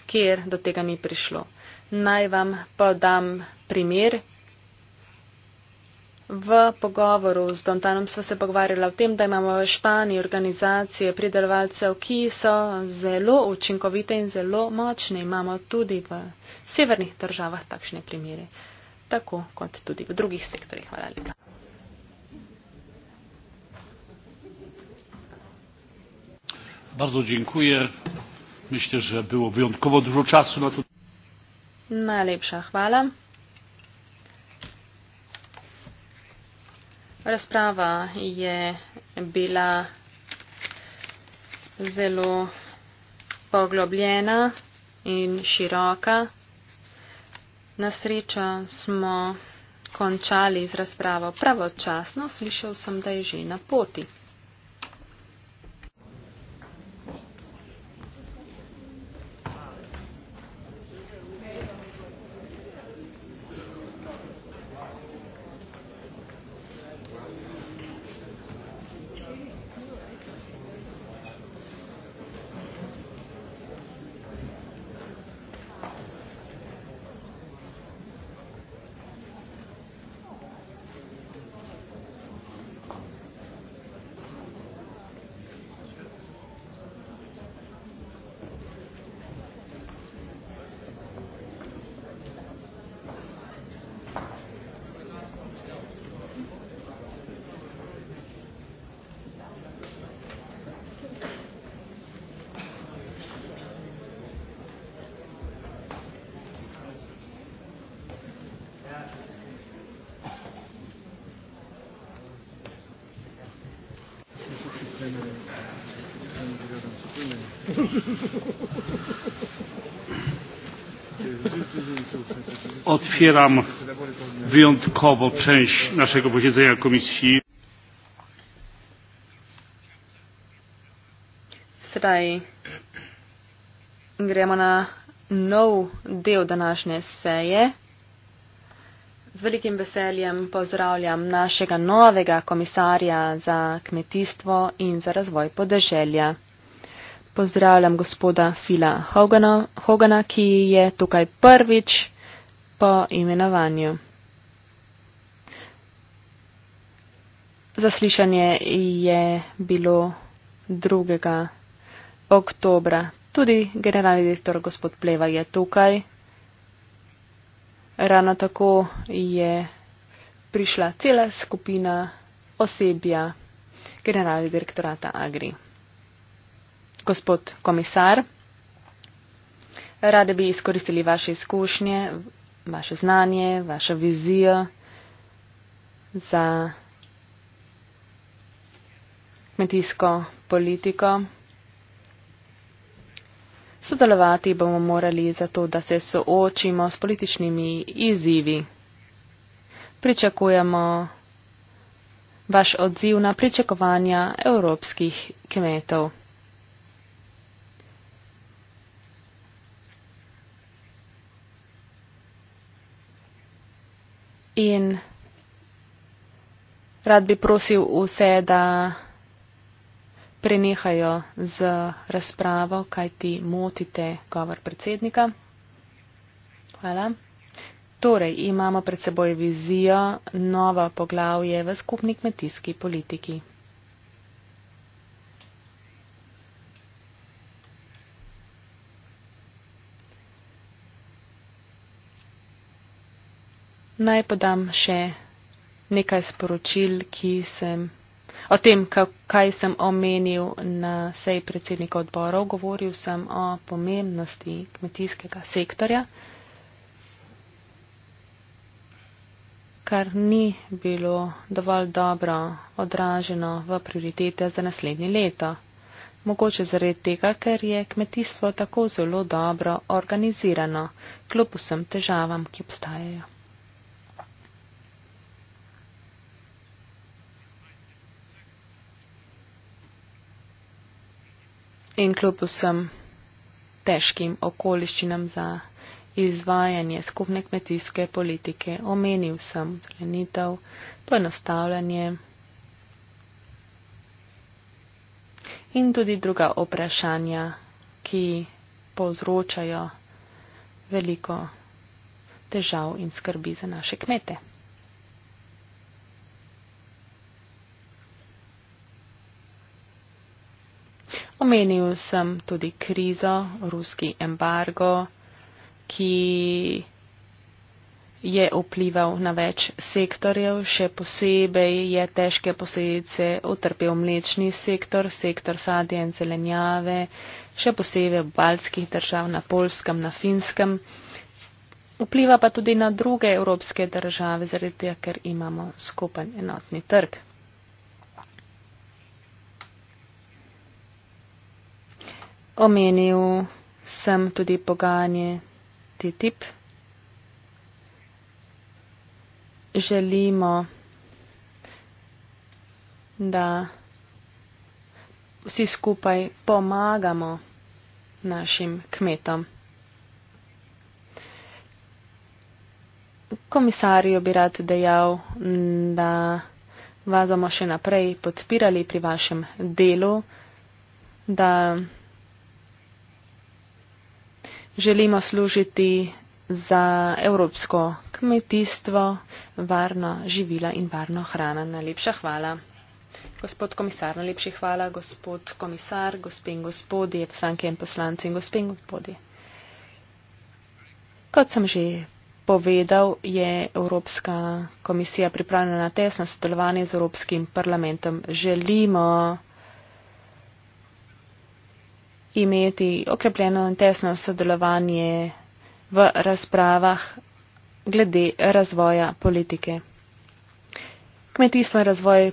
kjer do tega ni prišlo. Naj vam podam primer. V pogovoru z Dontanom so se pogovarjala o tem, da imamo v Španiji organizacije pridelovalcev, ki so zelo učinkovite in zelo močne. Imamo tudi v severnih državah takšne primere, tako kot tudi v drugih sektorjih. Hvala lepa. Najlepša hvala. Razprava je bila zelo poglobljena in široka. Na srečo smo končali z razpravo pravočasno, slišal sem, da je že na poti. otwieram wyjątkowo część naszego posiedzenia komisji. Today. Gremo na nov del današnje seje. Z velikim veseljem pozdravljam našega novega komisarja za kmetijstvo in za razvoj podeželja. Pozdravljam gospoda Fila Hogana, Hogana ki je tukaj prvič po imenovanju. Zaslišanje je bilo 2. oktobra. Tudi generalni direktor gospod Pleva je tukaj. Rano tako je prišla cela skupina osebja generalni direktorata Agri. Gospod komisar, rade bi izkoristili vaše izkušnje vaše znanje, vaša vizija za kmetijsko politiko. Sodelovati bomo morali zato, da se soočimo s političnimi izzivi. Pričakujemo vaš odziv na pričakovanja evropskih kmetov. In rad bi prosil vse, da prenehajo z razpravo, kaj ti motite govor predsednika. Hvala. Torej, imamo pred seboj vizijo, novo poglavje v skupni kmetijski politiki. naj podam še nekaj sporočil, ki sem o tem, kaj sem omenil na seji predsednika odborov. Govoril sem o pomembnosti kmetijskega sektorja, kar ni bilo dovolj dobro odraženo v prioritete za naslednje leto. Mogoče zaradi tega, ker je kmetijstvo tako zelo dobro organizirano, kljub vsem težavam, ki obstajajo. In kljub vsem težkim okoliščinam za izvajanje skupne kmetijske politike, omenil sem zelenitev, poenostavljanje in tudi druga vprašanja, ki povzročajo veliko težav in skrbi za naše kmete. Omenil sem tudi krizo, ruski embargo, ki je vplival na več sektorjev, še posebej je težke posledice utrpel mlečni sektor, sektor sadja in zelenjave, še posebej v baltskih držav, na polskem, na finskem. Vpliva pa tudi na druge evropske države, zaradi tega, ker imamo skupen enotni trg. omenil sem tudi pogajanje TTIP. Želimo, da vsi skupaj pomagamo našim kmetom. Komisarju bi rad dejal, da vas bomo še naprej podpirali pri vašem delu, da želimo služiti za evropsko kmetijstvo, varno živila in varno hrana. Najlepša hvala. Gospod komisar, najlepši hvala. Gospod komisar, gospe in gospodje, poslanke in poslanci in gospe in gospodje. Kot sem že povedal, je Evropska komisija pripravljena na tesno sodelovanje z Evropskim parlamentom. Želimo imeti okrepljeno in tesno sodelovanje v razpravah glede razvoja politike. Kmetijstvo in razvoj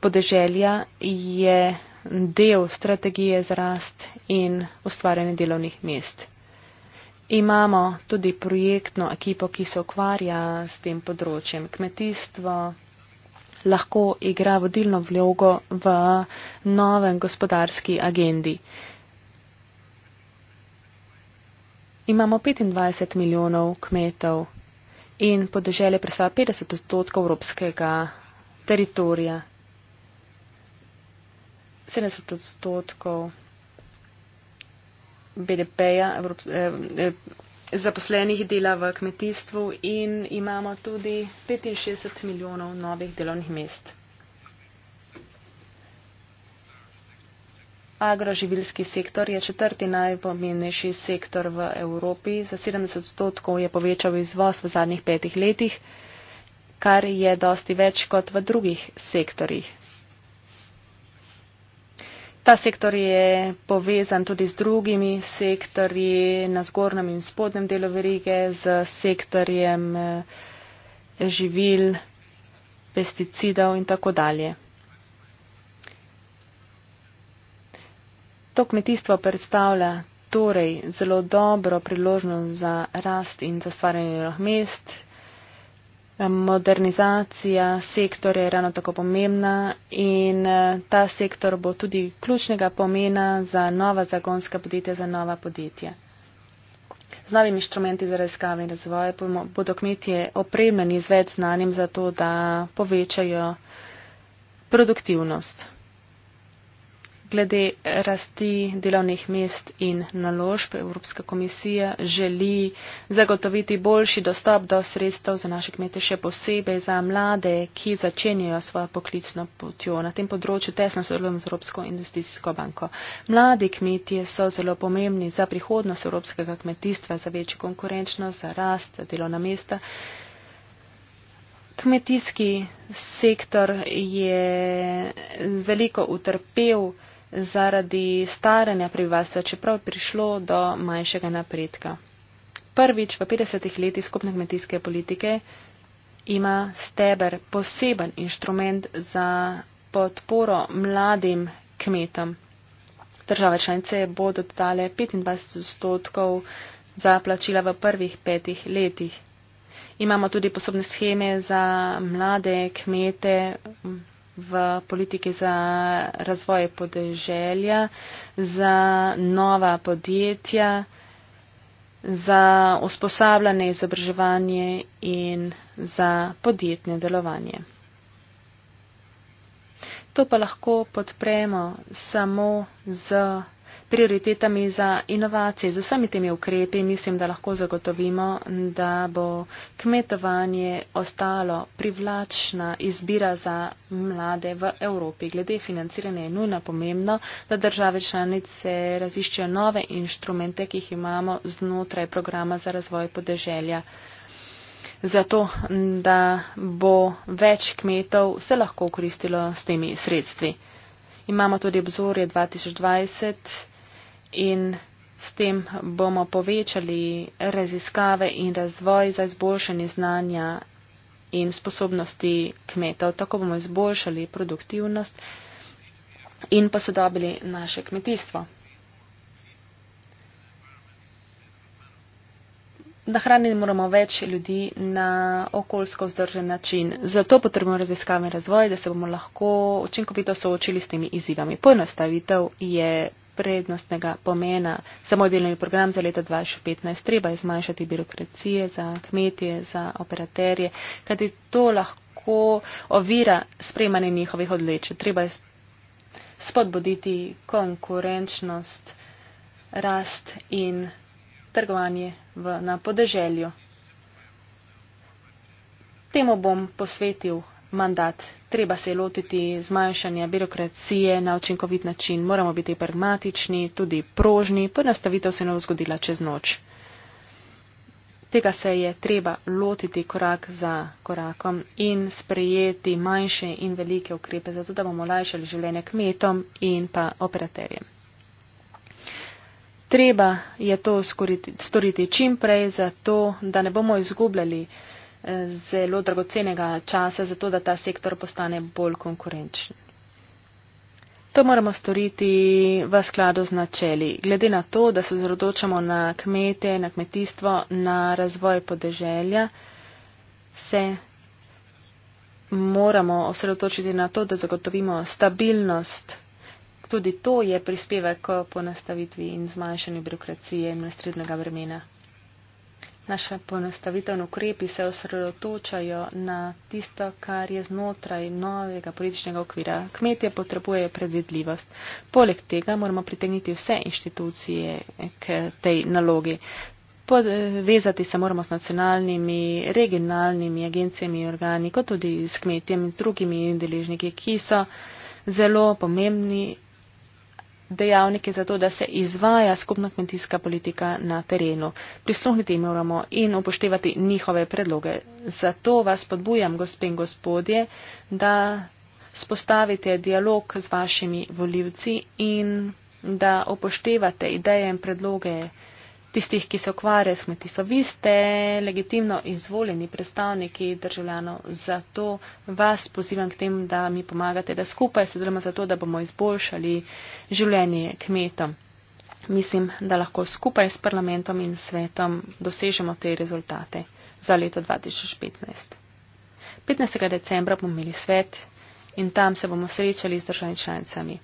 podeželja je del strategije za rast in ustvarjanje delovnih mest. Imamo tudi projektno ekipo, ki se ukvarja s tem področjem. Kmetijstvo lahko igra vodilno vlogo v novem gospodarski agendi imamo 25 milijonov kmetov in podeželje presa 50 odstotkov evropskega teritorija. 70 odstotkov BDP-ja eh, eh, zaposlenih dela v kmetijstvu in imamo tudi 65 milijonov novih delovnih mest. Agroživilski sektor je četrti najpomembnejši sektor v Evropi. Za 70 odstotkov je povečal izvoz v zadnjih petih letih, kar je dosti več kot v drugih sektorjih. Ta sektor je povezan tudi z drugimi sektorji na zgornjem in spodnjem delu verige, z sektorjem eh, živil, pesticidov in tako dalje. To kmetijstvo predstavlja torej zelo dobro priložnost za rast in za stvarjanje novih mest. Modernizacija sektor je ravno tako pomembna in eh, ta sektor bo tudi ključnega pomena za nova zagonska podjetja, za nova podjetja. Z novimi inštrumenti za raziskave in razvoj bodo kmetije opremljeni z več znanjem za to, da povečajo produktivnost glede rasti delovnih mest in naložb Evropska komisija želi zagotoviti boljši dostop do sredstev za naše kmete, še posebej za mlade, ki začenjajo svojo poklicno potjo. Na tem področju tesno sodelujem z Evropsko investicijsko banko. Mladi kmetje so zelo pomembni za prihodnost evropskega kmetijstva, za večjo konkurenčnost, za rast delovna mesta. Kmetijski sektor je veliko utrpel zaradi staranja prebivalstva, čeprav je prišlo do manjšega napredka. Prvič v 50 letih skupne kmetijske politike ima steber poseben inštrument za podporo mladim kmetom. Države članice bodo dale 25 odstotkov za plačila v prvih petih letih. Imamo tudi posebne scheme za mlade kmete, v politiki za razvoj podeželja, za nova podjetja, za usposabljanje, izobraževanje in za podjetne delovanje. To pa lahko podpremo samo z prioritetami za inovacije, z vsemi temi ukrepi, mislim, da lahko zagotovimo, da bo kmetovanje ostalo privlačna izbira za mlade v Evropi. Glede financiranja je nujno pomembno, da države članice raziščejo nove inštrumente, ki jih imamo znotraj programa za razvoj podeželja. Zato, da bo več kmetov se lahko koristilo s temi sredstvi. Imamo tudi obzorje 2020, in s tem bomo povečali raziskave in razvoj za izboljšanje znanja in sposobnosti kmetov. Tako bomo izboljšali produktivnost in posodobili naše kmetijstvo. Nahraniti moramo več ljudi na okoljsko vzdržen način. Zato potrebujemo raziskave in razvoj, da se bomo lahko učinkovito soočili s temi izzivami. Poenostavitev je prednostnega pomena. Samodelni program za leto 2015 treba je zmanjšati birokracije za kmetije, za operaterje, kajti to lahko ovira sprejmanje njihovih odleče. Treba je spodbuditi konkurenčnost, rast in trgovanje v, na podeželju. Temu bom posvetil mandat treba se je lotiti zmanjšanja birokracije na učinkovit način, moramo biti pragmatični, tudi prožni, prnastavitev se ne bo zgodila čez noč. Tega se je treba lotiti korak za korakom in sprejeti manjše in velike ukrepe, zato da bomo lajšali življenje kmetom in pa operaterjem. Treba je to storiti čimprej, zato da ne bomo izgubljali zelo dragocenega časa za to, da ta sektor postane bolj konkurenčen. To moramo storiti v skladu z načeli. Glede na to, da se zrodočamo na kmete, na kmetijstvo, na razvoj podeželja, se moramo osredotočiti na to, da zagotovimo stabilnost. Tudi to je prispevek k ponastavitvi in zmanjšanju birokracije in nestrednega vremena naše ponastavitevne ukrepi se osredotočajo na tisto, kar je znotraj novega političnega okvira. Kmetje potrebujejo predvidljivost. Poleg tega moramo pritegniti vse inštitucije k tej nalogi. Povezati se moramo s nacionalnimi, regionalnimi agencijami in organi, kot tudi s kmetjem in z drugimi deležniki, ki so zelo pomembni dejavniki za to, da se izvaja skupna kmetijska politika na terenu. Prisluhniti jim moramo in upoštevati njihove predloge. Zato vas podbujam, gospe in gospodje, da spostavite dialog z vašimi voljivci in da upoštevate ideje in predloge tistih, ki se ukvarja s kmetijstvom. Vi ste legitimno izvoljeni predstavniki državljanov, zato vas pozivam k tem, da mi pomagate, da skupaj sodelujemo za to, da bomo izboljšali življenje kmetom. Mislim, da lahko skupaj s parlamentom in svetom dosežemo te rezultate za leto 2015. 15. decembra bomo imeli svet in tam se bomo srečali z državnimi članicami.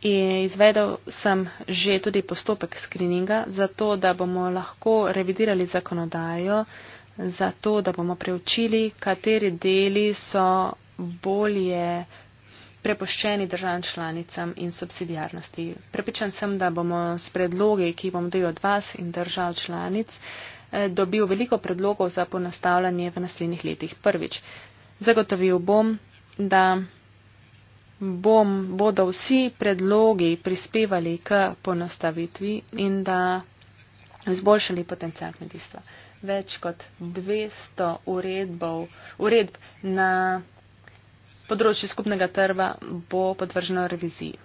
Izvedel sem že tudi postopek skrininga, zato da bomo lahko revidirali zakonodajo, zato da bomo preučili, kateri deli so bolje prepoščeni državam članicam in subsidijarnosti. Prepričan sem, da bomo s predlogi, ki bom dobil od vas in držav članic, eh, dobil veliko predlogov za ponastavljanje v naslednjih letih. Prvič, zagotovil bom, da bom, bodo vsi predlogi prispevali k ponastavitvi in da izboljšali potencijal kmetijstva. Več kot 200 uredbov, uredb na področju skupnega trva bo podvrženo reviziji.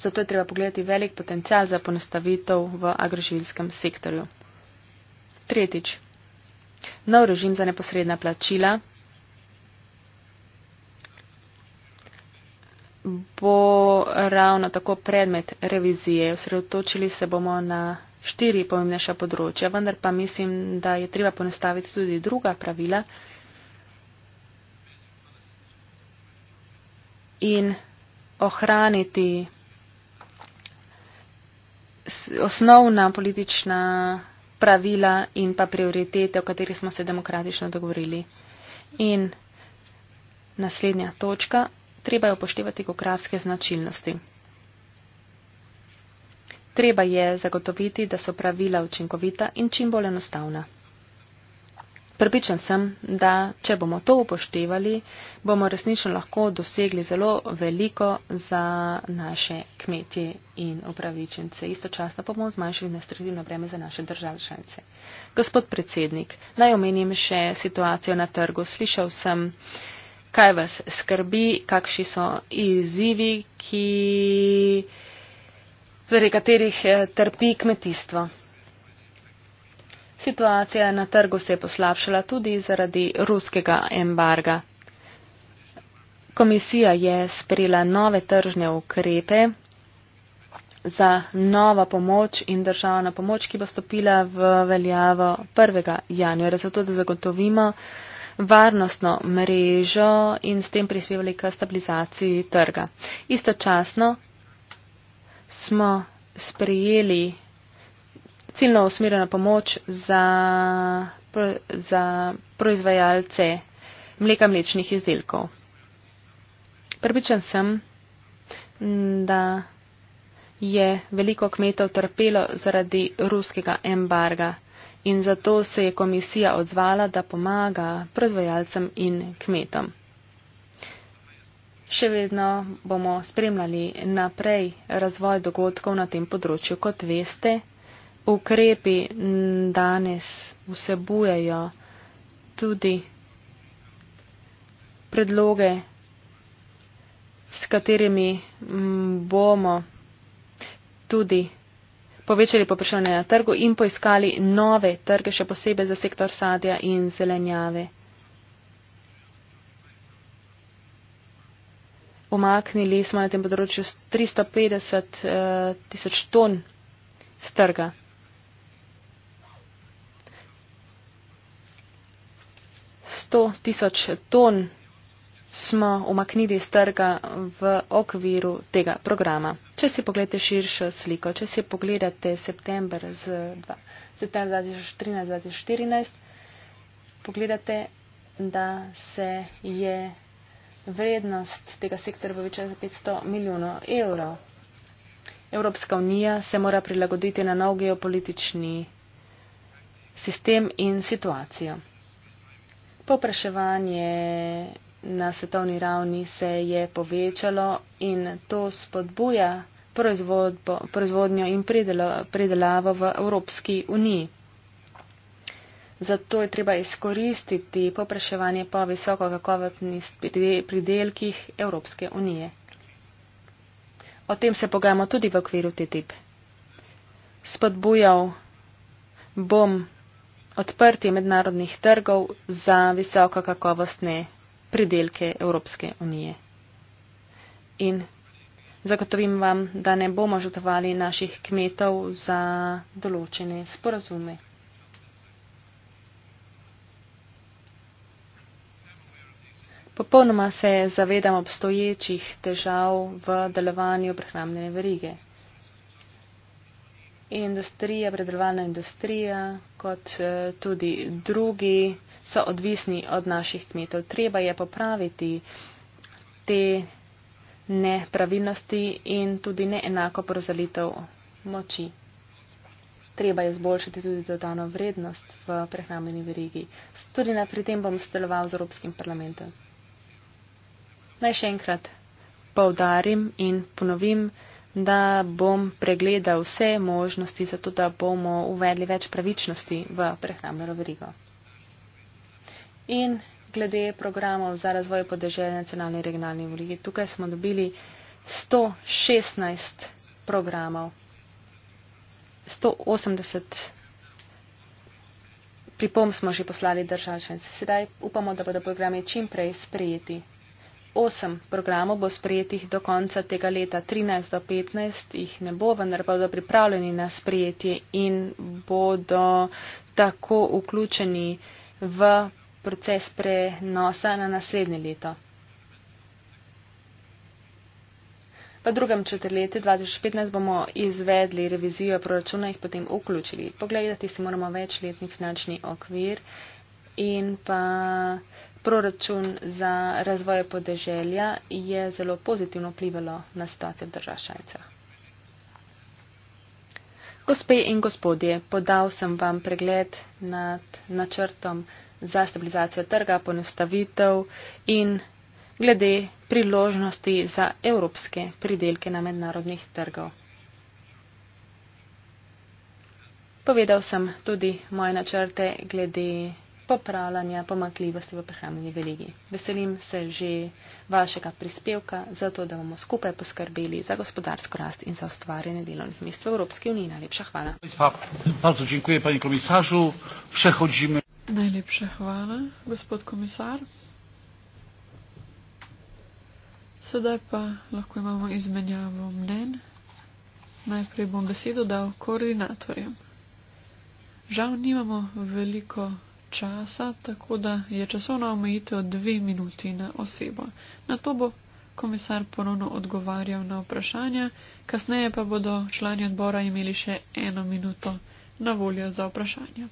Zato je treba pogledati velik potencijal za ponastavitev v agroživljskem sektorju. Tretjič. Nov režim za neposredna plačila bo ravno tako predmet revizije. Osredotočili se bomo na štiri pomembnejša področja, vendar pa mislim, da je treba ponestaviti tudi druga pravila. In ohraniti osnovna politična pravila in pa prioritete, o katerih smo se demokratično dogovorili. In naslednja točka treba je upoštevati geografske značilnosti. Treba je zagotoviti, da so pravila učinkovita in čim bolj enostavna. Prpičen sem, da če bomo to upoštevali, bomo resnično lahko dosegli zelo veliko za naše kmetje in upravičence. Istočasno pa bomo zmanjšali nestrdivno breme za naše državljance. Gospod predsednik, naj omenim še situacijo na trgu. Slišal sem. Uh, kaj vas skrbi, kakšni so izzivi, ki, zaradi katerih eh, trpi kmetijstvo. Situacija na trgu se je poslabšala tudi zaradi ruskega embarga. Komisija je sprejela nove tržne ukrepe za nova pomoč in državna pomoč, ki bo stopila v veljavo 1. januarja, zato da zagotovimo, varnostno mrežo in s tem prispevali k stabilizaciji trga. Istočasno smo sprejeli ciljno usmerjeno pomoč za, za proizvajalce mleka mlečnih izdelkov. Prvičen sem, da je veliko kmetov trpelo zaradi ruskega embarga in zato se je komisija odzvala, da pomaga proizvajalcem in kmetom. Še vedno bomo spremljali naprej razvoj dogodkov na tem področju. Kot veste, ukrepi danes vsebujejo tudi predloge, s katerimi bomo tudi povečali poprašanje na trgu in poiskali nove trge, še posebej za sektor sadja in zelenjave. Omaknili smo na tem področju 350 eh, tisoč ton z trga. Sto tisoč ton smo umaknili iz trga v okviru tega programa. Če si pogledate širšo sliko, če si pogledate september z 2013-2014, pogledate, da se je vrednost tega sektora povečala za 500 milijonov evrov. Evropska unija se mora prilagoditi na nov geopolitični sistem in situacijo. Popraševanje na svetovni ravni se je povečalo in to spodbuja proizvodnjo in predelavo v Evropski uniji. Zato je treba izkoristiti popraševanje po visoko kakovotnih pridelkih Evropske unije. O tem se pogajamo tudi v okviru TTIP. Spodbujal bom odprtje mednarodnih trgov za visoko kakovostne pridelke Evropske unije. In zagotovim vam, da ne bomo žrtvovali naših kmetov za določene sporazume. Popolnoma se zavedam obstoječih težav v delovanju prehrambne verige. Industrija, predelovalna industrija, kot eh, tudi drugi so odvisni od naših kmetov. Treba je popraviti te nepravilnosti in tudi neenako porazdelitev moči. Treba je zboljšati tudi dodano vrednost v prehrambeni verigi. Tudi na pri tem bom sodeloval z Evropskim parlamentom. Naj še enkrat povdarim in ponovim, da bom pregledal vse možnosti za to, da bomo uvedli več pravičnosti v prehrambeno verigo in glede programov za razvoj podeželja nacionalne in regionalne mreže. Tukaj smo dobili 116 programov, 180 pripom smo že poslali državljanom. Sedaj upamo, da bodo programe čimprej sprejeti. 8 programov bo sprejetih do konca tega leta, 13 do 15 jih ne bo, vendar pa bodo pripravljeni na sprejetje in bodo tako vključeni v proces prenosa na naslednje leto. V drugem četrletju 2015 bomo izvedli revizijo proračuna in jih potem vključili. Pogledati si moramo večletni finančni okvir in pa proračun za razvoj podeželja je zelo pozitivno vplivalo na situacijo državšajca. Gospe in gospodje, podal sem vam pregled nad načrtom za stabilizacijo trga, ponostavitev in glede priložnosti za evropske pridelke na mednarodnih trgov. Povedal sem tudi moje načrte glede popravljanja pomakljivosti v prehrambeni veligi. Veselim se že vašega prispevka za to, da bomo skupaj poskrbeli za gospodarsko rast in za ustvarjanje delovnih mest v Evropski uniji. Najlepša hvala. Hvala. Najlepša hvala, gospod komisar. Sedaj pa lahko imamo izmenjavo mnen. Najprej bom besedo dal koordinatorjem. Žal nimamo veliko časa, tako da je časovna omejitev dve minuti na osebo. Na to bo komisar ponovno odgovarjal na vprašanja, kasneje pa bodo člani odbora imeli še eno minuto na voljo za vprašanje.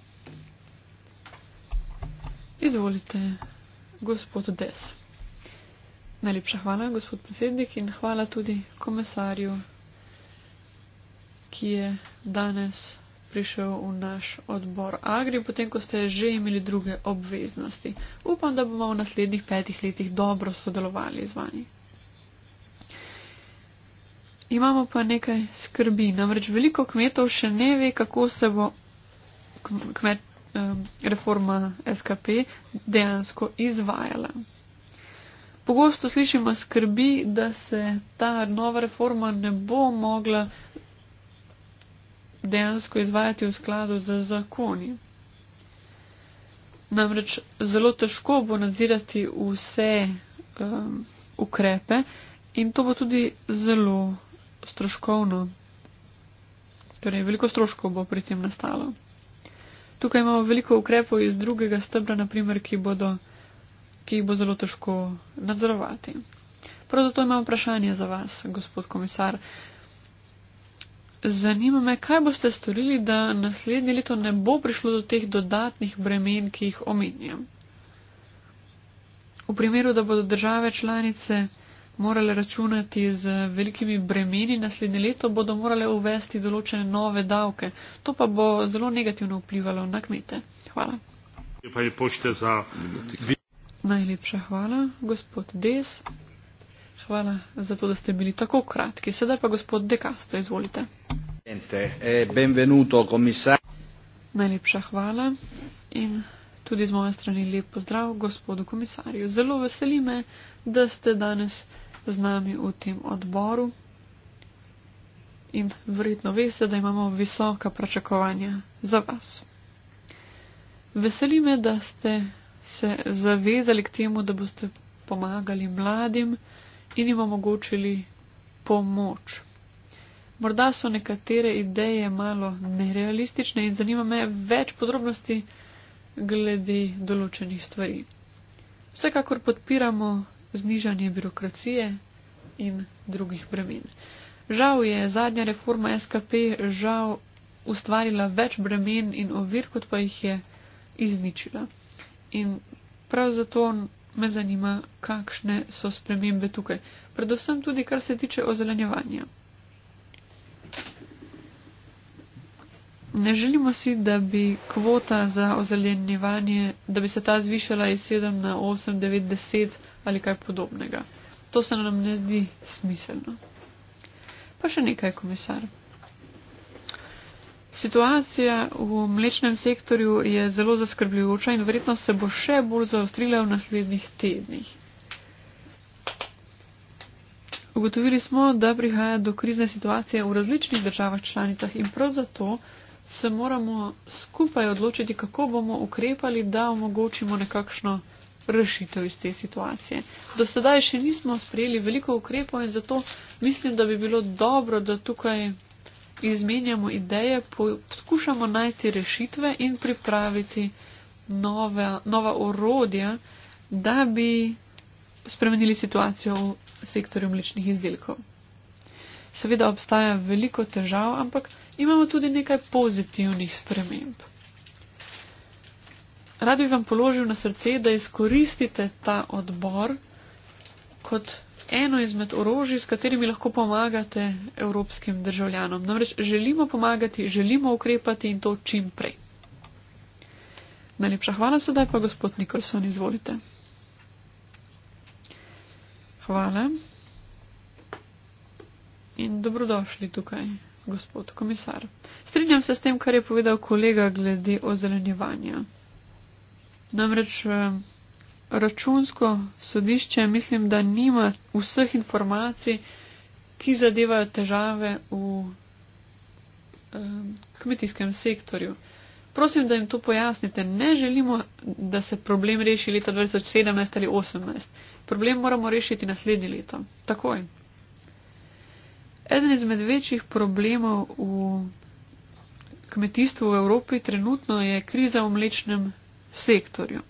Izvolite, gospod Des. Najlepša hvala, gospod predsednik, in hvala tudi komisarju, ki je danes prišel v naš odbor Agri, potem, ko ste že imeli druge obveznosti. Upam, da bomo v naslednjih petih letih dobro sodelovali z vami. Imamo pa nekaj skrbi, namreč veliko kmetov še ne ve, kako se bo kmet, reforma SKP dejansko izvajala. Pogosto slišimo skrbi, da se ta nova reforma ne bo mogla dejansko izvajati v skladu z zakoni. Namreč zelo težko bo nadzirati vse um, ukrepe in to bo tudi zelo stroškovno. Torej, veliko stroškov bo pri tem nastalo. Tukaj imamo veliko ukrepov iz drugega stebra, naprimer, ki, bodo, ki jih bo zelo težko nadzorovati. Prav zato imam vprašanje za vas, gospod komisar. Zanima me, kaj boste storili, da naslednje leto ne bo prišlo do teh dodatnih bremen, ki jih omenjam. V primeru, da bodo države članice morale računati z velikimi bremeni, naslednje leto bodo morale uvesti določene nove davke. To pa bo zelo negativno vplivalo na kmete. Hvala. Najlepša hvala, gospod Des. Hvala za to, da ste bili tako kratki. Sedaj pa gospod De Castro, izvolite. Eh, Najlepša hvala. In... Tudi z moje strani lep pozdrav, gospodu komisarju. Zelo veseli me, da ste danes z nami v tem odboru. In verjetno veste, da imamo visoka pračakovanja za vas. Veseli me, da ste se zavezali k temu, da boste pomagali mladim in jim omogočili pomoč. Morda so nekatere ideje malo nerealistične in zanima me več podrobnosti, glede določenih stvari. Vsekakor podpiramo znižanje birokracije in drugih bremen. Žal je zadnja reforma SKP žal ustvarila več bremen in ovir, kot pa jih je izničila. In prav zato me zanima, kakšne so spremembe tukaj. Predvsem tudi, kar se tiče ozelenjevanja. Ne želimo si, da bi kvota za ozelenjevanje, da bi se ta zvišala iz 7 na 8, 9, 10 ali kaj podobnega. To se nam ne zdi smiselno. Pa še nekaj, komisar. Situacija v mlečnem sektorju je zelo zaskrbljujoča in verjetno se bo še bolj zaostrila v naslednjih tednih. Ugotovili smo, da prihaja do krizne situacije v različnih državah članicah in prav zato, se moramo skupaj odločiti, kako bomo ukrepali, da omogočimo nekakšno rešitev iz te situacije. Do sedaj še nismo sprejeli veliko ukrepov in zato mislim, da bi bilo dobro, da tukaj izmenjamo ideje, poskušamo najti rešitve in pripraviti nove, nova orodja, da bi spremenili situacijo v sektorju mlečnih izdelkov. Seveda obstaja veliko težav, ampak imamo tudi nekaj pozitivnih sprememb. Rad bi vam položil na srce, da izkoristite ta odbor kot eno izmed orožij, s katerimi lahko pomagate evropskim državljanom. Namreč želimo pomagati, želimo ukrepati in to čim prej. Najlepša hvala sedaj pa gospod Nikolson, izvolite. Hvala. In dobrodošli tukaj gospod komisar. Strinjam se s tem, kar je povedal kolega glede ozelenjevanja. Namreč eh, računsko sodišče mislim, da nima vseh informacij, ki zadevajo težave v eh, kmetijskem sektorju. Prosim, da jim to pojasnite. Ne želimo, da se problem reši leta 2017 ali 2018. Problem moramo rešiti naslednje leto. Takoj. Eden izmed večjih problemov v kmetijstvu v Evropi trenutno je kriza v mlečnem sektorju.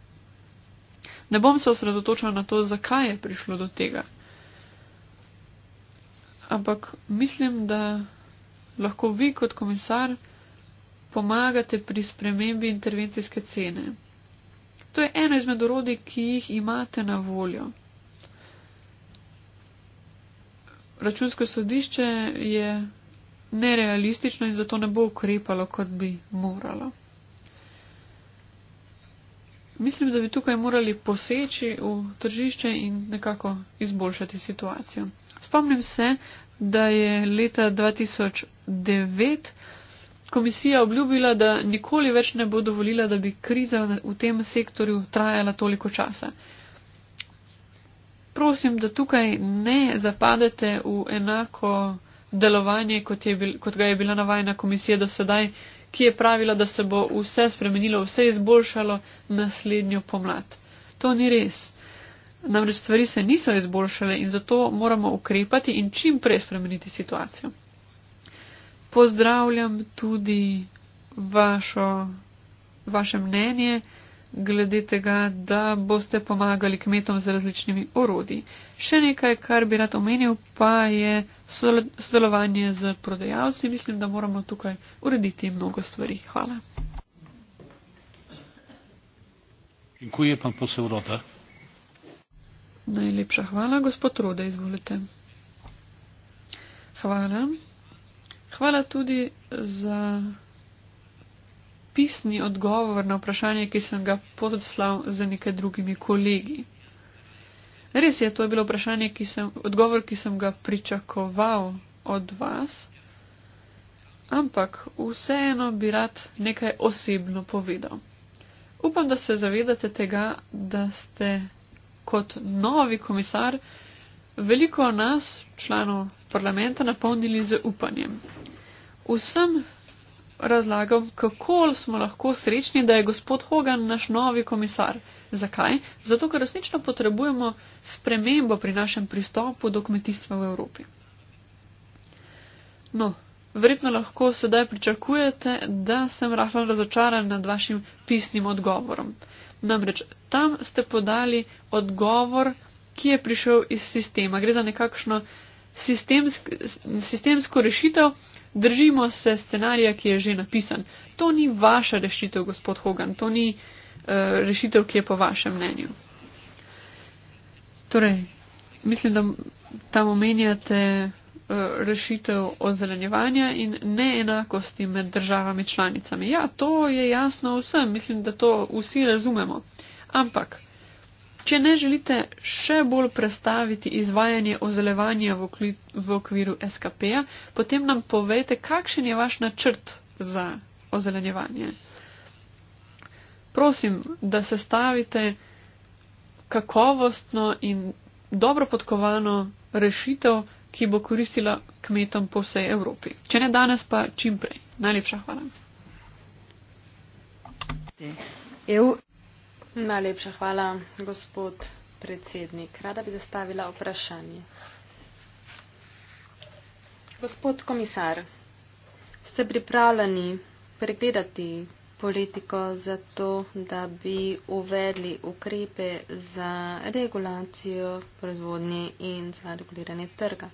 Ne bom se osredotočal na to, zakaj je prišlo do tega. Ampak mislim, da lahko vi kot komisar pomagate pri spremembi intervencijske cene. To je eno izmed orodij, ki jih imate na voljo. Računsko sodišče je nerealistično in zato ne bo ukrepalo, kot bi moralo. Mislim, da bi tukaj morali poseči v tržišče in nekako izboljšati situacijo. Spomnim se, da je leta 2009 komisija obljubila, da nikoli več ne bo dovolila, da bi kriza v tem sektorju trajala toliko časa prosim, da tukaj ne zapadete v enako delovanje, kot, je bil, kot ga je bila navajena komisija do sedaj, ki je pravila, da se bo vse spremenilo, vse izboljšalo naslednjo pomlad. To ni res. Namreč stvari se niso izboljšale in zato moramo ukrepati in čim prej spremeniti situacijo. Pozdravljam tudi vašo, vaše mnenje glede tega, da boste pomagali kmetom z različnimi orodji. Še nekaj, kar bi rad omenil, pa je sodelovanje z prodajalci. Mislim, da moramo tukaj urediti mnogo stvari. Hvala. In kuj je pa posel roda? Najlepša hvala, gospod Rode, izvolite. Hvala. Hvala tudi za pisni odgovor na vprašanje, ki sem ga poslal z nekaj drugimi kolegi. Res je, to je bilo vprašanje, ki sem, odgovor, ki sem ga pričakoval od vas, ampak vseeno bi rad nekaj osebno povedal. Upam, da se zavedate tega, da ste kot novi komisar veliko nas, članov parlamenta, napolnili z upanjem. Vsem razlagam, kako smo lahko srečni, da je gospod Hogan naš novi komisar. Zakaj? Zato, ker resnično potrebujemo spremembo pri našem pristopu do kmetijstva v Evropi. No, verjetno lahko sedaj pričakujete, da sem rahlo razočaran nad vašim pisnim odgovorom. Namreč tam ste podali odgovor, ki je prišel iz sistema. Gre za nekakšno sistemsk, sistemsko rešitev, držimo se scenarija, ki je že napisan. To ni vaša rešitev, gospod Hogan, to ni uh, rešitev, ki je po vašem mnenju. Torej, mislim, da tam omenjate eh, rešitev ozelenjevanja in neenakosti med državami članicami. Ja, to je jasno vsem, mislim, da to vsi razumemo. Ampak Če ne želite še bolj prestaviti izvajanje ozelevanja v okviru SKP-ja, potem nam povejte, kakšen je vaš načrt za ozelenjevanje. Prosim, da se stavite kakovostno in dobro podkovano rešitev, ki bo koristila kmetom po vsej Evropi. Če ne danes, pa čim prej. Najlepša hvala. Ew. Najlepša hvala, gospod predsednik. Rada bi zastavila vprašanje. Gospod komisar, ste pripravljeni pregledati politiko za to, da bi uvedli ukrepe za regulacijo proizvodnje in za reguliranje trga?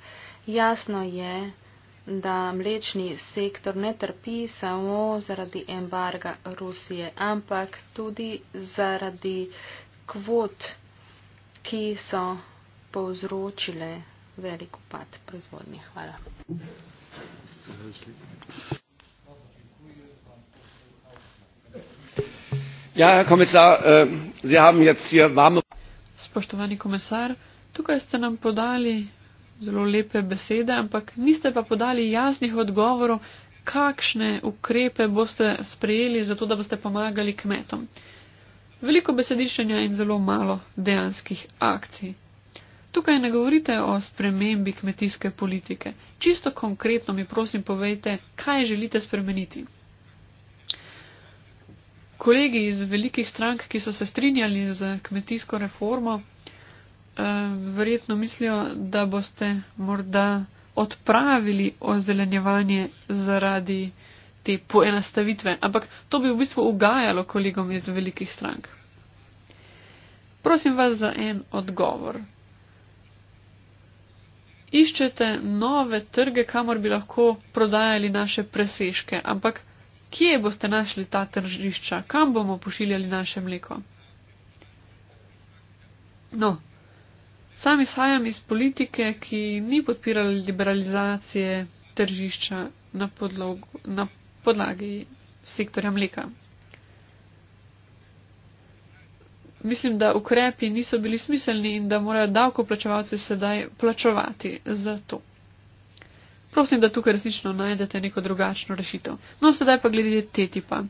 Jasno je, da da mlečni sektor ne trpi samo zaradi embarga Rusije, ampak tudi zaradi kvot, ki so povzročile velik upad proizvodnje. Hvala. Ja, komisar, äh, Sie haben jetzt hier warme... Spoštovani komisar, tukaj ste nam podali zelo lepe besede, ampak niste pa podali jasnih odgovorov, kakšne ukrepe boste sprejeli za to, da boste pomagali kmetom. Veliko besedišanja in zelo malo dejanskih akcij. Tukaj ne govorite o spremembi kmetijske politike. Čisto konkretno mi prosim povejte, kaj želite spremeniti. Kolegi iz velikih strank, ki so se strinjali z kmetijsko reformo, Eh, verjetno mislijo, da boste morda odpravili ozelenjevanje zaradi te poenostavitve. Ampak to bi v bistvu ugajalo kolegom iz velikih strank. Prosim vas za en odgovor. Iščete nove trge, kamor bi lahko prodajali naše presežke, ampak kje boste našli ta tržišča, kam bomo pošiljali naše mleko? No, Sam izhajam iz politike, ki ni podpirala liberalizacije tržišča na, podlog, na podlagi sektorja mleka. Mislim, da ukrepi niso bili smiselni in da morajo davkoplačevalci sedaj plačevati za to. Prosim, da tukaj resnično najdete neko drugačno rešitev. No, sedaj pa glede TTIP-a.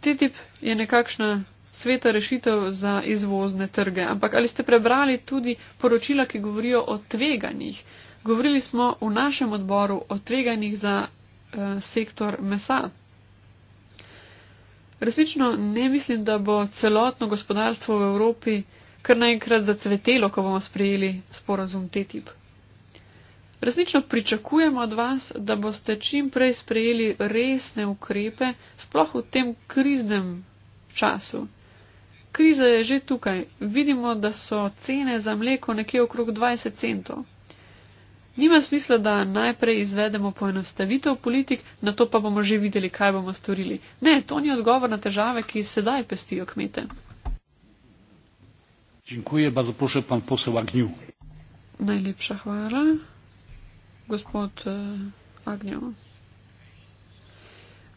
TTIP je nekakšna sveta rešitev za izvozne trge. Ampak ali ste prebrali tudi poročila, ki govorijo o tveganjih? Govorili smo v našem odboru o tveganjih za eh, sektor mesa. Resnično ne mislim, da bo celotno gospodarstvo v Evropi kar naenkrat zacvetelo, ko bomo sprejeli sporazum TTIP. Resnično pričakujemo od vas, da boste čim prej sprejeli resne ukrepe, sploh v tem kriznem času kriza je že tukaj. Vidimo, da so cene za mleko nekje okrog 20 centov. Nima smisla, da najprej izvedemo poenostavitev politik, na to pa bomo že videli, kaj bomo storili. Ne, to ni odgovor na težave, ki sedaj pestijo kmete. Dziękuję, bardzo proszę pan poseł Agniu. Najlepsza chwała. Gospod e, Agniu.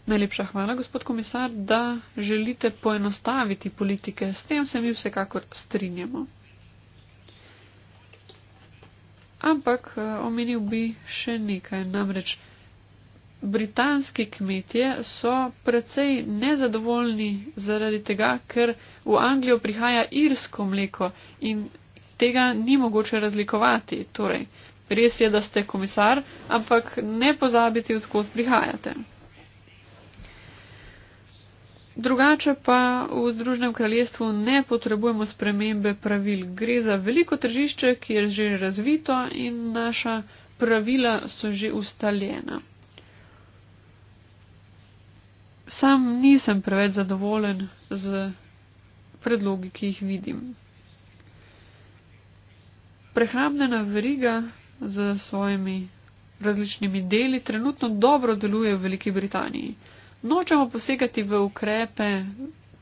Najlepša hvala, gospod komisar, da želite poenostaviti politike. S tem se mi vsekakor strinjamo. Ampak eh, omenil bi še nekaj. Namreč britanski kmetje so precej nezadovoljni zaradi tega, ker v Anglijo prihaja irsko mleko in tega ni mogoče razlikovati. Torej, res je, da ste komisar, ampak ne pozabiti, odkot prihajate. Drugače pa v Združenem kraljestvu ne potrebujemo spremembe pravil. Gre za veliko tržišče, ki je že razvito in naša pravila so že ustaljena. Sam nisem preveč zadovoljen z predlogi, ki jih vidim. Prehrambena veriga z svojimi različnimi deli trenutno dobro deluje v Veliki Britaniji nočemo posegati v ukrepe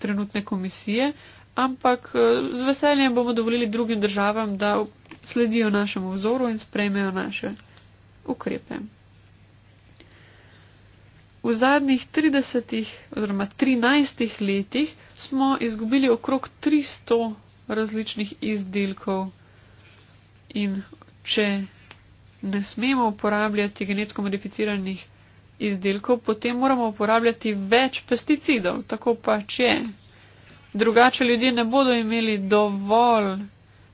trenutne komisije, ampak eh, z veseljem bomo dovolili drugim državam, da sledijo našemu vzoru in sprejmejo naše ukrepe. V zadnjih 30 oziroma 13 letih smo izgubili okrog 300 različnih izdelkov in če ne smemo uporabljati genetsko modificiranih izdelkov, potem moramo uporabljati več pesticidov. Tako pač je. Drugače ljudje ne bodo imeli dovolj uh,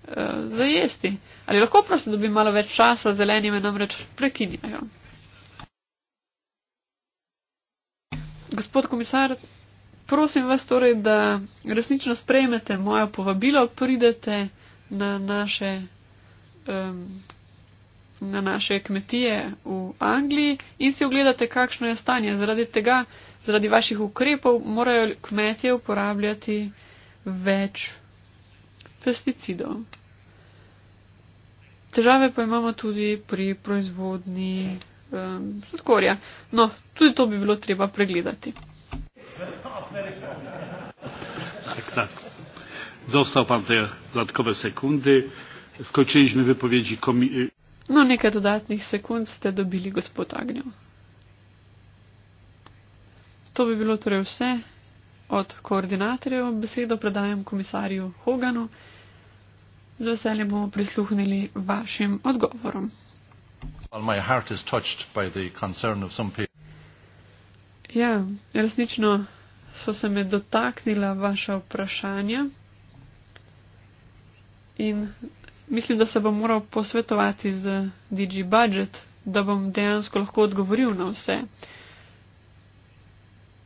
eh, zajesti. Ali lahko prosim, da bi malo več časa zeleni me namreč prekinjajo? Gospod komisar, prosim vas torej, da resnično sprejmete moje povabilo, pridete na naše um, na naše kmetije v Angliji in si ogledate, kakšno je stanje. Zaradi tega, zaradi vaših ukrepov, morajo kmetije uporabljati več pesticidov. Težave pa imamo tudi pri proizvodni um, sladkorja. No, tudi to bi bilo treba pregledati. Tak, tak. Dostał pan te dodatkowe sekundy. Skończyliśmy wypowiedzi komi- No, nekaj dodatnih sekund ste dobili, gospod Agnjo. To bi bilo torej vse od koordinatorjev. Besedo predajam komisarju Hoganu. Z veseljem bomo prisluhnili vašim odgovorom. Ja, resnično so se me dotaknila vaša vprašanja in mislim, da se bom moral posvetovati z DJ Budget, da bom dejansko lahko odgovoril na vse.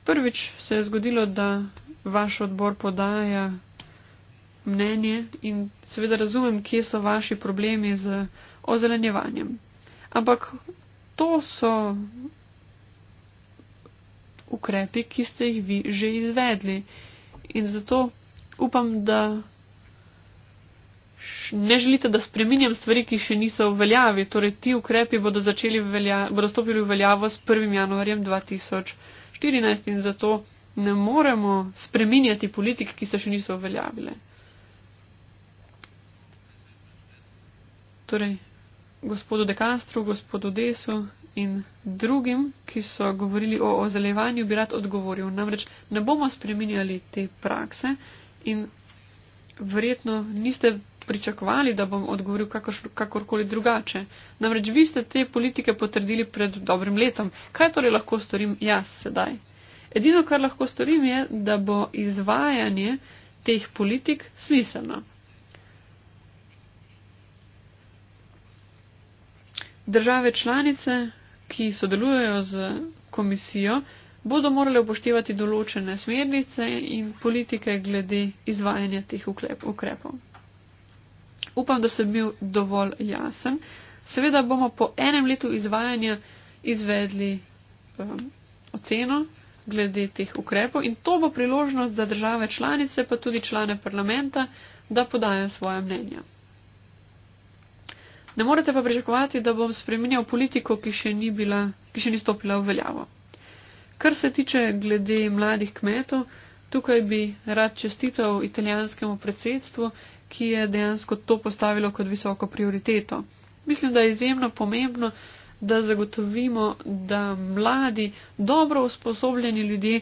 Prvič se je zgodilo, da vaš odbor podaja mnenje in seveda razumem, kje so vaši problemi z ozelenjevanjem. Ampak to so ukrepi, ki ste jih vi že izvedli. In zato upam, da ne želite, da spreminjam stvari, ki še niso v veljavi. Torej, ti ukrepi bodo, velja, bodo stopili v veljavo s 1. januarjem 2014 in zato ne moremo spreminjati politik, ki se še niso uveljavile. Torej, gospodu Dekanstru, gospodu Desu in drugim, ki so govorili o ozelevanju, bi rad odgovoril. Namreč ne bomo spreminjali te prakse in verjetno niste pričakovali, da bom odgovoril kakor, kakorkoli drugače. Namreč vi ste te politike potrdili pred dobrim letom. Kaj torej lahko storim jaz sedaj? Edino, kar lahko storim, je, da bo izvajanje teh politik smiselno. Države članice, ki sodelujejo z komisijo, bodo morale upoštevati določene smernice in politike glede izvajanja teh ukrepov upam, da sem bil dovolj jasen. Seveda bomo po enem letu izvajanja izvedli um, oceno glede teh ukrepov in to bo priložnost za države članice, pa tudi člane parlamenta, da podajo svoje mnenja. Ne morete pa pričakovati, da bom spremenjal politiko, ki še ni, bila, ki še ni stopila v veljavo. Kar se tiče glede mladih kmetov, Tukaj bi rad čestital italijanskemu predsedstvu, ki je dejansko to postavilo kot visoko prioriteto. Mislim, da je izjemno pomembno, da zagotovimo, da mladi, dobro usposobljeni ljudje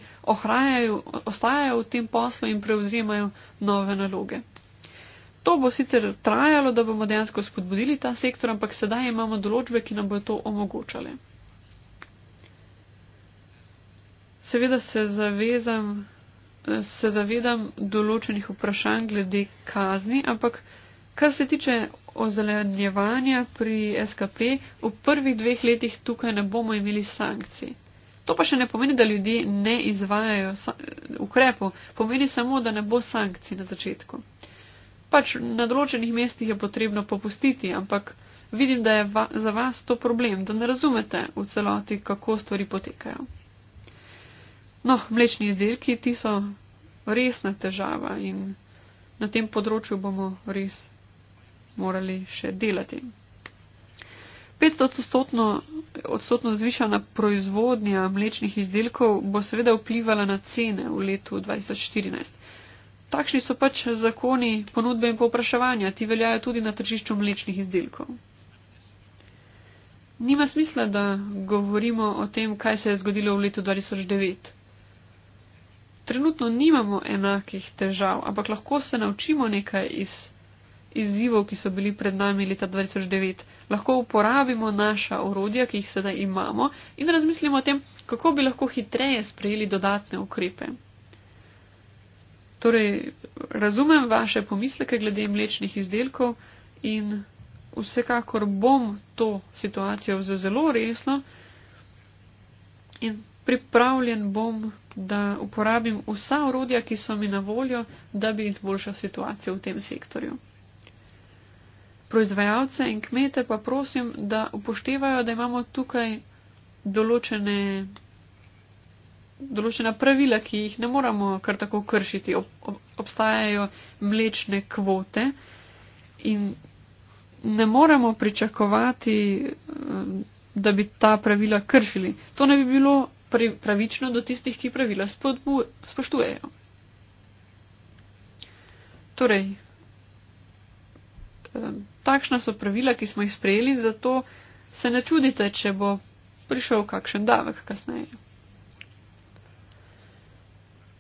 ostajajo v tem poslu in prevzemajo nove naloge. To bo sicer trajalo, da bomo dejansko spodbudili ta sektor, ampak sedaj imamo določbe, ki nam bo to omogočale. Seveda se zavezam se zavedam določenih vprašanj glede kazni, ampak kar se tiče ozelenjevanja pri SKP, v prvih dveh letih tukaj ne bomo imeli sankcij. To pa še ne pomeni, da ljudje ne izvajajo ukrepov, pomeni samo, da ne bo sankcij na začetku. Pač na določenih mestih je potrebno popustiti, ampak vidim, da je va za vas to problem, da ne razumete v celoti, kako stvari potekajo. No, mlečni izdelki, ti so resna težava in na tem področju bomo res morali še delati. 500-odstotno zvišana proizvodnja mlečnih izdelkov bo seveda vplivala na cene v letu 2014. Takšni so pač zakoni ponudbe in povpraševanja, ti veljajo tudi na tržišču mlečnih izdelkov. Nima smisla, da govorimo o tem, kaj se je zgodilo v letu 2009 trenutno nimamo enakih težav, ampak lahko se naučimo nekaj iz izzivov, ki so bili pred nami leta 2009. Lahko uporabimo naša orodja, ki jih sedaj imamo, in razmislimo o tem, kako bi lahko hitreje sprejeli dodatne ukrepe. Torej, razumem vaše pomisleke glede mlečnih izdelkov in vsekakor bom to situacijo vzel zelo resno in pripravljen bom da uporabim vsa urodja, ki so mi na voljo, da bi izboljšal situacijo v tem sektorju. Proizvajalce in kmete pa prosim, da upoštevajo, da imamo tukaj določene, določena pravila, ki jih ne moramo kar tako kršiti. Ob, ob, obstajajo mlečne kvote in ne moremo pričakovati, eh, da bi ta pravila kršili. To ne bi bilo pravično do tistih, ki pravila spoštujejo. Torej, takšna so pravila, ki smo jih sprejeli, zato se ne čudite, če bo prišel kakšen davek kasneje.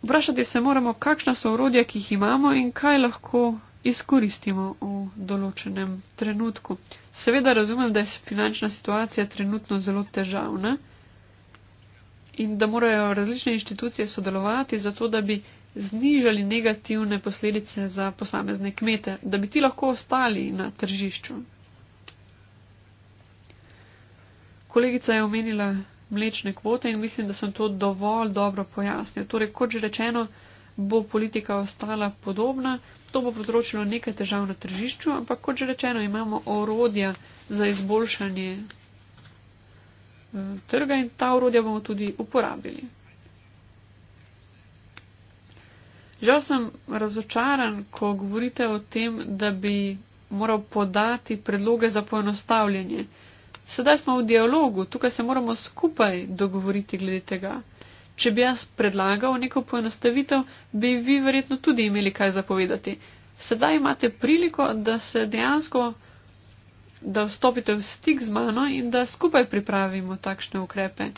Vprašati se moramo, kakšna so urodja, ki jih imamo in kaj lahko izkoristimo v določenem trenutku. Seveda razumem, da je finančna situacija trenutno zelo težavna in da morajo različne inštitucije sodelovati zato, da bi znižali negativne posledice za posamezne kmete, da bi ti lahko ostali na tržišču. Kolegica je omenila mlečne kvote in mislim, da sem to dovolj dobro pojasnil. Torej, kot že rečeno, bo politika ostala podobna, to bo potročilo nekaj težav na tržišču, ampak kot že rečeno, imamo orodja za izboljšanje trga in ta urodja bomo tudi uporabili. Žal sem razočaran, ko govorite o tem, da bi moral podati predloge za poenostavljanje. Sedaj smo v dialogu, tukaj se moramo skupaj dogovoriti glede tega. Če bi jaz predlagal neko poenostavitev, bi vi verjetno tudi imeli kaj zapovedati. Sedaj imate priliko, da se dejansko da vstopite v stik z mano in da skupaj pripravimo takšne ukrepe.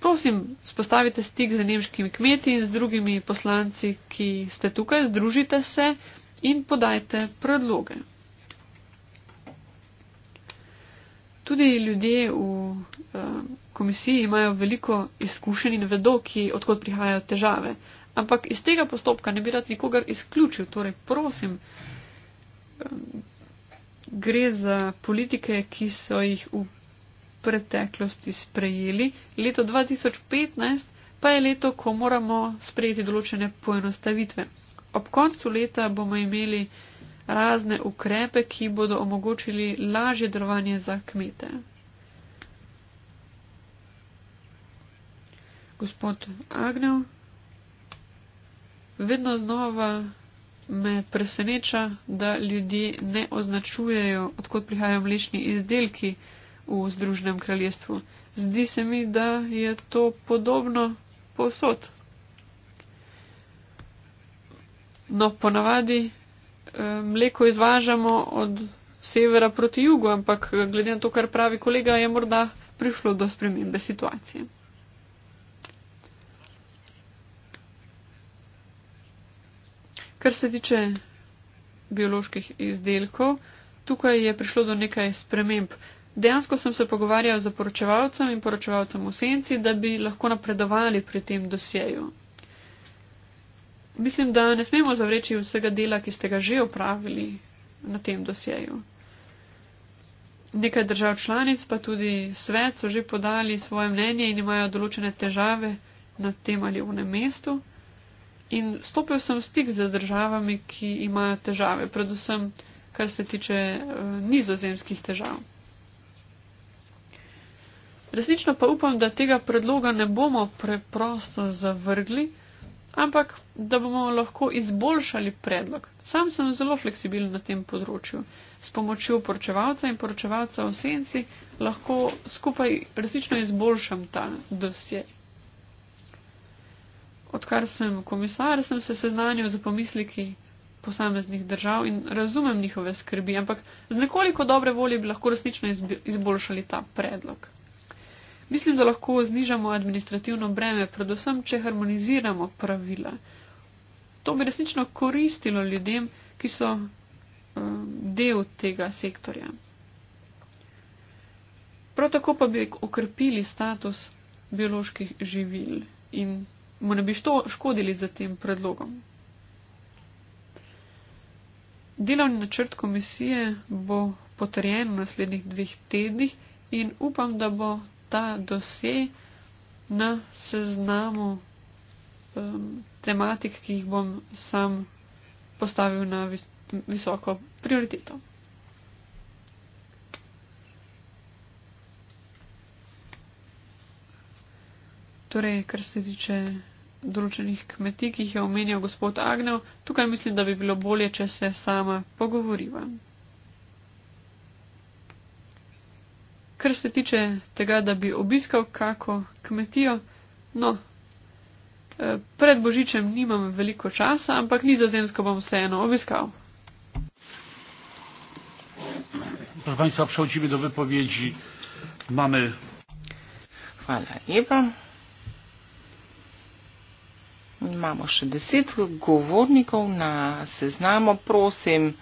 Prosim, spostavite stik z nemškimi kmeti in z drugimi poslanci, ki ste tukaj, združite se in podajte predloge. Tudi ljudje v eh, komisiji imajo veliko izkušenj in vedo, ki odkot prihajajo težave. Ampak iz tega postopka ne bi rad nikogar izključil. Torej, prosim, eh, gre za politike, ki so jih v preteklosti sprejeli. Leto 2015 pa je leto, ko moramo sprejeti določene poenostavitve. Ob koncu leta bomo imeli razne ukrepe, ki bodo omogočili lažje drvanje za kmete. Gospod Agnew, vedno znova me preseneča, da ljudje ne označujejo, odkot prihajajo mlečni izdelki v Združenem kraljestvu. Zdi se mi, da je to podobno povsod. No, ponavadi eh, mleko izvažamo od severa proti jugu, ampak eh, glede na to, kar pravi kolega, je morda prišlo do spremembe situacije. Kar se tiče bioloških izdelkov, tukaj je prišlo do nekaj sprememb. Dejansko sem se pogovarjal z poročevalcem in poročevalcem v senci, da bi lahko napredovali pri tem dosjeju. Mislim, da ne smemo zavreči vsega dela, ki ste ga že opravili na tem dosjeju. Nekaj držav članic pa tudi svet so že podali svoje mnenje in imajo določene težave na tem ali v nem mestu. In stopil sem v stik z državami, ki imajo težave, predvsem kar se tiče eh, nizozemskih težav. Resnično pa upam, da tega predloga ne bomo preprosto zavrgli, ampak da bomo lahko izboljšali predlog. Sam sem zelo fleksibilen na tem področju. S pomočjo poročevalca in poročevalca v senci lahko skupaj resnično izboljšam ta dosje odkar sem komisar, sem se seznanil z pomisliki posameznih držav in razumem njihove skrbi, ampak z nekoliko dobre volje bi lahko resnično izboljšali ta predlog. Mislim, da lahko znižamo administrativno breme, predvsem, če harmoniziramo pravila. To bi resnično koristilo ljudem, ki so um, del tega sektorja. Prav tako pa bi okrepili status bioloških živil in mu ne bi što škodili za tem predlogom. Delovni načrt komisije bo potrjen v naslednjih dveh tednih in upam, da bo ta dosje na seznamu um, tematik, ki jih bom sam postavil na vis visoko prioriteto. Torej, kar se tiče določenih kmetij, ki jih je omenjal gospod Agnew, tukaj mislim, da bi bilo bolje, če se sama pogovoriva. Kar se tiče tega, da bi obiskal kako kmetijo, no, eh, pred Božičem nimam veliko časa, ampak nizozemsko bom vseeno obiskal. Proszę Państwa, przechodzimy do wypowiedzi. Mamy. Hvala lepa. Imamo še deset govornikov na seznamu, prosim.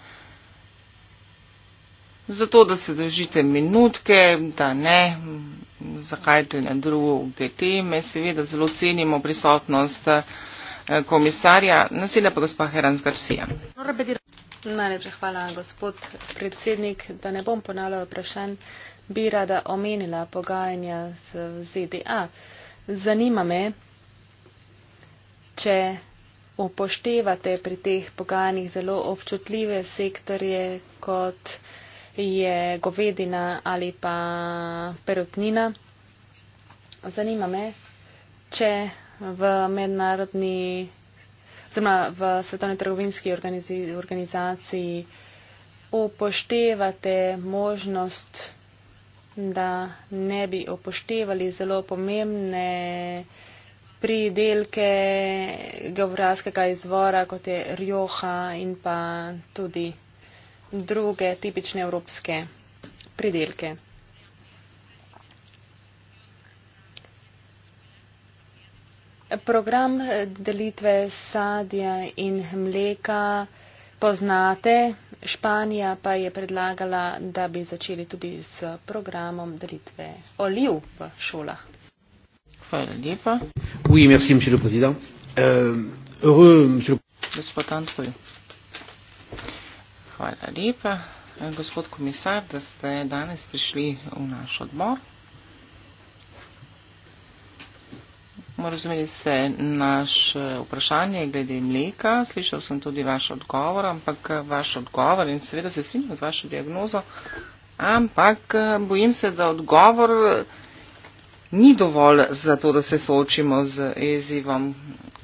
Zato, da se držite minutke, da ne, zakaj to je na druge teme, seveda zelo cenimo prisotnost eh, komisarja. Naselja pa gospa Herans Garcia. Najlepša hvala, gospod predsednik, da ne bom ponavljala vprašanj, bi rada omenila pogajanja z ZDA. Zanima me, če upoštevate pri teh pogajanjih zelo občutljive sektorje, kot je govedina ali pa perutnina. Zanima me, če v mednarodni, oziroma v svetovni trgovinski organizaciji upoštevate možnost, da ne bi upoštevali zelo pomembne pridelke geografskega izvora, kot je rjoha in pa tudi druge tipične evropske pridelke. Program delitve sadja in mleka poznate, Španija pa je predlagala, da bi začeli tudi s programom delitve oliv v šolah. Oui, merci, Monsieur le Président. Euh, heureux, Monsieur le Président. Hvala lepa, gospod komisar, da ste danes prišli v naš odbor. Razumeli ste naš eh, vprašanje glede mleka, slišal sem tudi vaš odgovor, ampak eh, vaš odgovor in seveda se strinjam z vašo diagnozo, ampak eh, bojim se, da odgovor ni dovolj za to, da se soočimo z izzivom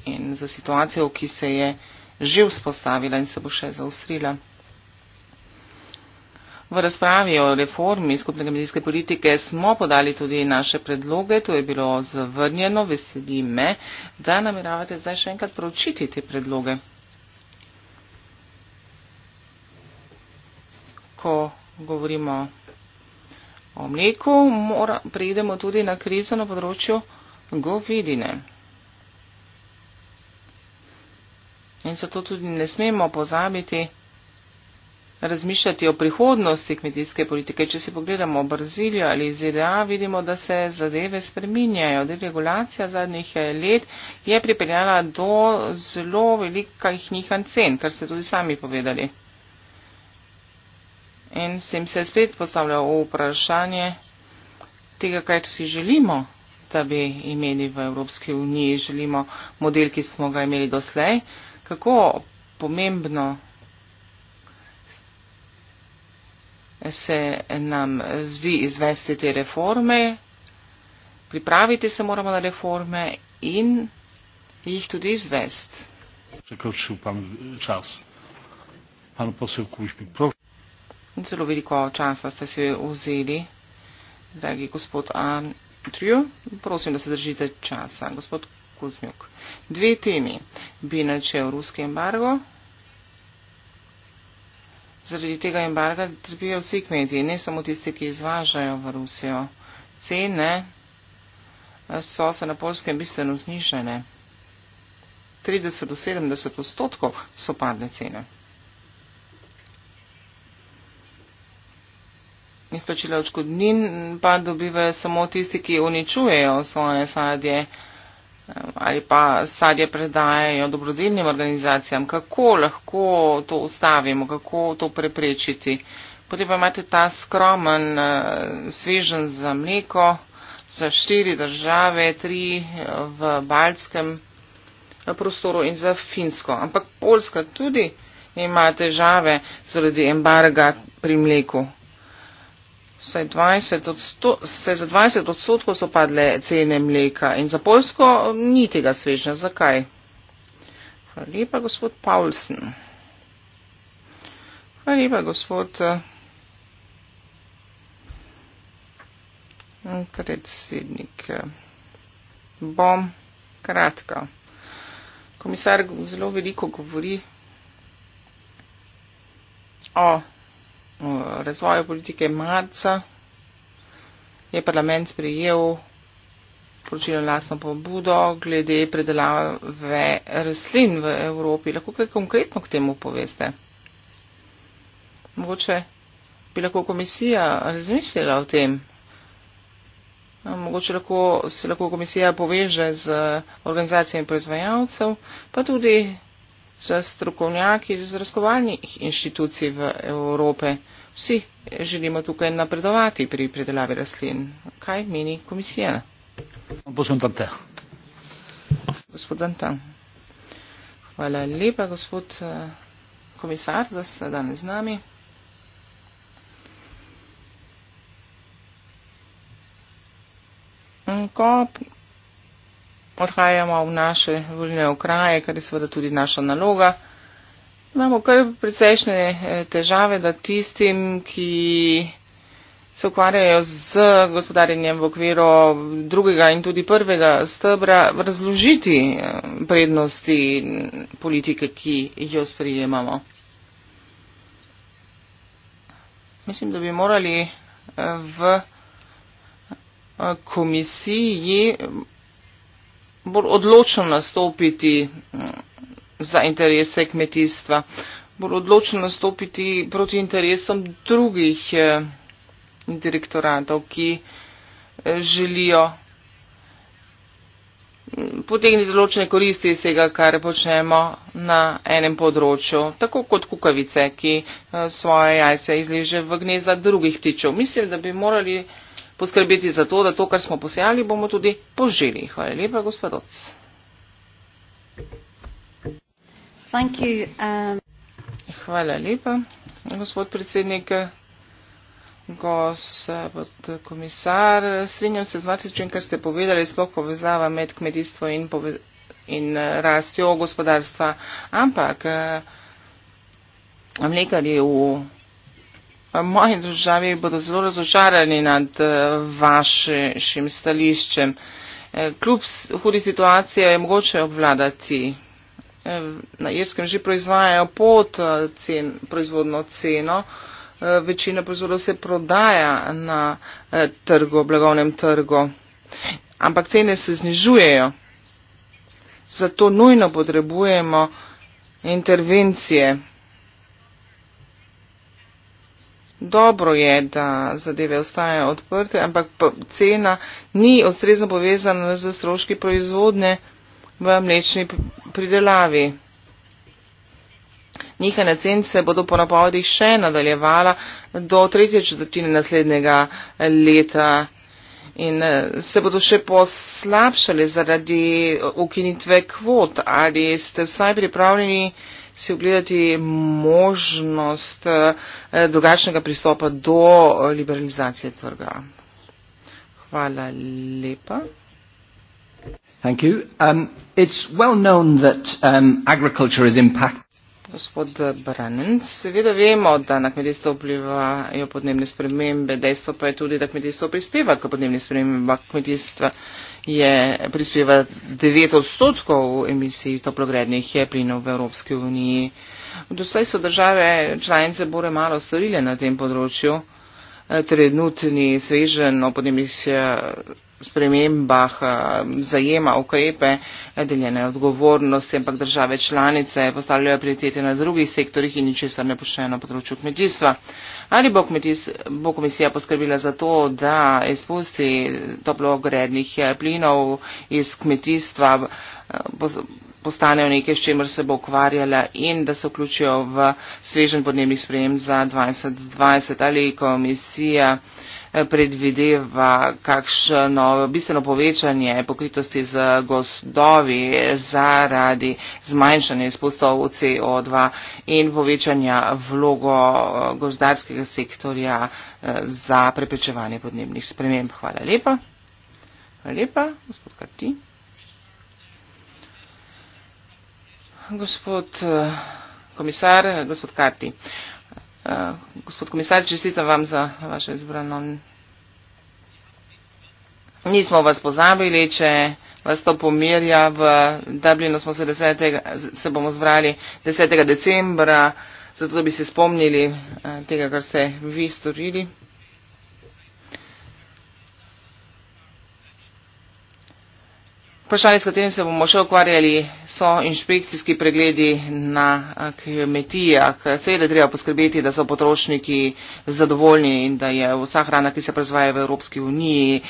in z situacijo, ki se je že vzpostavila in se bo še zaustrila. V razpravi o reformi skupnega medijske politike smo podali tudi naše predloge, to je bilo zavrnjeno, veseli me, da nameravate zdaj še enkrat pročiti te predloge. Ko govorimo o mleku, mora, prejdemo tudi na krizo na področju govedine. In zato tudi ne smemo pozabiti razmišljati o prihodnosti kmetijske politike. Če si pogledamo Brazilijo ali ZDA, vidimo, da se zadeve spreminjajo. Deregulacija zadnjih eh, let je pripeljala do zelo velikih njihan cen, kar ste tudi sami povedali. In se jim se spet postavlja vprašanje tega, kaj si želimo, da bi imeli v Evropski uniji. Želimo model, ki smo ga imeli doslej. Kako pomembno se nam zdi izvesti te reforme, pripraviti se moramo na reforme in jih tudi izvesti. Prekršil pa čas. Pan posel Kužbi, prosim. Zelo veliko časa ste si vzeli, dragi gospod Andrew. Prosim, da se držite časa. Gospod Kuzmjuk, dve temi. Bi načel ruski embargo. Zaradi tega embarga trpijo vsi kmetije, ne samo tisti, ki izvažajo v Rusijo. Cene eh, so se na polskem bistveno znižene. 30 do 70 odstotkov so padle cene. izplačila očkodnin, pa dobivajo samo tisti, ki uničujejo svoje sadje eh, ali pa sadje predajajo dobrodelnim organizacijam. Kako lahko to ustavimo, kako to preprečiti? Potem pa imate ta skromen eh, svežen za mleko za štiri države, tri eh, v balskem prostoru in za finsko. Ampak Poljska tudi ima težave zaradi embarga pri mleku. Vsaj 20 odsto, vsaj za 20 odstotkov so padle cene mleka in za Polsko ni tega svežnja. Zakaj? Hvala lepa, gospod Paulsen. Hvala lepa, gospod eh, predsednik. Eh. Bom kratka. Komisar zelo veliko govori o razvoju politike marca je parlament sprejel poročilo lastno pobudo glede predelave rastlin v Evropi. Lahko kaj konkretno k temu poveste? Mogoče bi lahko komisija razmislila o tem. Mogoče lahko, se lahko komisija poveže z organizacijami proizvajalcev, pa tudi s strokovnjaki iz razkovalnih inštitucij v Evrope. Vsi želimo tukaj napredovati pri predelavi rastlin. Kaj meni komisija? Gospod Antan. Hvala lepa, gospod eh, komisar, da ste danes z nami. Ko odhajamo v naše volilne okraje, kar je seveda tudi naša naloga. Imamo kar precejšnje eh, težave, da tistim, ki se ukvarjajo z gospodarjenjem v okviru drugega in tudi prvega stebra, razložiti eh, prednosti politike, ki jo sprijemamo. Mislim, da bi morali eh, v komisiji bolj odločno nastopiti mm, za interese kmetijstva, bolj odločno nastopiti proti interesom drugih eh, direktoratov, ki eh, želijo mm, potegniti določene koristi iz tega, kar počnemo na enem področju, tako kot kukavice, ki eh, svoje jajce izliže v gneza drugih ptičev. Mislim, da bi morali poskrbeti za to, da to, kar smo posejali, bomo tudi poželi. Hvala lepa, gospodoc. Um, Hvala lepa, gospod predsednik, gospod komisar. Strinjam se z vasičem, kar ste povedali, sploh povezava med kmetijstvo in, pove, in eh, rastjo gospodarstva, ampak eh, mlekar je v. Moji državi bodo zelo razočarani nad eh, vašim stališčem. Eh, kljub hudi situacije je mogoče obvladati. Eh, na Irskem že proizvajajo pod cen, proizvodno ceno. Večina proizvodov se prodaja na trgu, blagovnem trgu. Ampak cene se znižujejo. Zato nujno potrebujemo intervencije dobro je, da zadeve ostajajo odprte, ampak cena ni ustrezno povezana z stroški proizvodne v mlečni pridelavi. Nihanje cen se bodo po napovedih še nadaljevala do tretje četrtine naslednjega leta in eh, se bodo še poslabšali zaradi eh, ukinitve kvot. Ali ste vsaj pripravljeni? si ogledati možnost eh, drugačnega pristopa do liberalizacije trga. Hvala lepa. Thank you. Um, it's well known that um, agriculture is impact. Gospod Branen, seveda vemo, da na kmetijstvo vplivajo podnebne spremembe. Dejstvo pa je tudi, da kmetijstvo prispeva k podnebnim spremembam. Kmetijstva je prispeva 9 odstotkov emisij toplogrednih plinov v Evropski uniji. Doslej so države članice bore malo storile na tem področju. E, trenutni svežen o podnebnih spremembah eh, zajema ukrepe deljene odgovornosti, ampak države članice postavljajo prioritete na drugih sektorjih in ničesar ne počnejo na področju kmetijstva. Ali bo, kmetijs, bo komisija poskrbila za to, da izpusti toplogrednih eh, plinov iz kmetijstva eh, postanejo nekaj, s čimer se bo ukvarjala in da se vključijo v svežen podnebni sprejem za 2020? Ali komisija predvideva kakšno bistveno povečanje pokritosti z gozdovi zaradi zmanjšanja izpustov CO2 in povečanja vlogo eh, gozdarskega sektorja eh, za preprečevanje podnebnih sprememb. Hvala lepa. Hvala lepa, gospod Karti. Gospod eh, komisar, gospod Karti. Eh, gospod komisar, čestitam vam za vaše izbrano. Nismo vas pozabili, če vas to pomirja. V Dublinu smo se, 10. se bomo zbrali 10. decembra, zato da bi se spomnili eh, tega, kar ste vi storili. Vprašanje, s katerim se bomo še ukvarjali, so inšpekcijski pregledi na kmetijah. Seveda treba poskrbeti, da so potrošniki zadovoljni in da je vsa hrana, ki se proizvaja v Evropski uniji,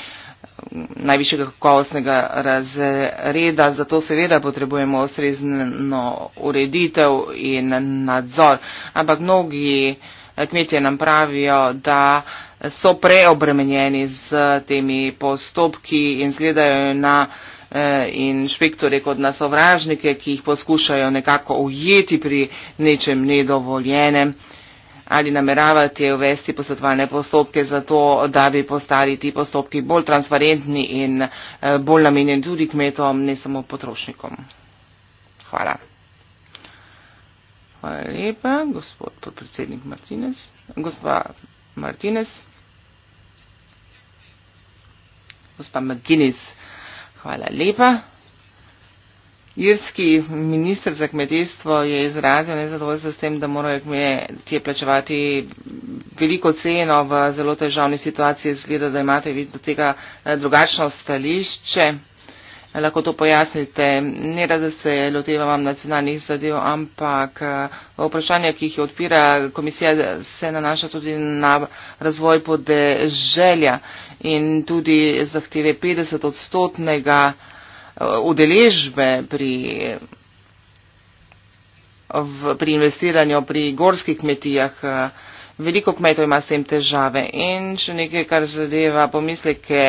najvišjega kakovostnega razreda. Zato seveda potrebujemo ustrezno ureditev in nadzor. Ampak mnogi kmetje nam pravijo, da so preobremenjeni z temi postopki in zgledajo na Eh, inšpektore kot na sovražnike, ki jih poskušajo nekako ujeti pri nečem nedovoljenem. Ali nameravate uvesti posvetovalne postopke za to, da bi postali ti postopki bolj transparentni in eh, bolj namenjeni tudi kmetom, ne samo potrošnikom? Hvala. Hvala lepa, gospod podpredsednik Martinez. Gospa Martinez. Gospa McGuinness. Hvala lepa. Irski minister za kmetijstvo je izrazil nezadovoljstvo s tem, da morajo kmetje plačevati veliko ceno v zelo težavni situaciji. Zgleda, da imate vi do tega eh, drugačno stališče lahko to pojasnite. Ne rad, da se lotevam nacionalnih zadev, ampak eh, vprašanja, ki jih odpira komisija, se nanaša tudi na razvoj podeželja in tudi zahteve 50 odstotnega eh, udeležbe pri, pri investiranju pri gorskih kmetijah veliko kmetov ima s tem težave in še nekaj, kar zadeva pomisleke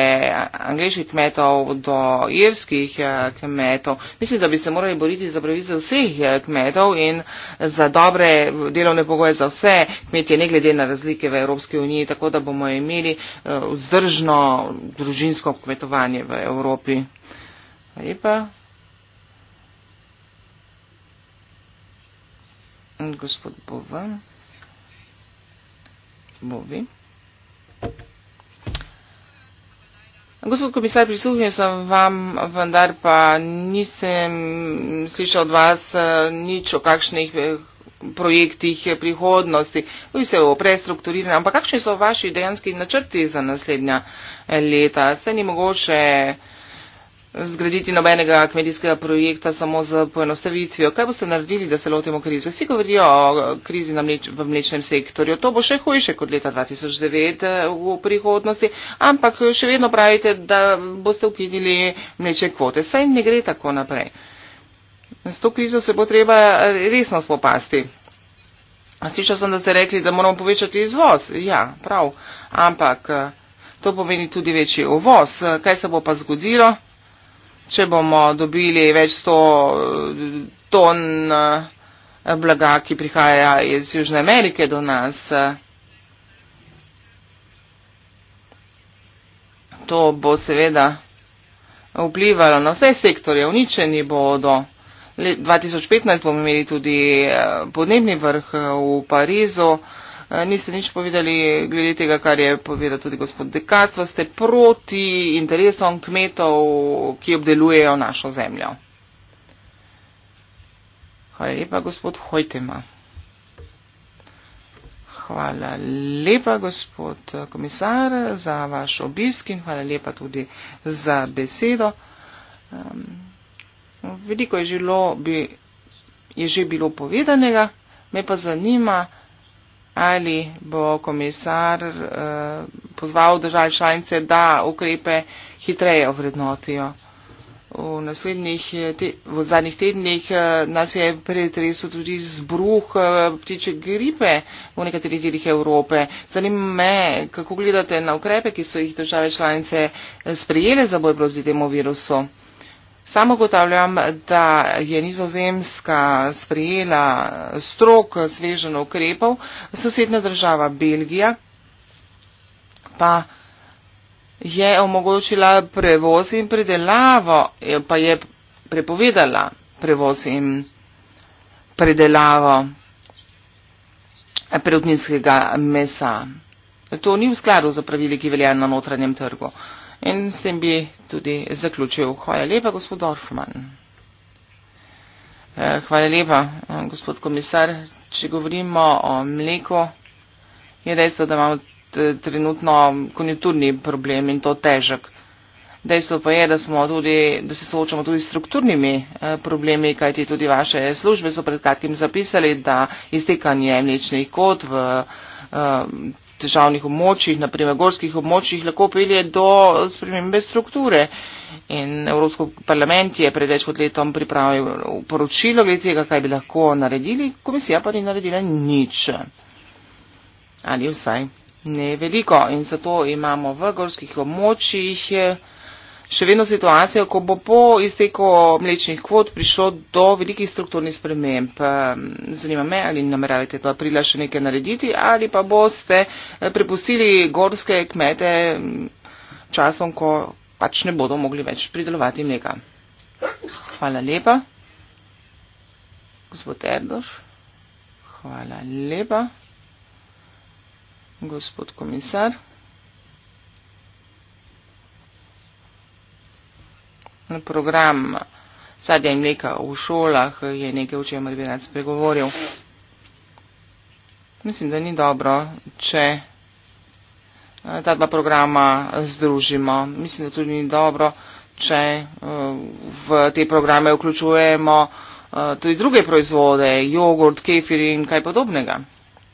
angliških kmetov do irskih eh, kmetov. Mislim, da bi se morali boriti za pravice vseh eh, kmetov in za dobre delovne pogoje za vse kmetje, ne glede na razlike v Evropski uniji, tako da bomo imeli eh, vzdržno družinsko kmetovanje v Evropi. Lepa. Gospod Bovan. Bovi. Gospod komisar, prisluhnil sem vam, vendar pa nisem slišal od vas eh, nič o kakšnih eh, projektih prihodnosti, tudi se o prestrukturiranju, ampak kakšni so vaši dejanski načrti za naslednja eh, leta? Se ni mogoče eh, zgraditi nobenega kmetijskega projekta samo z poenostavitvijo. Kaj boste naredili, da se lotimo krize? Vsi govorijo o krizi mleč, v mlečnem sektorju. To bo še hujše kot leta 2009 eh, v prihodnosti, ampak še vedno pravite, da boste ukinili mlečne kvote. Saj ne gre tako naprej. S to krizo se bo treba resno spopasti. Slišal sem, da ste rekli, da moramo povečati izvoz. Ja, prav. Ampak eh, to pomeni tudi večji uvoz. Kaj se bo pa zgodilo? če bomo dobili več sto eh, ton eh, blaga, ki prihaja iz Južne Amerike do nas. Eh, to bo seveda vplivalo na vse sektorje, uničeni bodo. Let 2015 bomo imeli tudi podnebni vrh v Parizu. Eh, niste nič povedali glede tega, kar je povedal tudi gospod Dekastro, ste proti interesom kmetov, ki obdelujejo našo zemljo. Hvala lepa, gospod Hojtema. Hvala lepa, gospod eh, komisar, za vaš obisk in hvala lepa tudi za besedo. Um, veliko je, žilo, bi, je že bilo povedanega, me pa zanima, ali bo komisar eh, pozval države članice, da ukrepe hitreje ovrednotijo. V, eh, v zadnjih tednih eh, nas je pretresel tudi zbruh ptiče gripe v nekaterih delih Evrope. Zanima me, kako gledate na ukrepe, ki so jih države članice sprejele za boj proti temu virusu. Samo gotavljam, da je nizozemska sprejela strok svežen ukrepov, sosednja država Belgija pa je omogočila prevoz in predelavo, eh, pa je prepovedala prevoz in predelavo eh, preutninskega mesa. To ni v skladu z pravili, ki veljajo na notranjem trgu. Uh, In s tem bi tudi zaključil. Hvala lepa, gospod Dorfman. Eh, hvala lepa, eh, gospod komisar. Če govorimo o mleku, je dejstvo, da imamo eh, trenutno konjunkturni problem in to težek. Dejstvo pa je, da, tudi, da se soočamo tudi s strukturnimi problemi, kajti tudi vaše službe so pred kratkim zapisali, da iztekanje mlečnih kod v državnih območjih, naprimer gorskih območjih, lahko pelje do spremembe strukture. In Evropsko parlament je pred več kot letom pripravil poročilo glede tega, kaj bi lahko naredili, komisija pa ni naredila nič. Ali vsaj ne veliko. In zato imamo v gorskih območjih. Je, še vedno situacijo, ko bo po izteku mlečnih kvot prišlo do velikih strukturnih sprememb. Zanima me, ali nameravate do aprila še nekaj narediti ali pa boste eh, prepustili gorske kmete časom, ko pač ne bodo mogli več pridelovati mleka. Hvala lepa. Gospod Erdoš. Hvala lepa. Gospod komisar. program sadja in mleka v šolah je nekaj, o čemer bi rad spregovoril. Mislim, da ni dobro, če eh, ta dva programa združimo. Mislim, da tudi ni dobro, če eh, v te programe vključujemo eh, tudi druge proizvode, jogurt, kefir in kaj podobnega.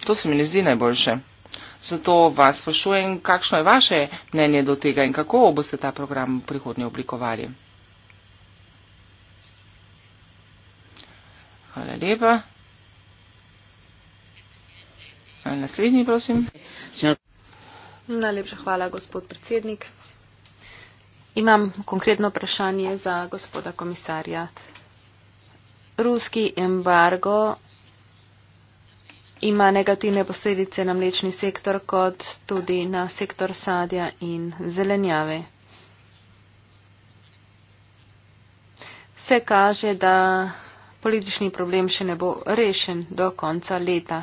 To se mi ne zdi najboljše. Zato vas sprašujem, kakšno je vaše mnenje do tega in kako boste ta program v prihodnje oblikovali. Hvala lepa. Naslednji, prosim. Najlepša hvala, gospod predsednik. Imam konkretno vprašanje za gospoda komisarja. Ruski embargo ima negativne posledice na mlečni sektor, kot tudi na sektor sadja in zelenjave. Vse kaže, da politični problem še ne bo rešen do konca leta.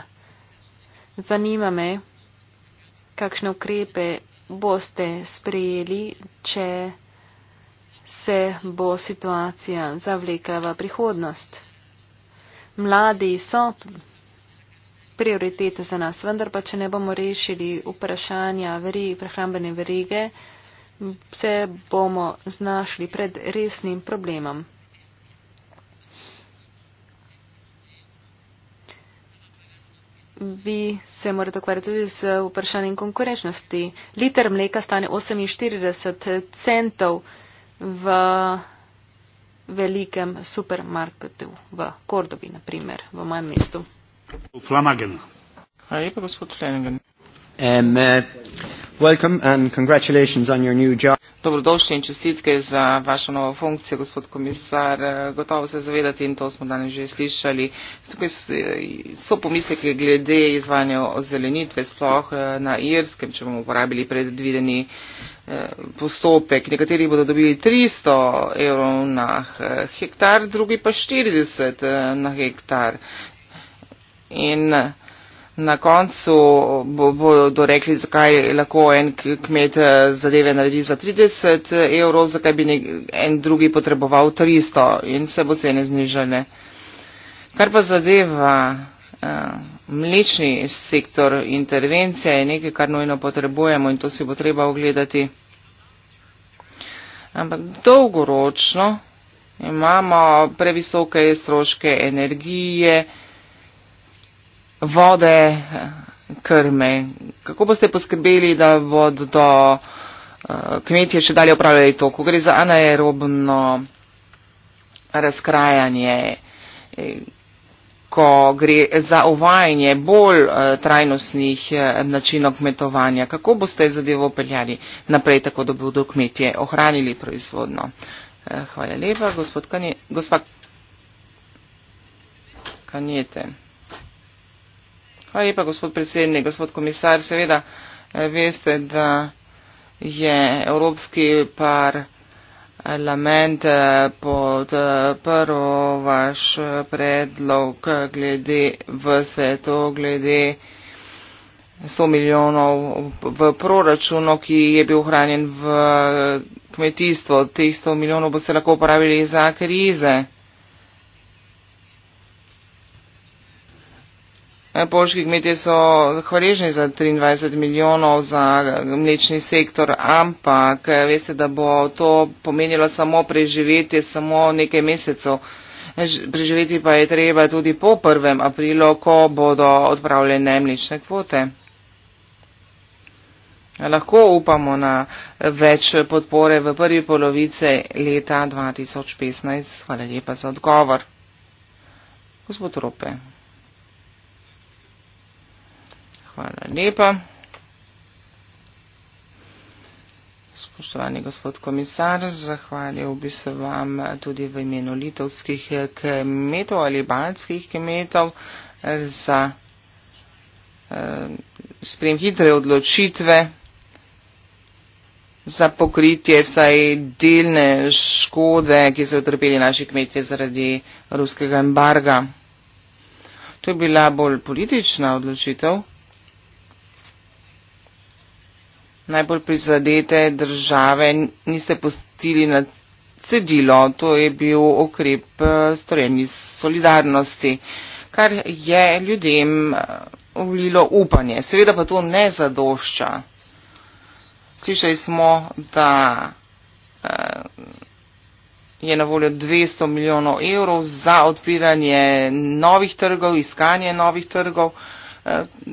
Zanima me, kakšne ukrepe boste sprejeli, če se bo situacija zavlekla v prihodnost. Mladi so prioritete za nas, vendar pa, če ne bomo rešili vprašanja verige, prehrambene verige, se bomo znašli pred resnim problemom. vi se morate ukvarjati tudi z vprašanjem konkurenčnosti. Liter mleka stane 48 centov v velikem supermarketu v Kordobi, na primer, v mojem mestu. Flanagen. Hvala lepa, gospod Flanagen. And, uh, eh, Welcome and congratulations on your new job. Dobrodošli in čestitke za vašo novo funkcijo, gospod komisar. Gotovo se zavedate in to smo danes že slišali. Tukaj so pomisleke glede izvanja ozelenitve sploh na Irskem, če bomo uporabili predvideni eh, postopek. Nekateri bodo dobili 300 evrov na eh, hektar, drugi pa 40 eh, na hektar. In na koncu bodo bo rekli, zakaj lahko en kmet eh, zadeve naredi za 30 evrov, zakaj bi en drugi potreboval 300 in se bo cene znižale. Kar pa zadeva uh, mlečni sektor intervencije je nekaj, kar nujno potrebujemo in to si bo treba ogledati. Ampak dolgoročno imamo previsoke stroške energije, vode, krme. Kako boste poskrbeli, da bodo eh, kmetje še dalje upravljali to, ko gre za anaerobno razkrajanje, eh, ko gre za uvajanje bolj eh, trajnostnih načinov kmetovanja? Kako boste zadevo peljali naprej, tako da bodo kmetje ohranili proizvodno? Hvala lepa, gospod Kanje, gospa Kanjete. Gospa Kanjete. Hvala lepa, gospod predsednik, gospod komisar. Seveda eh, veste, da je Evropski parlament eh, podprl vaš eh, predlog glede v svetu, glede 100 milijonov v proračunu, ki je bil hranjen v kmetijstvo. Teh 100 milijonov boste lahko uporabili za krize. Eh, Poljški kmetje so hvaležni za 23 milijonov za eh, mlečni sektor, ampak eh, veste, da bo to pomenilo samo preživetje, samo nekaj mesecev. Preživeti pa je treba tudi po 1. aprilu, ko bodo odpravljene mlečne kvote. Lahko upamo na več podpore v prvi polovici leta 2015. Hvala lepa za odgovor. Gospod Rope. Hvala lepa. Spoštovani gospod komisar, zahvaljujem bi se vam tudi v imenu litovskih kmetov ali baljskih kmetov za eh, sprem hitre odločitve za pokritje vsaj delne škode, ki so utrpeli naši kmetje zaradi ruskega embarga. To je bila bolj politična odločitev. najbolj prizadete države niste pustili na cedilo. To je bil okrep eh, storjen iz solidarnosti, kar je ljudem eh, vlilo upanje. Seveda pa to ne zadošča. Slišali smo, da eh, je na voljo 200 milijonov evrov za odpiranje novih trgov, iskanje novih trgov.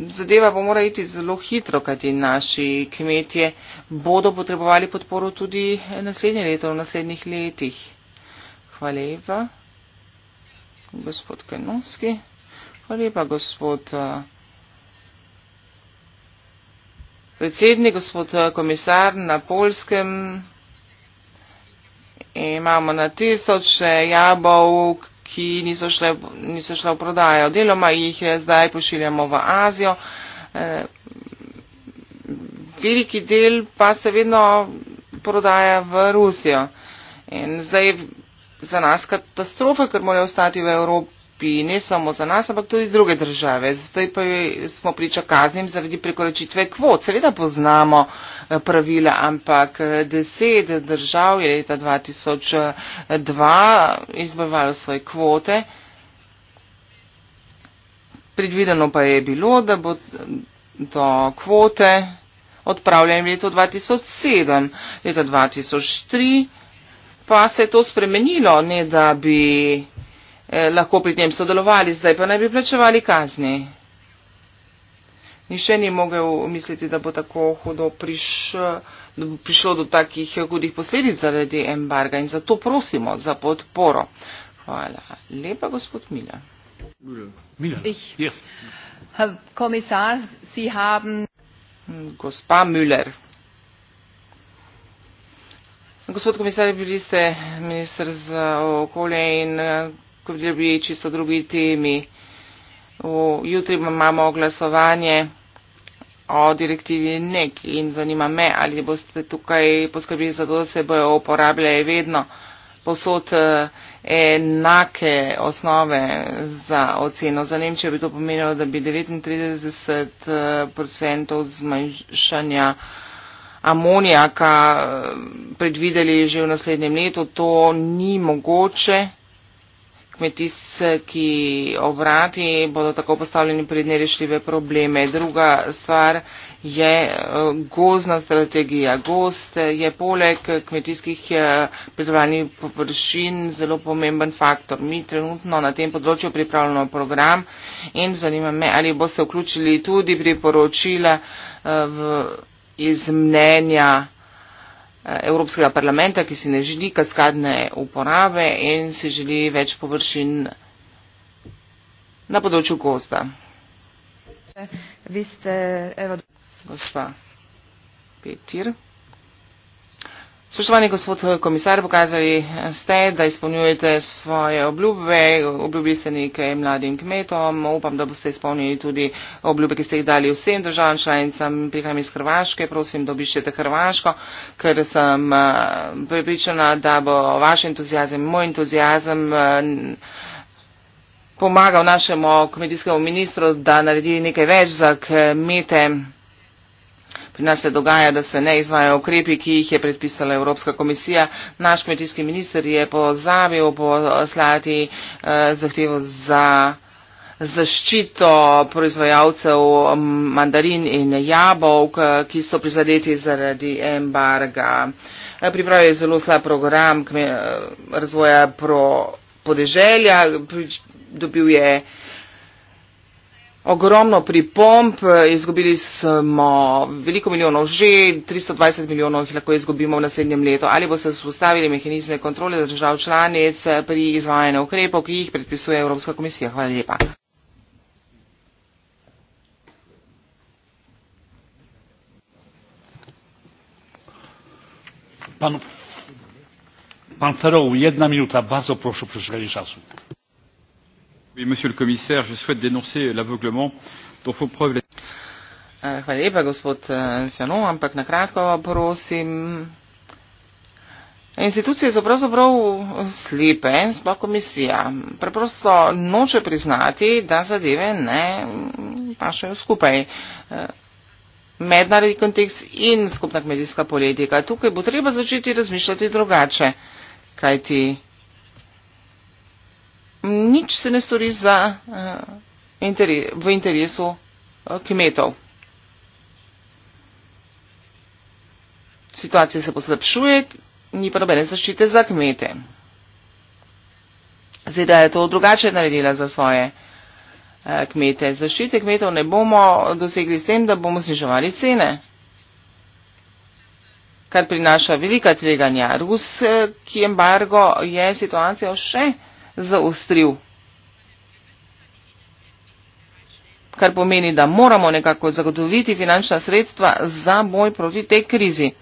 Zadeva bo mora iti zelo hitro, kajti naši kmetje bodo potrebovali podporo tudi naslednje leto, v naslednjih letih. Hvala lepa, gospod Kenonski. Hvala lepa, gospod eh, predsednik, gospod eh, komisar na Polskem. Imamo na tisoče jabolk ki niso šle, niso šle v prodajo. Deloma jih zdaj pošiljamo v Azijo. E, veliki del pa se vedno prodaja v Rusijo. In zdaj je za nas katastrofa, ker morajo ostati v Evropi skrbi ne samo za nas, ampak tudi druge države. Zdaj pa smo priča kaznim zaradi prekoračitve kvot. Seveda poznamo eh, pravila, ampak eh, deset držav je leta 2002 eh, izbavalo svoje kvote. Predvideno pa je bilo, da bo do kvote odpravljen leto 2007, leta 2003 pa se je to spremenilo, ne da bi eh, lahko pri tem sodelovali, zdaj pa naj bi plačevali kazni. Nihče ni mogel misliti, da bo tako hudo prišlo, bo prišlo do takih hudih posledic zaradi embarga in zato prosimo za podporo. Hvala. Lepa gospod Mila. Komisar, si haben. Gospa Müller. Gospod komisar, bili ste ministr za okolje in ljubi, čisto drugi temi. V jutri imamo glasovanje o direktivi NEC in zanima me, ali boste tukaj poskrbili za to, da se bojo uporabljali vedno posod eh, enake osnove za oceno. Za Nemčijo bi to pomenilo, da bi 39% eh, zmanjšanja amonijaka eh, predvideli že v naslednjem letu. To ni mogoče kmetijski obrati bodo tako postavljeni pred nerešljive probleme. Druga stvar je eh, gozna strategija. Gost je poleg kmetijskih eh, pridobljenih površin zelo pomemben faktor. Mi trenutno na tem področju pripravljamo program in zanima me, ali boste vključili tudi priporočila eh, v, iz mnenja Evropskega parlamenta, ki si ne želi kaskadne uporabe in si želi več površin na področju gosta. Vi ste, evo, gospa Petir. Spoštovani gospod eh, komisar, pokazali eh, ste, da izpolnjujete svoje obljube, obljubili ste nekaj mladim kmetom, upam, da boste izpolnili tudi obljube, ki ste jih dali vsem državam članicam, prihajam iz Hrvaške, prosim, da obiščete Hrvaško, ker sem eh, pripričana, da bo vaš entuzijazem, moj entuzijazem pomagal našemu kmetijskemu ministru, da naredi nekaj več za kmete. Pri nas se dogaja, da se ne izvajo ukrepi, ki jih je predpisala Evropska komisija. Naš kmetijski minister je pozabil poslati eh, zahtevo za zaščito proizvajalcev mm, mandarin in jabolk, ki so prizadeti zaradi embarga. Eh, pripravil je zelo slab program eh, razvoja pro podeželja, dobil je ogromno pripomp, izgubili smo veliko milijonov, že 320 milijonov jih lahko izgubimo v naslednjem letu. Ali boste vzpostavili mehanizme kontrole držav članic pri izvajanju ukrepov, ki jih predpisuje Evropska komisija? Hvala lepa. Pan, pan Ferov, jedna minuta, bardzo proszę o przestrzeganie czasu monsieur le commissaire je souhaite dénoncer l'aveuglement dont font preuve les. Eh, hvala lepa, gospod eh, Fjanov, ampak na kratko prosim. Institucije so pravzaprav slepe, sploh komisija. Preprosto noče priznati, da zadeve ne mm, pašajo skupaj. Eh, mednarodni kontekst in skupna kmetijska politika. Tukaj bo treba začeti razmišljati drugače, kajti nič se ne stori za, uh, eh, interi, v interesu uh, kmetov. Situacija se poslabšuje, ni pa nobene zaščite za kmete. ZDA je to drugače naredila za svoje uh, kmete. Zaščite kmetov ne bomo dosegli s tem, da bomo zniževali cene kar prinaša velika tveganja. Ruski embargo je situacijo še uh, zaostril. Kar pomeni, da moramo nekako zagotoviti finančna sredstva za boj proti tej krizi.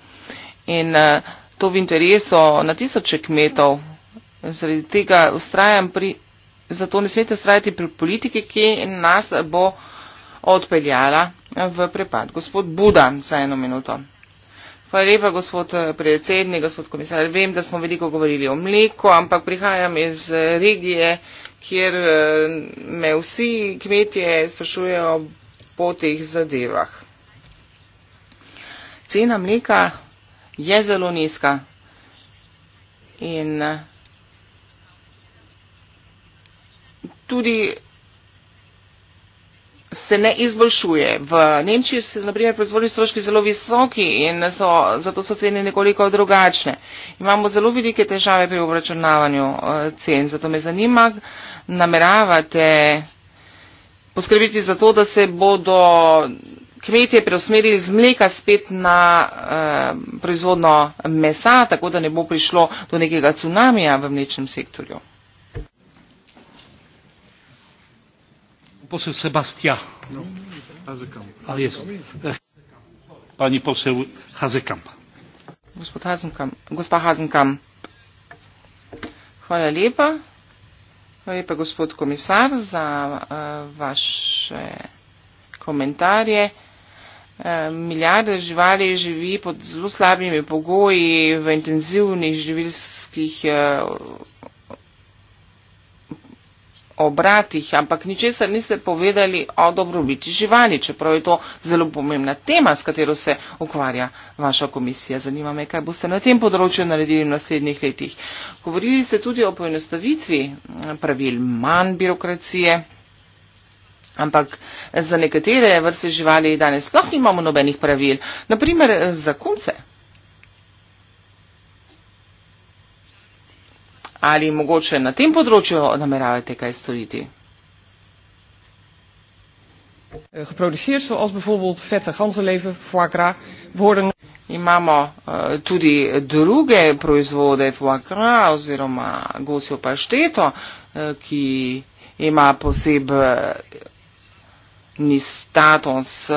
In eh, to v interesu na tisoče kmetov. Zaradi tega ustrajam pri. Zato ne smete ustrajati pri politiki, ki nas bo odpeljala v prepad. Gospod Buda, za eno minuto. Hvala lepa, gospod eh, predsednik, gospod komisar. Vem, da smo veliko govorili o mleku, ampak prihajam iz eh, regije, kjer eh, me vsi kmetje sprašujejo po teh zadevah. Cena mleka je zelo nizka in tudi se ne izboljšuje. V Nemčiji so na primer proizvodni stroški zelo visoki in so, zato so cene nekoliko drugačne. Imamo zelo velike težave pri obračunavanju eh, cen, zato me zanima, nameravate poskrbiti za to, da se bodo kmetje preusmerili z mleka spet na eh, proizvodno mesa, tako da ne bo prišlo do nekega tsunamija v mlečnem sektorju. poseł Sebastia. No, Ale jest. Pani poseł Hazekamp. Gospod Hazekamp. Hvala lepa. Hvala lepa, gospod komisar, za uh, vaše komentarje. Eh, milijarde živali živi pod zelo slabimi pogoji v intenzivnih živilskih uh, obratih, ampak ničesar niste povedali o dobrobiti živali, čeprav je to zelo pomembna tema, s katero se ukvarja vaša komisija. Zanima me, kaj boste na tem področju naredili v naslednjih letih. Govorili ste tudi o poenostavitvi eh, pravil manj birokracije. Ampak eh, za nekatere vrste živali danes sploh nimamo nobenih pravil, naprimer eh, za konce. ali mogoče na tem področju nameravate kaj storiti? Eh, geproduceerd zoals bijvoorbeeld vette ganzenleven, foie gras, worden. Imamo uh, tudi druge proizvode foie gras oziroma gosjo pašteto, uh, eh, ki ima posebni status. Uh,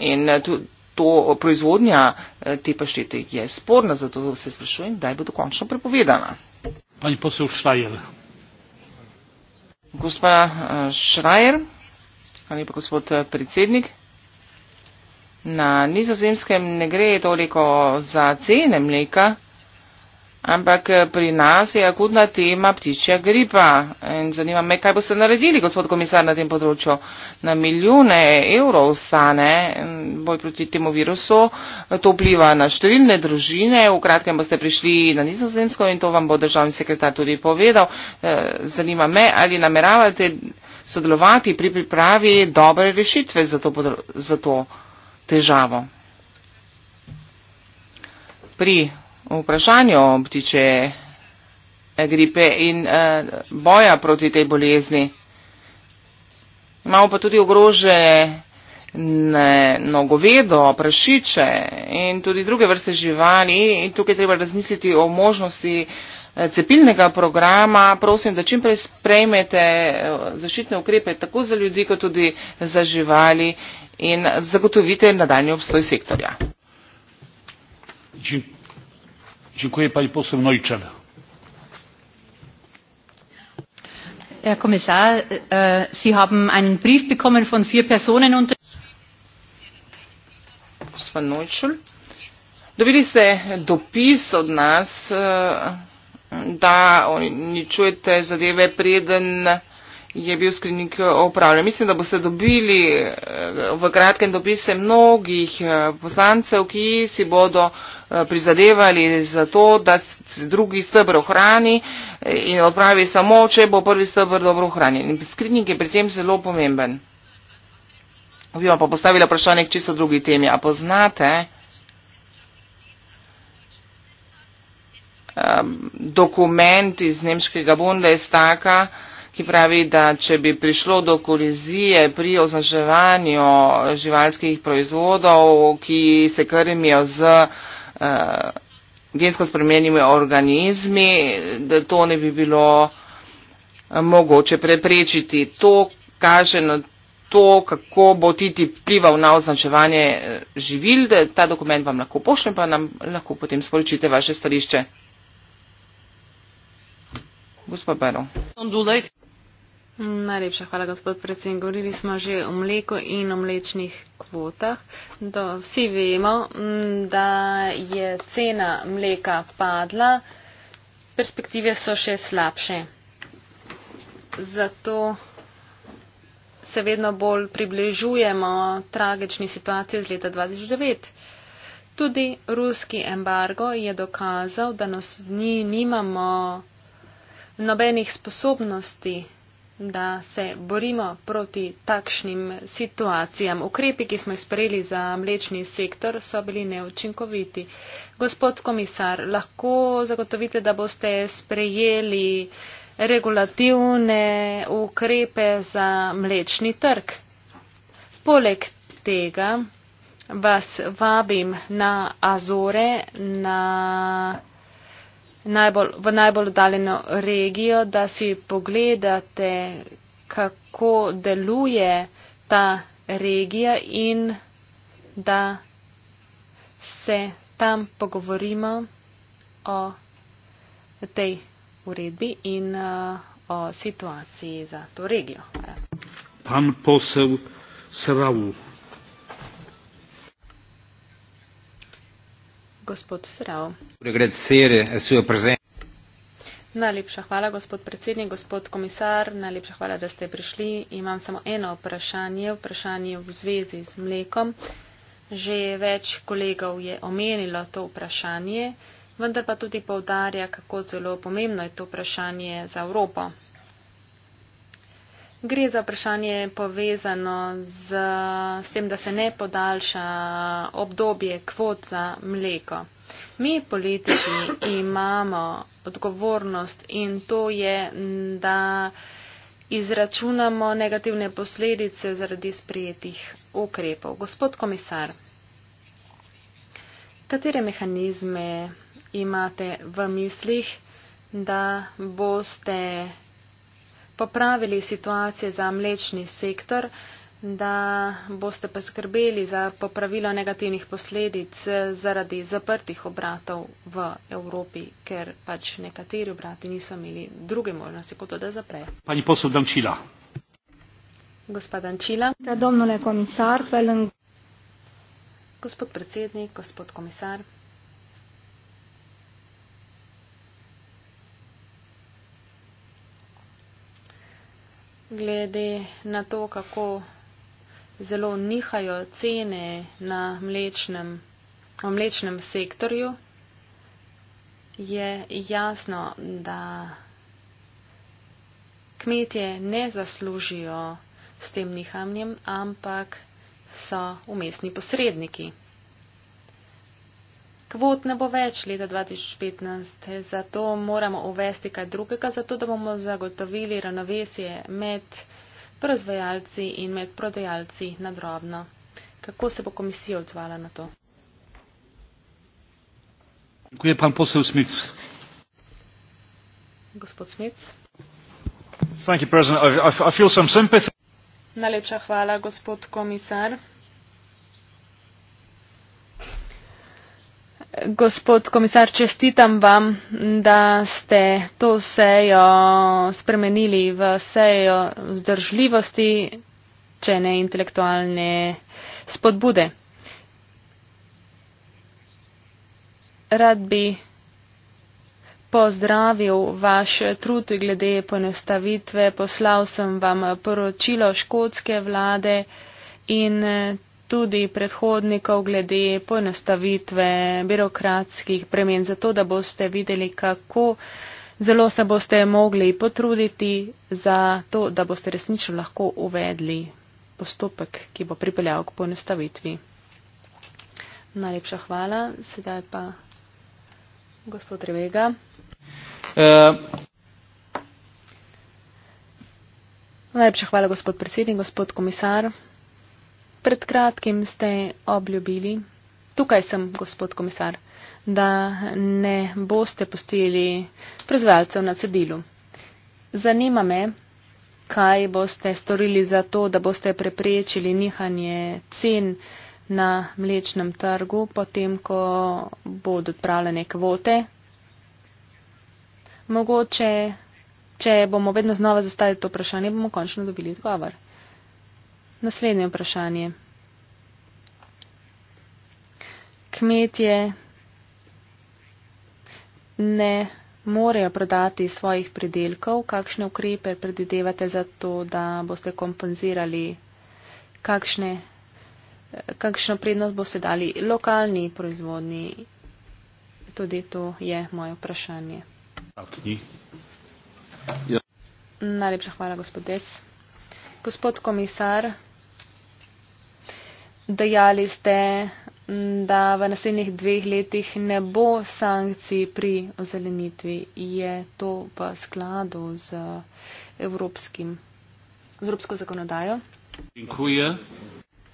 in tudi to proizvodnja eh, te paštete je sporna, zato se sprašujem, kdaj bo dokončno prepovedana. Pani posel Šrajer. Gospa Šrajer, eh, ali pa gospod eh, predsednik, na nizozemskem ne gre toliko za cene mleka, Ampak eh, pri nas je akutna tema ptičja gripa. In zanima me, kaj boste naredili, gospod komisar, na tem področju. Na milijune evrov stane boj proti temu virusu, eh, to vpliva na številne družine. V kratkem boste prišli na nizozemsko in to vam bo državni sekretar tudi povedal. Eh, zanima me, ali nameravate sodelovati pri pripravi dobre rešitve za to, za to težavo. Pri o vprašanju ptiče gripe in eh, boja proti tej bolezni. Imamo pa tudi ogrožene nogovedo, prašiče in tudi druge vrste živali in tukaj treba razmisliti o možnosti eh, cepilnega programa. Prosim, da čim prej sprejmete eh, zaščitne ukrepe tako za ljudi, kot tudi za živali in zagotovite nadaljni obstoj sektorja herr kommissar äh, sie haben einen brief bekommen von vier personen unterschrieben von denen sie dobili ste dopis od nas äh, da uničujete zadeve preden je bil skrinik äh, opravljen mislim da boste dobili v kratkem dopise mnogih poslancev ki si bodo Eh, prizadevali za to, da se drugi stebr ohrani in odpravi samo, če bo prvi stebr dobro ohranjen. In skrbnik je pri tem zelo pomemben. Bi vam pa postavila vprašanje k čisto drugi temi. A poznate um, dokument iz nemškega Bundestaga, ki pravi, da če bi prišlo do kolizije pri označevanju živalskih proizvodov, ki se krmijo z uh, uh, gensko spremenjenimi organizmi, da to ne bi bilo eh, mogoče preprečiti. To kaže na to, kako bo TTIP plival na označevanje eh, živil. Ta dokument vam lahko pošljem, pa nam lahko potem sporočite vaše stališče. Gospod Bero. Najlepša hvala, gospod predsednik. Govorili smo že o mleku in o mlečnih kvotah. Do, vsi vemo, mm, da je cena mleka padla, perspektive so še slabše. Zato se vedno bolj približujemo tragični situaciji z leta 2009. Tudi ruski embargo je dokazal, da nas ni, nimamo nobenih sposobnosti da se borimo proti takšnim situacijam. Ukrepi, ki smo izprejeli za mlečni sektor, so bili neučinkoviti. Gospod komisar, lahko zagotovite, da boste sprejeli regulativne ukrepe za mlečni trg. Poleg tega vas vabim na Azore, na najbolj, v najbolj daljeno regijo, da si pogledate, kako deluje ta regija in da se tam pogovorimo o tej uredbi in uh, o situaciji za to regijo. Hvala. Pan posel Sravu. gospod Srao. Najlepša hvala, gospod predsednik, gospod komisar, najlepša hvala, da ste prišli. Imam samo eno vprašanje, vprašanje v zvezi z mlekom. Že več kolegov je omenilo to vprašanje, vendar pa tudi povdarja, kako zelo pomembno je to vprašanje za Evropo. Gre za vprašanje povezano z, s tem, da se ne podaljša obdobje kvot za mleko. Mi politiki imamo odgovornost in to je, da izračunamo negativne posledice zaradi sprejetih ukrepov. Gospod komisar, katere mehanizme imate v mislih, da boste popravili situacije za mlečni sektor, da boste poskrbeli za popravilo negativnih posledic eh, zaradi zaprtih obratov v Evropi, ker pač nekateri obrati niso imeli druge možnosti, kot da zaprejo. Pani posel Dančila. Gospod Dančila. Domnule komisar, velen. Gospod predsednik, gospod komisar. glede na to, kako zelo nihajo cene na mlečnem, v mlečnem sektorju, je jasno, da kmetje ne zaslužijo s tem nihanjem, ampak so umestni posredniki kvot ne bo več leta 2015, zato moramo uvesti kaj drugega, zato da bomo zagotovili ravnovesje med proizvajalci in med prodajalci nadrobno. Kako se bo komisija odzvala na to? Gospod Smic. Thank you, President. I, I feel some sympathy. Najlepša hvala, gospod komisar. Gospod komisar, čestitam vam, da ste to sejo spremenili v sejo vzdržljivosti, če ne intelektualne spodbude. Rad bi pozdravil vaš trud glede ponestavitve. Poslal sem vam poročilo škotske vlade in tudi predhodnikov glede poenostavitve birokratskih bremen, zato da boste videli, kako zelo se boste mogli potruditi za to, da boste resnično lahko uvedli postopek, ki bo pripeljal k poenostavitvi. Najlepša hvala. Sedaj pa gospod Revega. Uh. Eh. Najlepša hvala, gospod predsednik, gospod komisar. Pred kratkim ste obljubili, tukaj sem, gospod komisar, da ne boste postili prezvalcev na cedilu. Zanima me, kaj boste storili za to, da boste preprečili nihanje cen na mlečnem trgu, potem, ko bodo odpravljene kvote. Mogoče, če bomo vedno znova zastavili to vprašanje, bomo končno dobili odgovor naslednje vprašanje. Kmetje ne morejo prodati svojih pridelkov. Kakšne ukrepe predvidevate za to, da boste kompenzirali? Kakšne, kakšno prednost boste dali lokalni proizvodni? Tudi to je moje vprašanje. Ja. Najlepša hvala, gospod Des. Gospod komisar, Dejali ste, da v naslednjih dveh letih ne bo sankcij pri ozelenitvi. Je to v skladu z, evropskim, z evropsko zakonodajo? Dziękuję.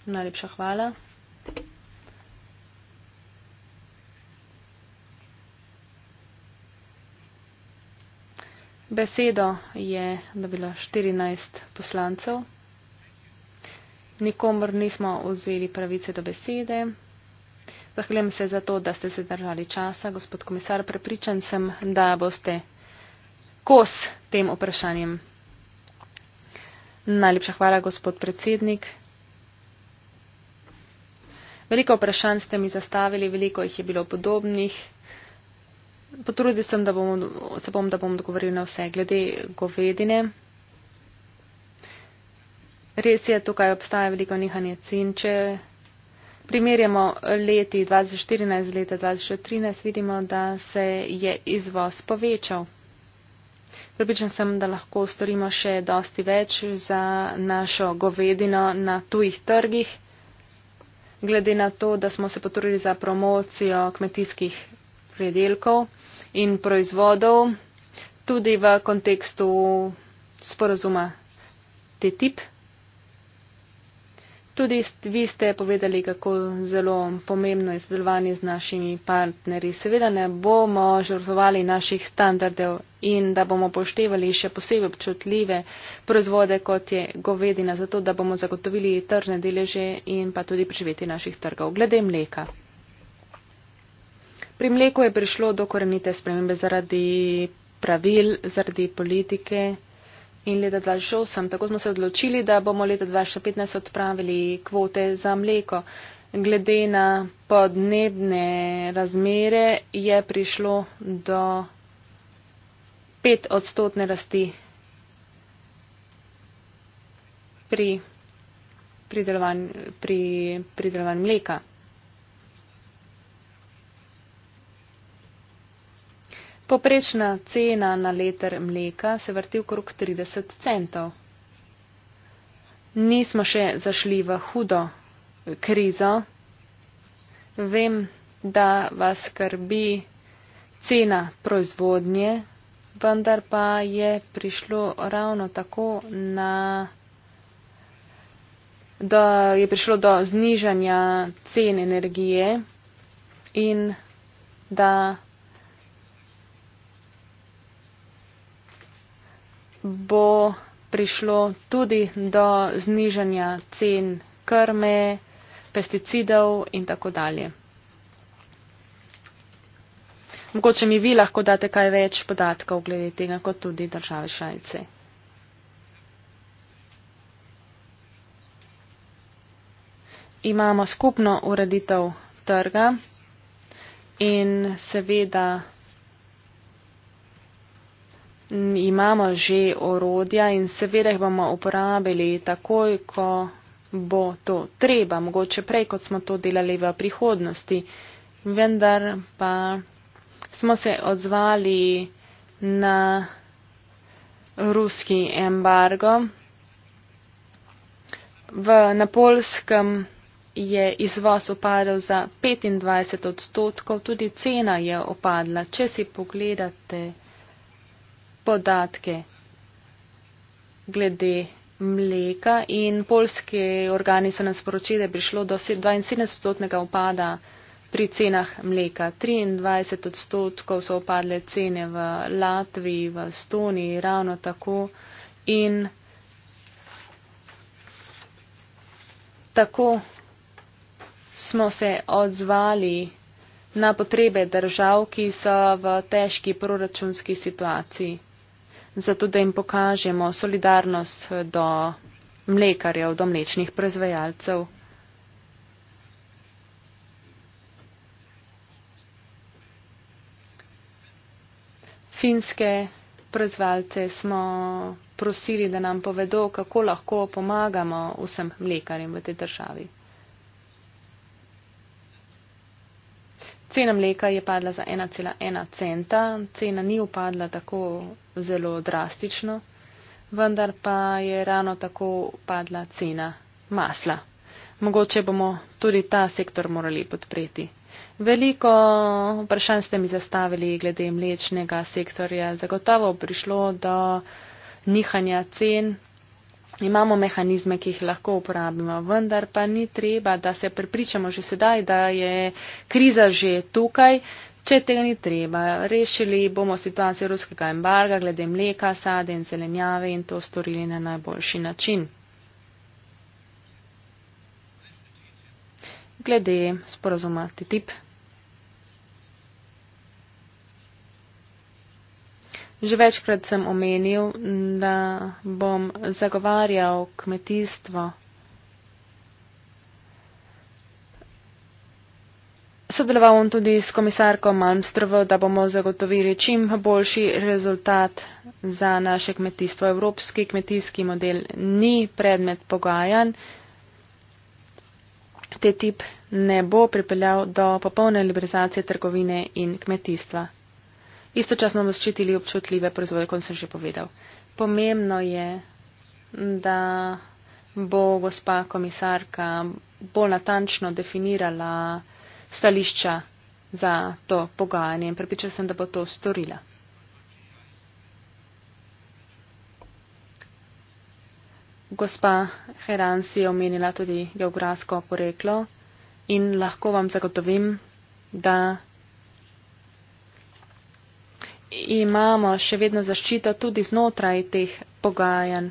Najlepša hvala. Besedo je dobilo 14 poslancev nikomor nismo vzeli pravice do besede. Zahvaljujem se za to, da ste se držali časa. Gospod komisar, prepričan sem, da boste kos tem vprašanjem. Najlepša hvala, gospod predsednik. Veliko vprašanj ste mi zastavili, veliko jih je bilo podobnih. Potrudil sem, da bom, se bom, da bom odgovoril na vse glede govedine. Res je, tukaj obstaja veliko nihanje cen. Če primerjamo leti 2014 z leta 2013, vidimo, da se je izvoz povečal. Pripričan sem, da lahko storimo še dosti več za našo govedino na tujih trgih, glede na to, da smo se potrudili za promocijo kmetijskih predelkov in proizvodov tudi v kontekstu sporozuma TTIP. Tudi vi ste povedali, kako zelo pomembno je sodelovanje z našimi partnerji. Seveda ne bomo žrtvovali naših standardev in da bomo poštevali še posebej občutljive proizvode, kot je govedina, zato da bomo zagotovili tržne deleže in pa tudi preživeti naših trgov. Glede mleka. Pri mleku je prišlo do korenite spremembe zaradi pravil, zaradi politike In leta 2008, tako smo se odločili, da bomo leta 2015 odpravili kvote za mleko. Glede na podnebne razmere je prišlo do pet odstotne rasti pri pridelovanju pridelovan mleka. Poprečna cena na liter mleka se vrti okrog 30 centov. Nismo še zašli v hudo krizo. Vem, da vas skrbi cena proizvodnje, vendar pa je prišlo ravno tako na. Da je prišlo do znižanja cen energije in da bo prišlo tudi do znižanja cen krme, pesticidov in tako dalje. Mogoče mi vi lahko date kaj več podatkov glede tega, kot tudi države šalice. Imamo skupno ureditev trga in seveda imamo že orodja in seveda jih bomo uporabili takoj, ko bo to treba, mogoče prej, kot smo to delali v prihodnosti. Vendar pa smo se odzvali na ruski embargo. V Napolskem je izvoz upadel za 25 odstotkov, tudi cena je upadla. Če si pogledate podatke glede mleka in polske organi so nam sporočili, da je prišlo do 72-stotnega upada pri cenah mleka. 23 odstotkov so upadle cene v Latviji, v Estoniji, ravno tako in tako smo se odzvali na potrebe držav, ki so v težki proračunski situaciji zato da jim pokažemo solidarnost eh, do mlekarjev, do mlečnih proizvajalcev. Finske proizvajalce smo prosili, da nam povedo, kako lahko pomagamo vsem mlekarjem v tej državi. Cena mleka je padla za 1,1 centa, cena ni upadla tako zelo drastično, vendar pa je ravno tako padla cena masla. Mogoče bomo tudi ta sektor morali podpreti. Veliko vprašanj ste mi zastavili glede mlečnega sektorja. Zagotovo prišlo do nihanja cen Imamo mehanizme, ki jih lahko uporabimo, vendar pa ni treba, da se prepričamo že sedaj, da je kriza že tukaj. Če tega ni treba, rešili bomo situacijo ruskega embarga glede mleka, sade in zelenjave in to storili na najboljši način. Glede sporozuma TTIP. Že večkrat sem omenil, da bom zagovarjal kmetijstvo. Sodeloval bom tudi s komisarko Malmstrovo, da bomo zagotovili čim boljši rezultat za naše kmetijstvo. Evropski kmetijski model ni predmet pogajan. Te tip ne bo pripeljal do popolne liberalizacije trgovine in kmetijstva istočasno zaščitili občutljive proizvode, kot sem že povedal. Pomembno je, da bo gospa komisarka bolj natančno definirala stališča za to pogajanje in prepričal sem, da bo to storila. Gospa Heran si je omenila tudi geografsko poreklo in lahko vam zagotovim, da imamo še vedno zaščito tudi znotraj teh pogajanj.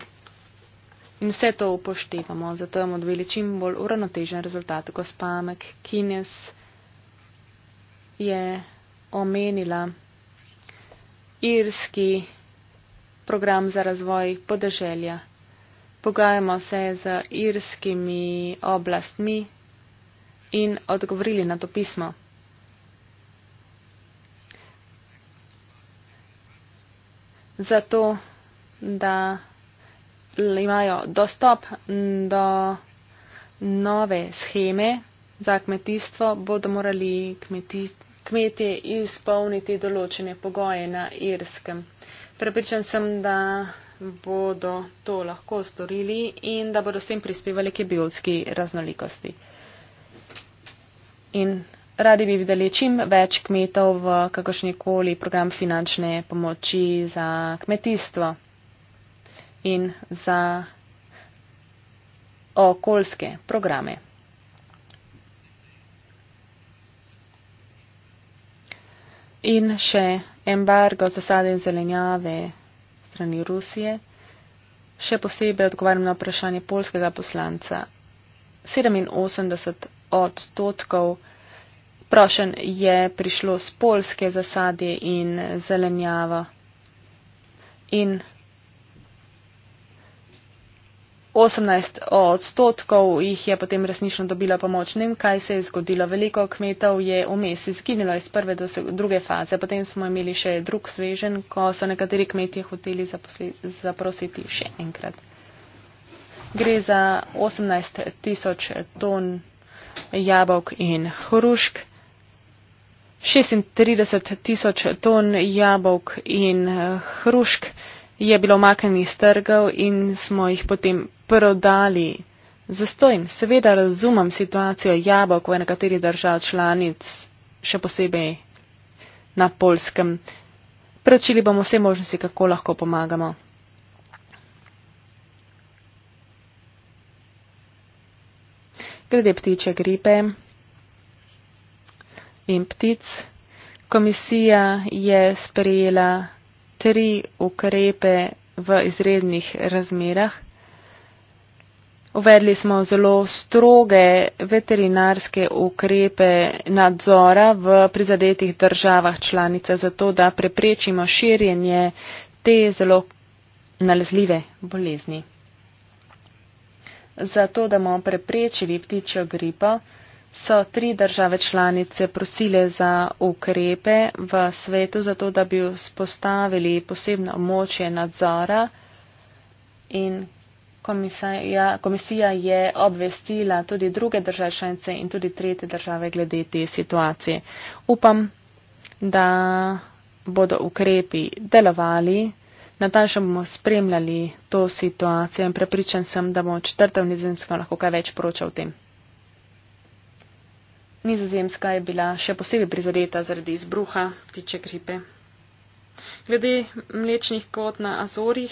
In vse to upoštevamo, zato bomo dobili čim bolj uravnotežen rezultat. Gospa McKinnis je omenila irski program za razvoj podeželja. Pogajamo se z irskimi oblastmi in odgovorili na to pismo. zato, da imajo dostop do nove scheme za kmetijstvo, bodo morali kmeti, kmetje izpolniti določene pogoje na irskem. Prepričan sem, da bodo to lahko storili in da bodo s tem prispevali k biotski raznolikosti. In radi bi videli čim več kmetov v kakršnikoli program finančne pomoči za kmetijstvo in za okoljske programe. In še embargo za sade in zelenjave strani Rusije. Še posebej odgovarjam na vprašanje polskega poslanca. 87 odstotkov prošen je prišlo z polske za sadje in zelenjavo. In 18 odstotkov jih je potem resnično dobila pomoč. Ne vem, kaj se je zgodilo. Veliko kmetov je vmes izginilo iz prve do druge faze. Potem smo imeli še drug svežen, ko so nekateri kmetje hoteli zaprositi še enkrat. Gre za 18 tisoč ton jabolk in hrušk. 36 tisoč ton jabolk in eh, hrušk je bilo maknjenih iz trgov in smo jih potem prodali. Zastojim, seveda razumem situacijo jabolk v nekateri držav članic, še posebej na polskem. Pročili bomo vse možnosti, kako lahko pomagamo. Glede ptiče gripe in ptic. Komisija je sprejela tri ukrepe v izrednih razmerah. Uvedli smo zelo stroge veterinarske ukrepe nadzora v prizadetih državah članica, zato da preprečimo širjenje te zelo nalezljive bolezni. Zato, da bomo preprečili ptičjo gripo, so tri države članice prosile za ukrepe v svetu, zato da bi vzpostavili posebno moče nadzora in komisija, komisija je obvestila tudi druge države članice in tudi tretje države glede te situacije. Upam, da bodo ukrepi delovali. Natančno bomo spremljali to situacijo in prepričan sem, da bom četrta v nizemskem lahko kaj več poročal o tem. Nizozemska je bila še posebej prizadeta zaradi izbruha ptiče gripe. Glede mlečnih kvot na Azorih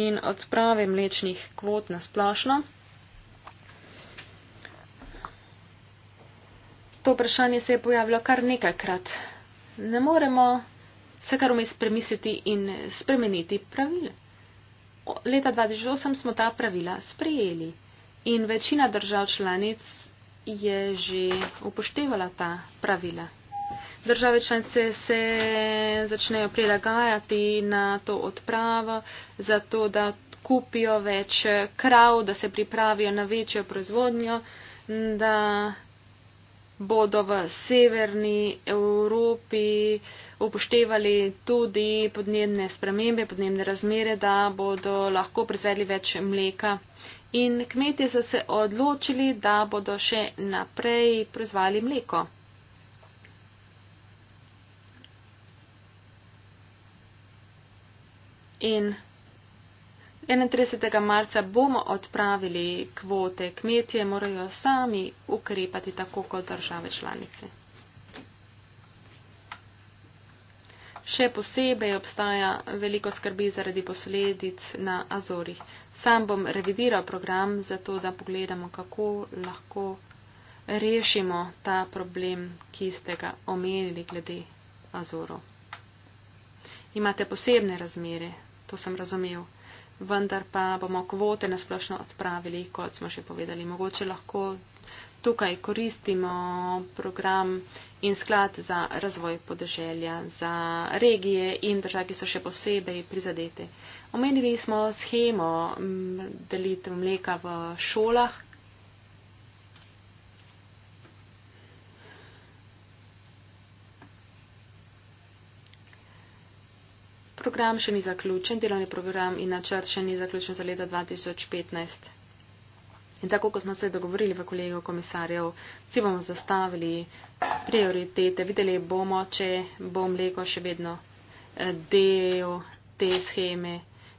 in odprave mlečnih kvot na splošno. To vprašanje se je pojavilo kar nekajkrat. Ne moremo se kar vmes premisliti in spremeniti pravil. Leta 2008 smo ta pravila sprejeli in večina držav članic je že upoštevala ta pravila. Države članice se začnejo prilagajati na to odpravo, zato da kupijo več krav, da se pripravijo na večjo proizvodnjo, da bodo v severni Evropi upoštevali tudi podnebne spremembe, podnebne razmere, da bodo lahko prizvedli več mleka in kmetje so se odločili, da bodo še naprej proizvali mleko. In 31. marca bomo odpravili kvote. Kmetje morajo sami ukrepati tako kot države članice. Še posebej obstaja veliko skrbi zaradi posledic na Azorih. Sam bom revidiral program, zato da pogledamo, kako lahko rešimo ta problem, ki ste ga omenili glede Azorov. Imate posebne razmere, to sem razumel, vendar pa bomo kvote nasplošno odpravili, kot smo še povedali. Mogoče lahko tukaj koristimo program in sklad za razvoj podeželja, za regije in države, ki so še posebej prizadete. Omenili smo schemo delitev mleka v šolah. Program še ni zaključen, delovni program in načrt še ni zaključen za leto 2015. In tako, kot smo se dogovorili v kolegijo komisarjev, si bomo zastavili prioritete, videli bomo, če bo mleko še vedno eh, del te scheme.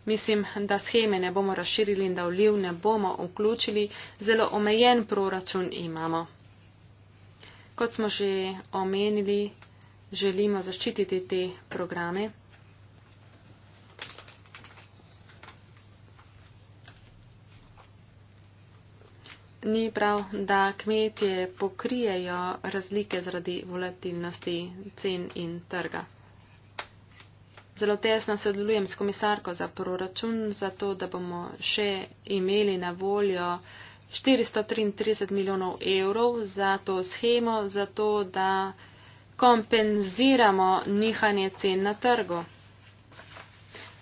Mislim, da scheme ne bomo razširili in da vliv ne bomo vključili, zelo omejen proračun imamo. Kot smo že omenili, želimo zaščititi te programe. ni prav, da kmetje pokrijejo razlike zaradi volatilnosti cen in trga. Zelo tesno sodelujem s komisarko za proračun, zato da bomo še imeli na voljo 433 milijonov evrov za to schemo, zato da kompenziramo nihanje cen na trgu.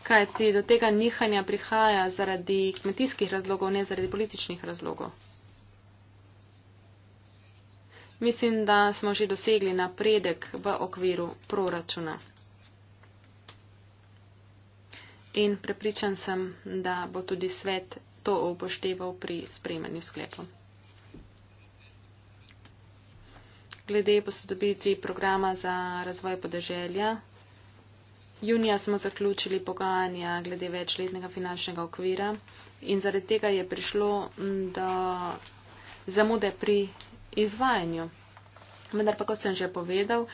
Kajti do tega nihanja prihaja zaradi kmetijskih razlogov, ne zaradi političnih razlogov. Mislim, da smo že dosegli napredek v okviru proračuna. In prepričan sem, da bo tudi svet to upošteval pri sprejmanju sklepov. Glede posodobitvi programa za razvoj podeželja. Junija smo zaključili pogajanja glede večletnega finančnega okvira in zaradi tega je prišlo do zamude pri izvajanju. Vendar pa, kot sem že povedal,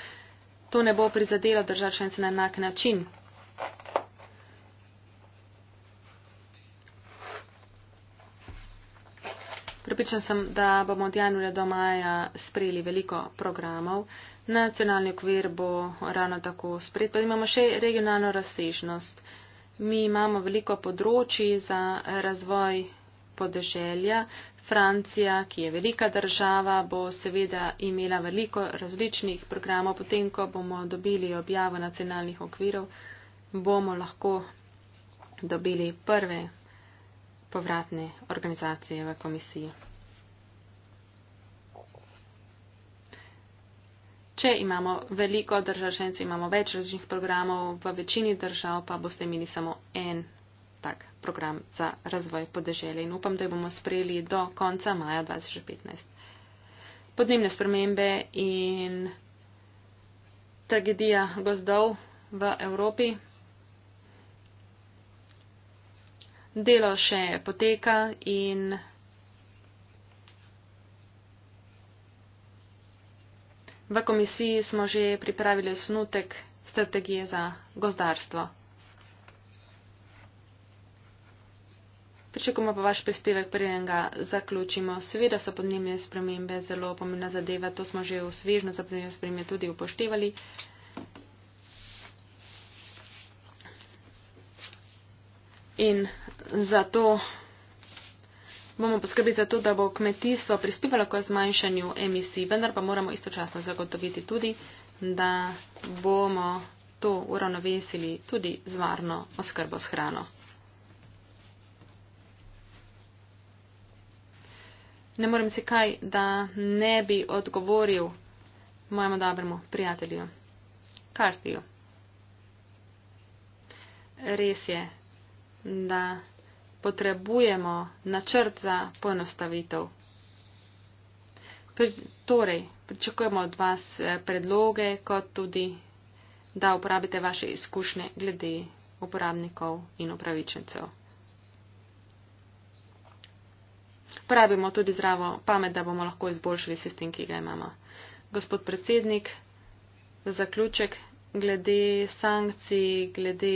to ne bo prizadelo držav članic na enak način. Pripričan sem, da bomo od januarja do maja sprejeli veliko programov. Nacionalni okvir bo ravno tako sprejet, pa imamo še regionalno razsežnost. Mi imamo veliko področji za razvoj podeželja, Francija, ki je velika država, bo seveda imela veliko različnih programov. Potem, ko bomo dobili objavo nacionalnih okvirov, bomo lahko dobili prve povratne organizacije v komisiji. Če imamo veliko držav, še imamo več različnih programov, v večini držav pa boste imeli samo en tak program za razvoj podeželja in upam, da jo bomo sprejeli do konca maja 2015. Podnebne spremembe in tragedija gozdov v Evropi. Delo še poteka in. V komisiji smo že pripravili osnutek strategije za gozdarstvo. Pričakujemo pa vaš prispevek, preden ga zaključimo. Seveda so podnebne spremembe zelo pomembna zadeva, to smo že v svežnju za podnebne spremembe tudi upoštevali. In zato bomo poskrbeli za to, da bo kmetijstvo prispevalo k zmanjšanju emisij, vendar pa moramo istočasno zagotoviti tudi, da bomo to uravnovesili tudi z varno oskrbo s hrano. ne morem si kaj, da ne bi odgovoril mojemu dobremu prijatelju, Kartiju. Res je, da potrebujemo načrt za poenostavitev. Pri, torej, pričakujemo od vas eh, predloge, kot tudi, da uporabite vaše izkušnje glede uporabnikov in upravičencev. uporabimo tudi zdravo pamet, da bomo lahko izboljšali sistem, ki ga imamo. Gospod predsednik, zaključek glede sankcij, glede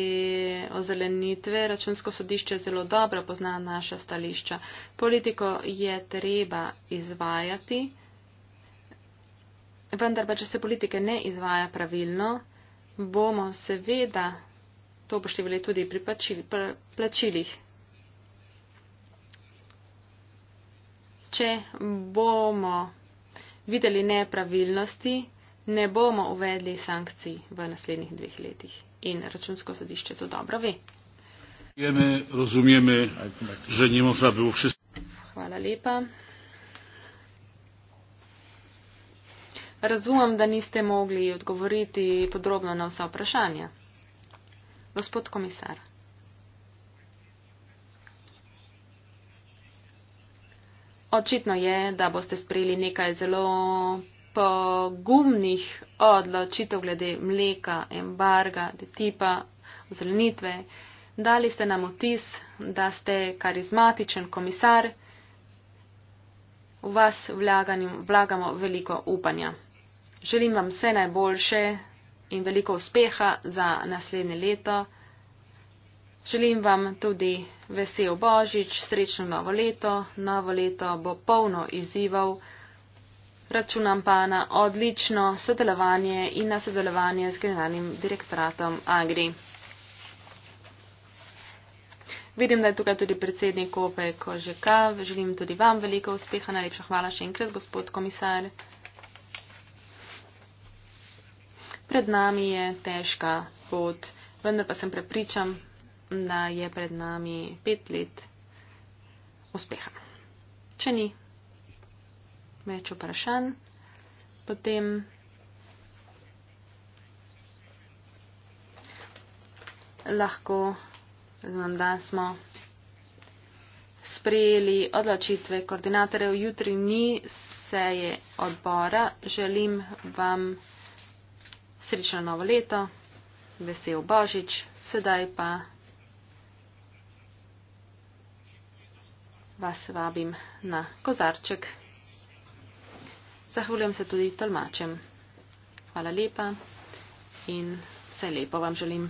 ozelenitve. Računsko sodišče zelo dobro pozna naša stališča. Politiko je treba izvajati, vendar pa, če se politike ne izvaja pravilno, bomo seveda. To boste bili tudi pri plačilih. Pri plačilih. če bomo videli nepravilnosti, ne bomo uvedli sankcij v naslednjih dveh letih. In računsko sodišče to dobro ve. Razumijeme, razumijeme, želimo zabi v šest. Hvala lepa. Razumem, da niste mogli odgovoriti podrobno na vsa vprašanja. Gospod komisar. Očitno je, da boste sprejeli nekaj zelo pogumnih odločitev glede mleka, embarga, tipa, zelenitve. Dali ste nam otis, da ste karizmatičen komisar. V vas vlagamo veliko upanja. Želim vam vse najboljše in veliko uspeha za naslednje leto. Želim vam tudi vesel božič, srečno novo leto. Novo leto bo polno izzivov. Računam pa na odlično sodelovanje in na sodelovanje z generalnim direktoratom Agri. Vidim, da je tukaj tudi predsednik Ope Kožeka. Želim tudi vam veliko uspeha. Najlepša hvala še enkrat, gospod komisar. Pred nami je težka pot, vendar pa sem prepričan, da je pred nami pet let uspeha. Če ni več vprašanj, potem. Lahko znam, da smo sprejeli odločitve koordinatorjev. Jutri ni seje odbora. Želim vam srečno novo leto, vesel božič, sedaj pa. vas vabim na kozarček. Zahvaljujem se tudi tolmačem. Hvala lepa in vse lepo vam želim.